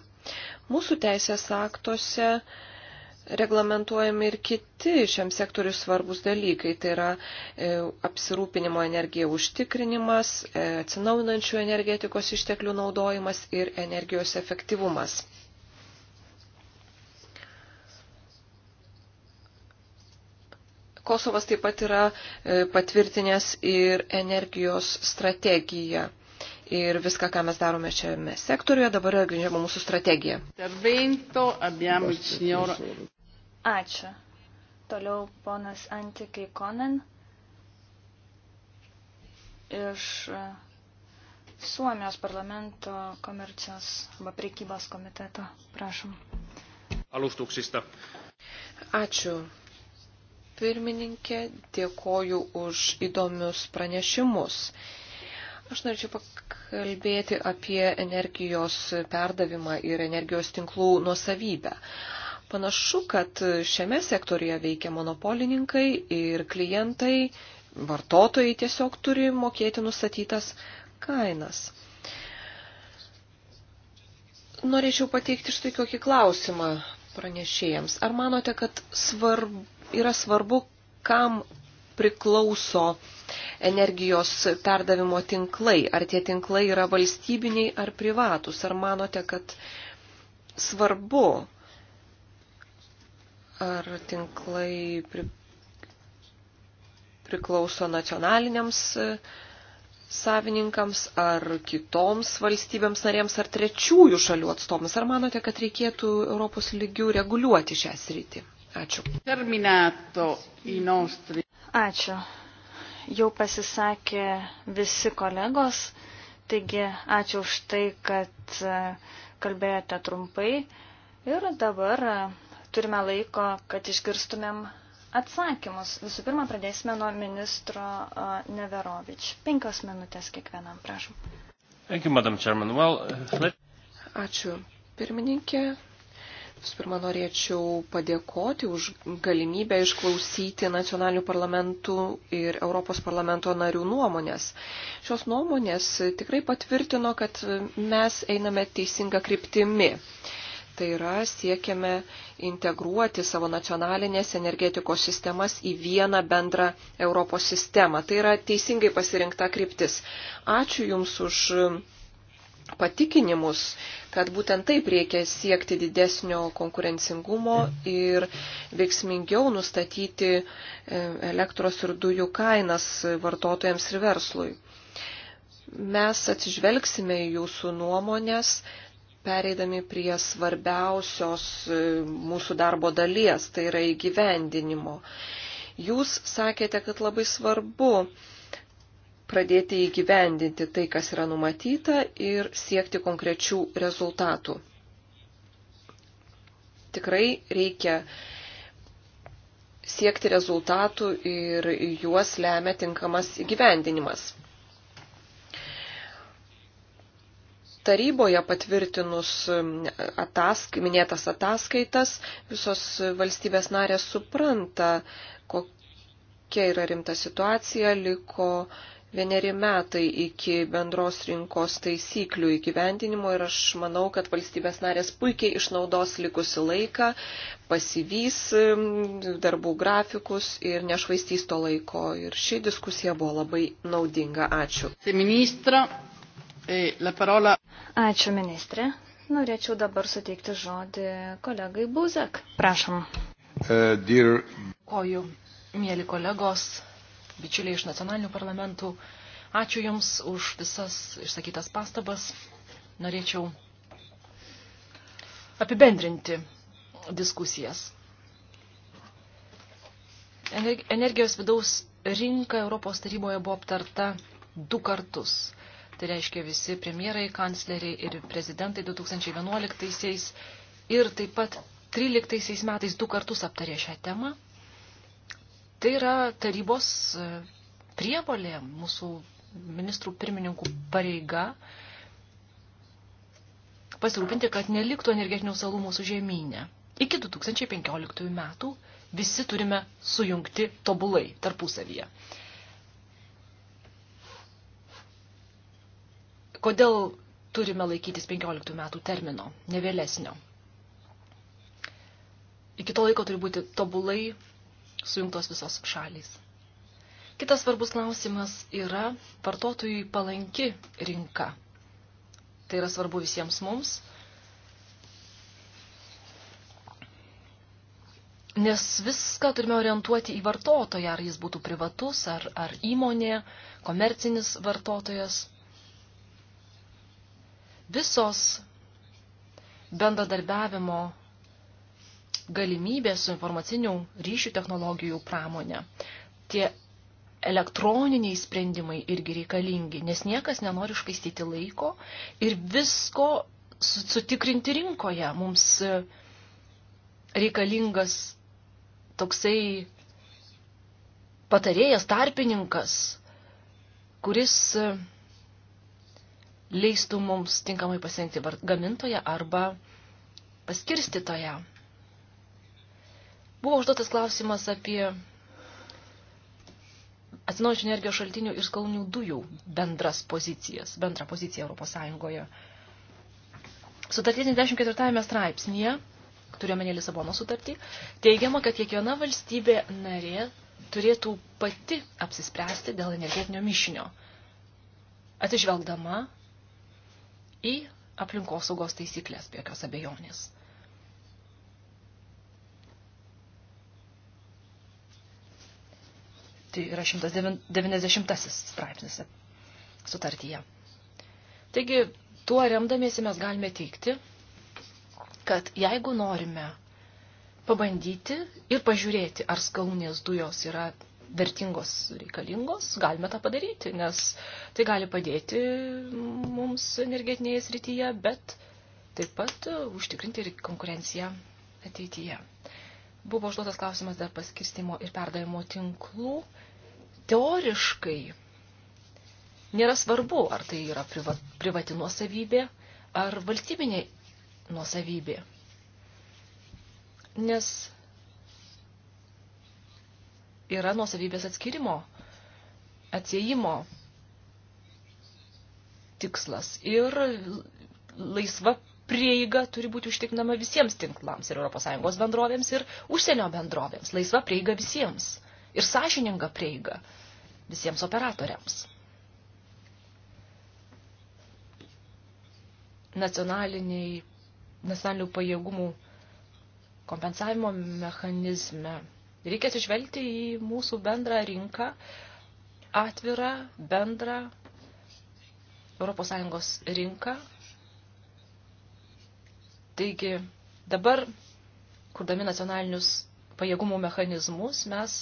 Mūsų teisės aktuose reglamentuojami ir kiti šiam sektoriu svarbus dalykai. Tai yra e, apsirūpinimo energija užtikrinimas, e, atsinaujinančių energetikos išteklių naudojimas ir energijos efektyvumas. Kosovas taip pat yra e, patvirtinęs ir energijos strategiją ir viską, ką mes darome šiame sektoriuje, dabar yra grindžiama mūsų strategija.
Ačiū. Toliau ponas Antikai Konen iš e, Suomijos parlamento komercijos arba priekybos komiteto. Prašom.
Alustuksista.
Ačiū. Pirmininkė,
dėkoju už įdomius pranešimus. Aš norėčiau pakalbėti apie energijos perdavimą ir energijos tinklų nuosavybę. Panašu, kad šiame sektorija veikia monopolininkai ir klientai, vartotojai tiesiog turi mokėti nustatytas kainas. Norėčiau pateikti štai kokį klausimą pranešėjams. Ar manote, kad svarb, yra svarbu, kam priklauso uh, energijos perdavimo tinklai. Ar tie tinklai yra valstybiniai ar privatus? Ar manote, kad svarbu, ar tinklai pri, priklauso nacionaliniams e, savininkams, ar kitoms valstybėms narėms, ar trečiųjų šalių atstovams? Ar manote, kad reikėtų Europos
lygių reguliuoti šią sritį? Ačiū.
Terminato į
nostri. Ačiū jau pasisakė visi kolegos, taigi ačiū už tai, kad e, kalbėjote trumpai. Ir dabar e, turime laiko, kad išgirstumėm atsakymus. Visų pirma, pradėsime nuo ministro e, Neverovič. Penkios minutės kiekvienam, prašom.
Thank you, Madam Chairman. Well, uh, let...
Ačiū, pirmininkė. Visų pirma, norėčiau padėkoti už galimybę išklausyti nacionalinių parlamentų ir Europos parlamento narių nuomonės. Šios nuomonės tikrai patvirtino, kad mes einame teisinga kryptimi. Tai yra, siekiame integruoti savo nacionalinės energetikos sistemas į vieną bendrą Europos sistemą. Tai yra teisingai pasirinkta kryptis. Ačiū Jums už patikinimus, kad būtent taip reikia siekti didesnio konkurencingumo ir veiksmingiau nustatyti e, elektros ir dujų kainas vartotojams ir verslui. Mes atsižvelgsime į jūsų nuomonės, pereidami prie svarbiausios e, mūsų darbo dalies, tai yra įgyvendinimo. Jūs sakėte, kad labai svarbu pradėti įgyvendinti tai, kas yra numatyta ir siekti konkrečių rezultatų. Tikrai reikia siekti rezultatų ir juos lemia tinkamas įgyvendinimas. taryboje patvirtinus atask, minėtas ataskaitas, visos valstybės narės supranta, kokia yra rimta situacija, liko vieneri metai iki bendros rinkos taisyklių įgyvendinimo ir aš manau, kad valstybės narės puikiai išnaudos likusi laiką, pasivys mm, darbų grafikus ir nešvaistys to laiko. Ir ši diskusija buvo labai naudinga. Ačiū.
E, Ačiū, ministrė. Norėčiau dabar suteikti žodį kolegai Buzek. Prašom.
Uh, dear...
Koju, mėly
kolegos, bičiuliai iš nacionalinių parlamentų. Ačiū Jums už visas išsakytas pastabas. Norėčiau apibendrinti diskusijas. Energijos vidaus rinka Europos taryboje buvo aptarta du kartus. Tai reiškia visi premjerai, kancleriai ir prezidentai 2011 ir taip pat 2013 metais du kartus aptarė šią temą. Tai yra tarybos e, prievolė, mūsų ministrų pirmininkų pareiga pasirūpinti, kad neliktų energetinių salų mūsų žemynė. Iki 2015 metų visi turime sujungti tobulai tarpusavyje. Kodėl turime laikytis 15 metų termino, ne vėlesnio? Iki to laiko turi būti tobulai sujungtos visos šalys. Kitas svarbus klausimas yra vartotojui palanki rinka. Tai yra svarbu visiems mums, nes viską turime orientuoti į vartotoją, ar jis būtų privatus, ar, ar įmonė, komercinis vartotojas. Visos bendradarbiavimo galimybės su informacinių ryšių technologijų pramonė. Tie elektroniniai sprendimai irgi reikalingi, nes niekas nenori iškaistyti laiko ir visko sutikrinti rinkoje. Mums e, reikalingas toksai patarėjas, tarpininkas, kuris e, leistų mums tinkamai pasirinkti gamintoją arba paskirstytoją. Buvo užduotas klausimas apie atsinaujančių energijos šaltinių ir skalūnių dujų bendras pozicijas, bendrą poziciją Europos Sąjungoje. Sutarties 24 straipsnėje, turiuomenė Lisabono sutartį, teigiama, kad kiekviena valstybė narė turėtų pati apsispręsti dėl energetinio mišinio, atsižvelgdama į aplinkosaugos taisyklės, be jokios abejonės. tai yra 190 straipsnis sutartyje. Taigi, tuo remdamiesi mes galime teikti, kad jeigu norime pabandyti ir pažiūrėti, ar skalūnės dujos yra vertingos, reikalingos, galime tą padaryti, nes tai gali padėti mums energetinėje srityje, bet taip pat užtikrinti ir konkurenciją ateityje. Buvo užduotas klausimas dar paskirstimo ir perdavimo tinklų teoriškai nėra svarbu, ar tai yra priva, privati nuosavybė ar valstybinė nuosavybė. Nes yra nuosavybės atskirimo, atsiejimo tikslas ir laisva prieiga turi būti užtikrinama visiems tinklams ir ES bendrovėms ir užsienio bendrovėms. Laisva prieiga visiems ir sąžininga prieiga visiems operatoriams. Nacionaliniai, nacionalinių pajėgumų kompensavimo mechanizme reikia atsižvelgti į mūsų bendrą rinką, atvirą bendrą ES rinką. Taigi dabar, kurdami nacionalinius pajėgumų mechanizmus, mes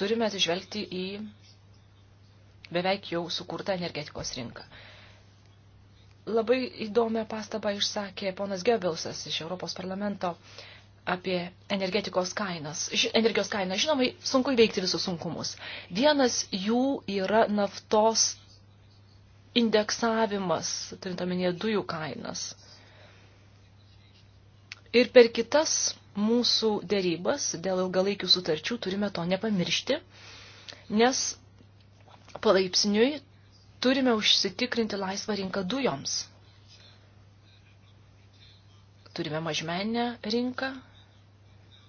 turime atsižvelgti į beveik jau sukurtą energetikos rinką. Labai įdomią pastabą išsakė ponas Gebelsas iš Europos parlamento apie energetikos kainas. Energijos kainą, žinoma, sunku įveikti visus sunkumus. Vienas jų yra naftos indeksavimas, turint omenyje dujų kainas. Ir per kitas mūsų dėrybas dėl ilgalaikių sutarčių turime to nepamiršti, nes palaipsniui turime užsitikrinti laisvą rinką dujoms. Turime mažmenę rinką,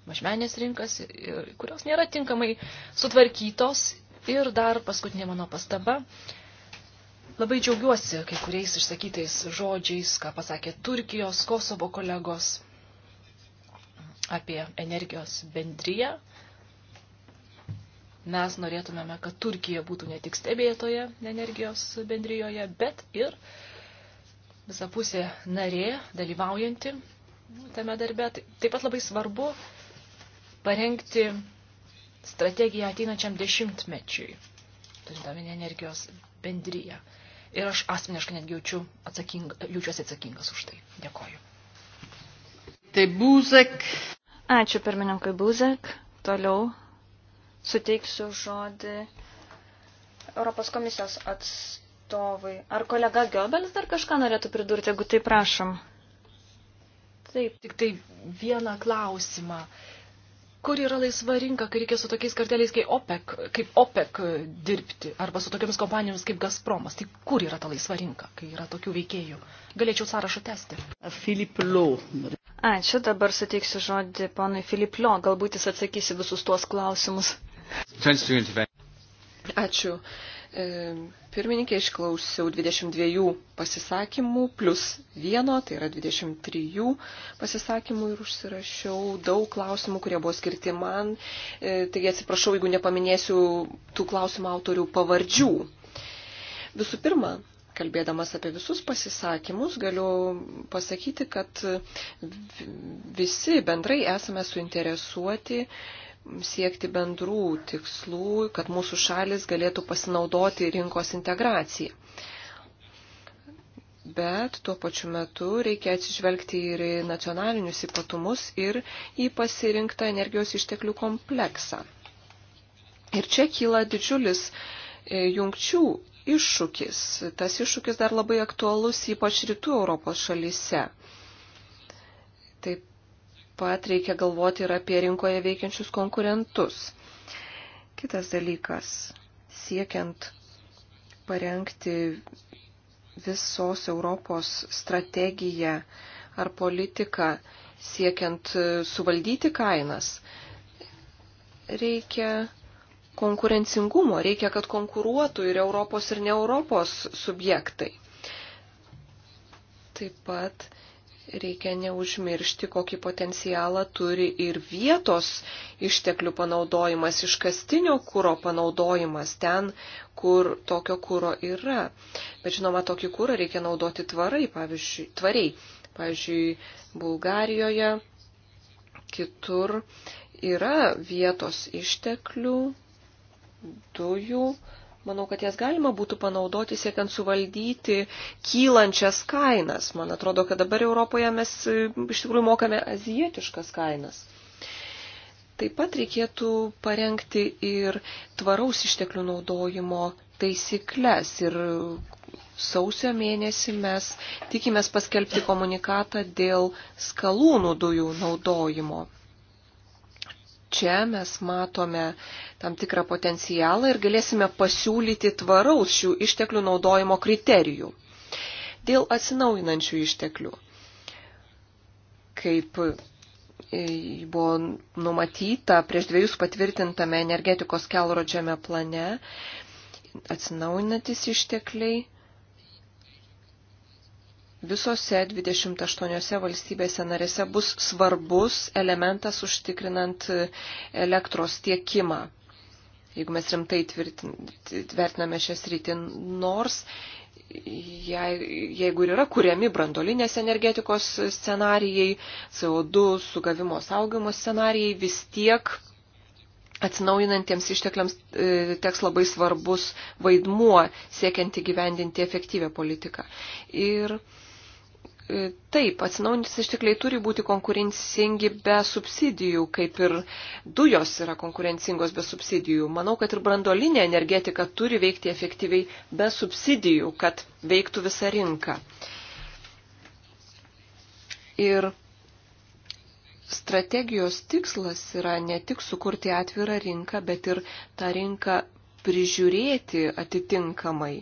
mažmenės rinkas, kurios nėra tinkamai sutvarkytos. Ir dar paskutinė mano pastaba. Labai džiaugiuosi kai kuriais išsakytais žodžiais, ką pasakė Turkijos, Kosovo kolegos apie energijos bendryją. Mes norėtumėme, kad Turkija būtų ne tik stebėtoje energijos bendryjoje, bet ir visapusė narė, dalyvaujanti tame darbe. Tai taip pat labai svarbu parengti strategiją ateinačiam dešimtmečiui, turintami energijos bendryje. Ir aš asmeniškai netgi jaučiu atsaking, jaučiuosi atsakingas už tai. Dėkoju.
Tai Būzek. Ačiū pirmininkui Buzek. Toliau suteiksiu žodį Europos komisijos atstovui. Ar kolega Gobelis dar kažką norėtų pridurti, jeigu tai prašom? Taip, tik tai vieną klausimą. Uh, kur yra laisva rinka, kai
reikia su tokiais karteliais kaip OPEC, kaip OPEC dirbti, arba su tokiamis kompanijomis kaip Gazpromas. Tai kur yra ta laisva rinka, kai yra tokių veikėjų?
Galėčiau sąrašą tęsti.
Filip Lo.
Ačiū, dabar suteiksiu žodį ponui Filip Lo, galbūt jis atsakysi visus tuos klausimus. Ačiū. E, pirmininkė
išklausiau 22 pasisakymų plus vieno, tai yra 23 pasisakymų ir užsirašiau daug klausimų, kurie buvo skirti man. E, taigi atsiprašau, jeigu nepaminėsiu tų klausimų autorių pavardžių. Visų pirma, kalbėdamas apie visus pasisakymus, galiu pasakyti, kad visi bendrai esame suinteresuoti siekti bendrų tikslų, kad mūsų šalis galėtų pasinaudoti rinkos integraciją. Bet tuo pačiu metu reikia atsižvelgti ir į nacionalinius ypatumus ir į pasirinktą energijos išteklių kompleksą. Ir čia kyla didžiulis e, jungčių iššūkis. Tas iššūkis dar labai aktualus, ypač rytų Europos šalyse pat reikia galvoti ir apie rinkoje veikiančius konkurentus. Kitas dalykas, siekiant parengti visos Europos strategiją ar politiką, siekiant suvaldyti kainas, reikia konkurencingumo, reikia, kad konkuruotų ir Europos, ir ne Europos subjektai. Taip pat reikia neužmiršti, kokį potencialą turi ir vietos išteklių panaudojimas, iškastinio kūro panaudojimas ten, kur tokio kūro yra. Bet žinoma, tokį kūrą reikia naudoti tvarai, pavyzdžiui, tvariai. Pavyzdžiui, Bulgarijoje, kitur yra vietos išteklių, dujų, Manau, kad jas galima būtų panaudoti siekiant suvaldyti kylančias kainas. Man atrodo, kad dabar Europoje mes e, iš tikrųjų mokame azijietiškas kainas. Taip pat reikėtų parengti ir tvaraus išteklių naudojimo taisyklės. Ir sausio mėnesį mes tikimės paskelbti komunikatą dėl skalūnų dujų naudojimo čia mes matome tam tikrą potencialą ir galėsime pasiūlyti tvaraus šių išteklių naudojimo kriterijų. Dėl atsinaujinančių išteklių, kaip e, buvo numatyta prieš dviejus patvirtintame energetikos kelrodžiame plane, atsinaujinantis ištekliai visose 28 valstybėse narėse bus svarbus elementas užtikrinant elektros tiekimą. Jeigu mes rimtai tvirtiname šias rytį, nors jeigu ir yra kuriami brandolinės energetikos scenarijai, CO2 sugavimo saugimo scenarijai, vis tiek atsinaujinantiems ištekliams e, teks labai svarbus vaidmuo siekiant įgyvendinti efektyvę politiką. Ir uh, Taip, atsinaujantis ištikliai turi būti konkurencingi be subsidijų, kaip ir dujos yra konkurencingos be subsidijų. Manau, kad ir brandolinė energetika turi veikti efektyviai be subsidijų, kad veiktų visa rinka. Ir strategijos tikslas yra ne tik sukurti atvirą rinką, bet ir tą rinką prižiūrėti atitinkamai,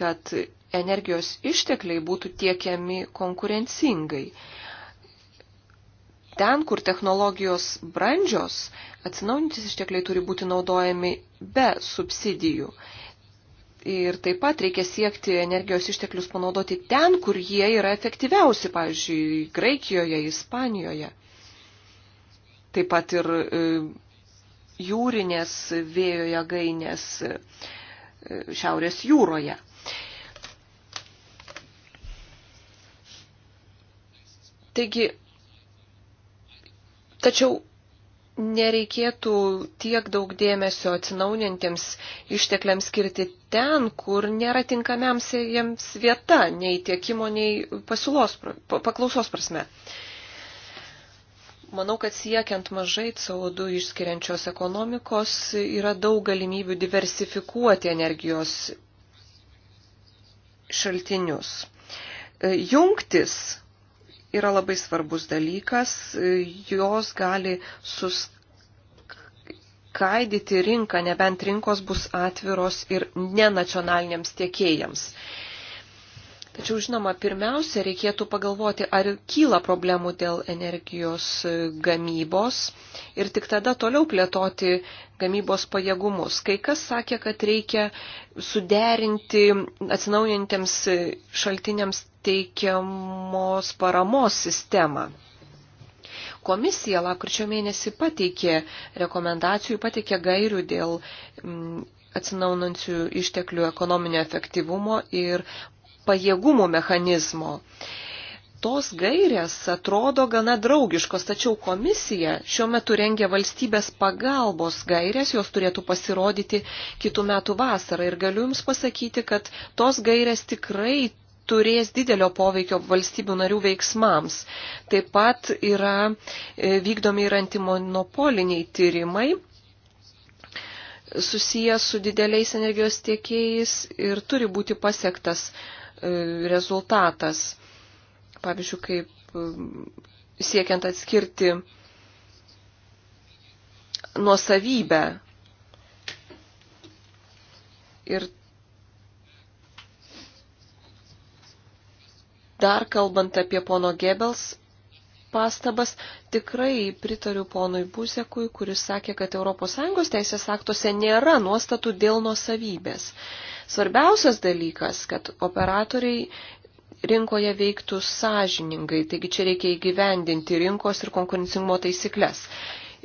kad energijos ištekliai būtų tiekiami konkurencingai. Ten, kur technologijos brandžios, atsinaujantis ištekliai turi būti naudojami be subsidijų. Ir taip pat reikia siekti energijos išteklius panaudoti ten, kur jie yra efektyviausi, pavyzdžiui, Graikijoje, Ispanijoje. Taip pat ir e, jūrinės vėjo jėgainės e, Šiaurės jūroje. Taigi, tačiau nereikėtų tiek daug dėmesio atsinaujantiems ištekliams skirti ten, kur nėra tinkamiams jiems vieta, nei tiekimo, nei pasiūlos, paklausos prasme. Manau, kad siekiant mažai CO2 išskiriančios ekonomikos yra daug galimybių diversifikuoti energijos šaltinius. E, jungtis yra labai svarbus dalykas, jos gali suskaidyti rinką, nebent rinkos bus atviros ir nenacionaliniams tiekėjams. Tačiau, žinoma, pirmiausia, reikėtų pagalvoti, ar kyla problemų dėl energijos gamybos ir tik tada toliau plėtoti gamybos pajėgumus. Kai kas sakė, kad reikia suderinti atsinaujantiems šaltiniams teikiamos paramos sistemą. Komisija lakrčio mėnesį pateikė rekomendacijų, pateikė gairių dėl mm, atsinaunančių išteklių ekonominio efektyvumo ir pajėgumų mechanizmo. Tos gairės atrodo gana draugiškos, tačiau komisija šiuo metu rengia valstybės pagalbos gairės, jos turėtų pasirodyti kitų metų vasarą. Ir galiu Jums pasakyti, kad tos gairės tikrai turės didelio poveikio valstybių narių veiksmams. Taip pat yra e, vykdomi ir antimonopoliniai tyrimai susijęs su dideliais energijos tiekėjais ir turi būti pasiektas E, rezultatas. Pavyzdžiui, kaip e, siekiant atskirti nuosavybę. Ir dar kalbant apie pono Gebels pastabas, tikrai pritariu ponui Buzekui, kuris sakė, kad ES teisės aktuose nėra nuostatų dėl nuosavybės svarbiausias dalykas, kad operatoriai rinkoje veiktų sąžiningai, taigi čia reikia įgyvendinti rinkos ir konkurencingumo taisyklės.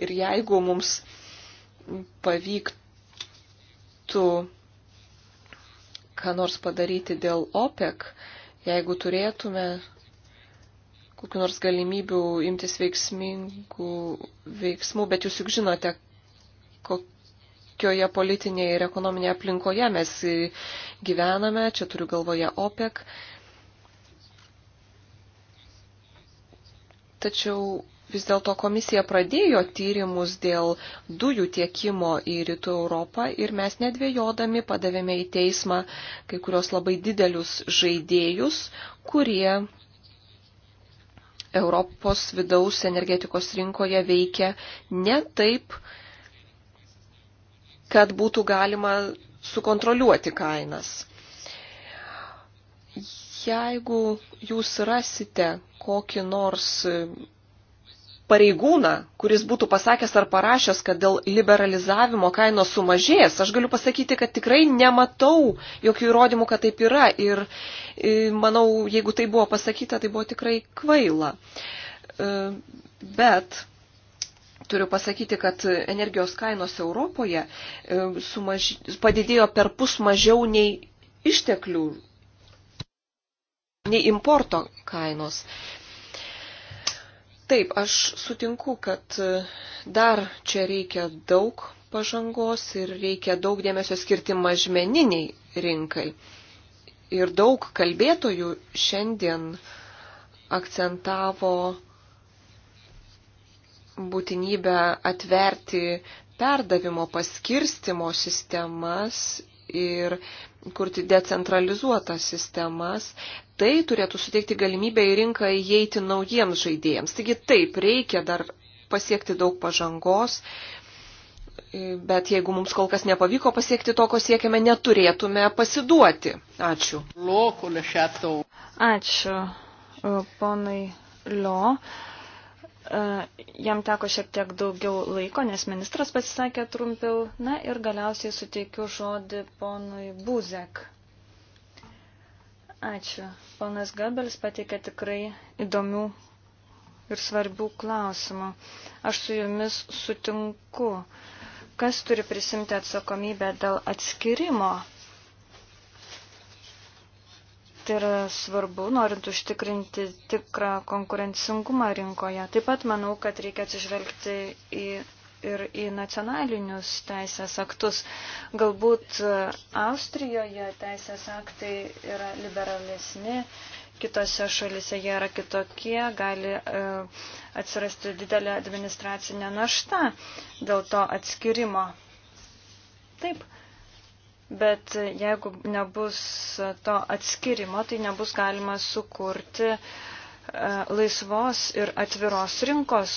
Ir jeigu mums pavyktų ką nors padaryti dėl OPEC, jeigu turėtume kokiu nors galimybių imtis veiksmingų veiksmų, bet jūs juk žinote, kokioje politinėje ir ekonominėje aplinkoje mes gyvename, čia turiu galvoje OPEC. Tačiau vis dėlto komisija pradėjo tyrimus dėl dujų tiekimo į Rytų Europą ir mes nedvėjodami padavėme į teismą kai kurios labai didelius žaidėjus, kurie Europos vidaus energetikos rinkoje veikia ne taip, kad būtų galima sukontroliuoti kainas. Jeigu jūs rasite kokį nors pareigūną, kuris būtų pasakęs ar parašęs, kad dėl liberalizavimo kainos sumažės, aš galiu pasakyti, kad tikrai nematau jokių įrodymų, kad taip yra. Ir e, manau, jeigu tai buvo pasakyta, tai buvo tikrai kvaila. E, bet Turiu pasakyti, kad energijos kainos Europoje e, sumaž... padidėjo per pus mažiau nei išteklių, nei importo kainos. Taip, aš sutinku, kad e, dar čia reikia daug pažangos ir reikia daug dėmesio skirti mažmeniniai rinkai. Ir daug kalbėtojų šiandien akcentavo būtinybę atverti perdavimo paskirstimo sistemas ir kurti decentralizuotas sistemas, tai turėtų suteikti galimybę į rinką įeiti naujiems žaidėjams. Taigi taip, reikia dar pasiekti daug pažangos, bet jeigu mums kol kas nepavyko pasiekti to, ko siekiame, neturėtume pasiduoti.
Ačiū. Ačiū, ponai
Lio. E, jam teko šiek tiek daugiau laiko, nes ministras pasisakė trumpiau. Na ir galiausiai suteikiu žodį ponui Buzek. Ačiū. Ponas Gabelis pateikė tikrai įdomių ir svarbių klausimų. Aš su jumis sutinku. Kas turi prisimti atsakomybę dėl atskirimo Tai yra svarbu, norint užtikrinti tikrą konkurencingumą rinkoje. Taip pat manau, kad reikia atsižvelgti į ir į nacionalinius teisės aktus. Galbūt Austrijoje teisės aktai yra liberalesni, kitose šalise jie yra kitokie, gali e, atsirasti didelė administracinė našta dėl to atskirimo. Taip, bet jeigu nebus to atskirimo, tai nebus galima sukurti e, laisvos ir atviros rinkos,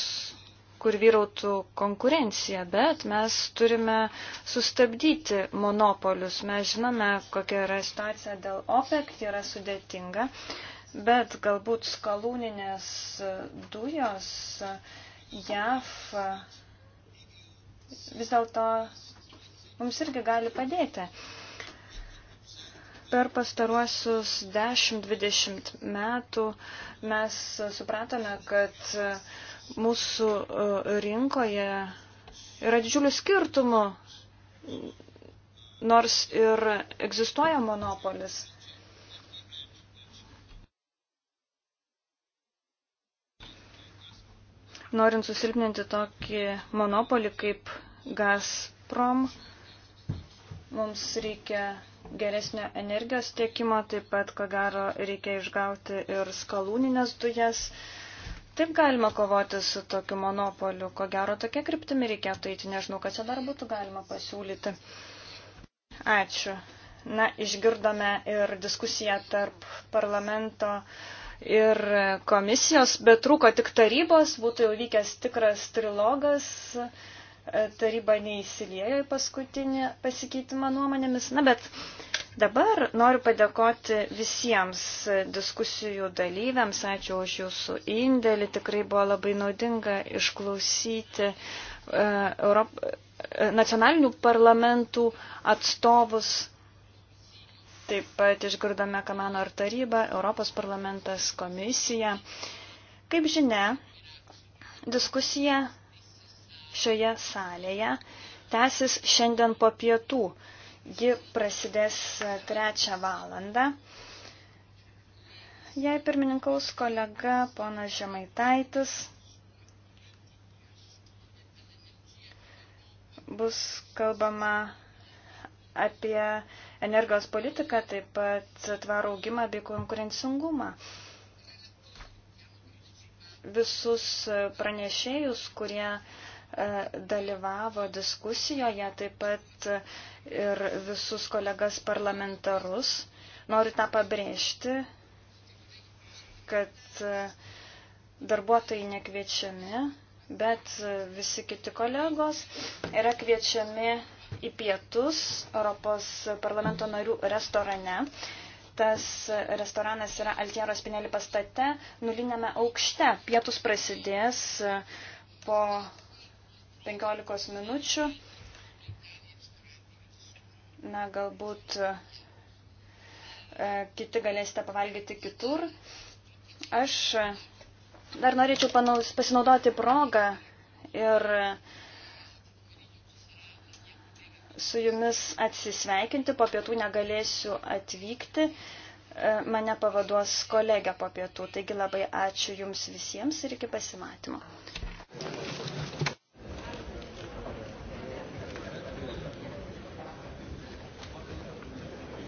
kur vyrautų konkurencija, bet mes turime sustabdyti monopolius. Mes žinome, kokia yra situacija dėl OPEC, tai yra sudėtinga, bet galbūt skalūninės dujos e, JAV e, vis dėlto mums irgi gali padėti. Per pastaruosius 10-20 metų mes supratome, kad mūsų e, rinkoje yra didžiulių skirtumų, nors ir egzistuoja monopolis. norint susilpninti tokį monopolį kaip Gazprom, Mums reikia geresnio energijos tiekimo, taip pat, ko gero, reikia išgauti ir skalūninės dujas. Taip galima kovoti su tokiu monopoliu. Ko gero, tokia kryptimi reikėtų eiti. Nežinau, ką čia dar būtų galima pasiūlyti. Ačiū. Na, išgirdome ir diskusiją tarp parlamento ir komisijos, bet trūko tik tarybos, būtų jau vykęs tikras trilogas. E, taryba neįsiliejo į paskutinį pasikeitimą nuomonėmis. Na, bet dabar noriu padėkoti visiems diskusijų dalyviams. Ačiū už jūsų indėlį. Tikrai buvo labai naudinga išklausyti e, Europ... E, nacionalinių parlamentų atstovus. Taip pat išgirdome, ką mano ar taryba, Europos parlamentas, komisija. Kaip žinia, diskusija šioje salėje tęsis šiandien po pietų. Ji prasidės e, trečią valandą. Jei pirmininkaus kolega ponas Žemaitaitis bus kalbama apie energijos politiką, taip pat tvarų augimą bei konkurencingumą visus pranešėjus, kurie dalyvavo diskusijoje, taip pat ir visus kolegas parlamentarus. Noriu tą pabrėžti, kad e, darbuotojai nekviečiami, bet visi kiti kolegos yra kviečiami į pietus Europos parlamento narių restorane. Tas restoranas yra Altiero Spinelį pastate, nulinėme aukšte. Pietus prasidės po 15 minučių. Na, galbūt e, kiti galėsite pavalgyti kitur. Aš e, dar norėčiau panaus, pasinaudoti progą ir e, su jumis atsisveikinti. Po pietų negalėsiu atvykti. Mane pavaduos kolegė po pietų. Taigi labai ačiū jums visiems ir iki pasimatymo.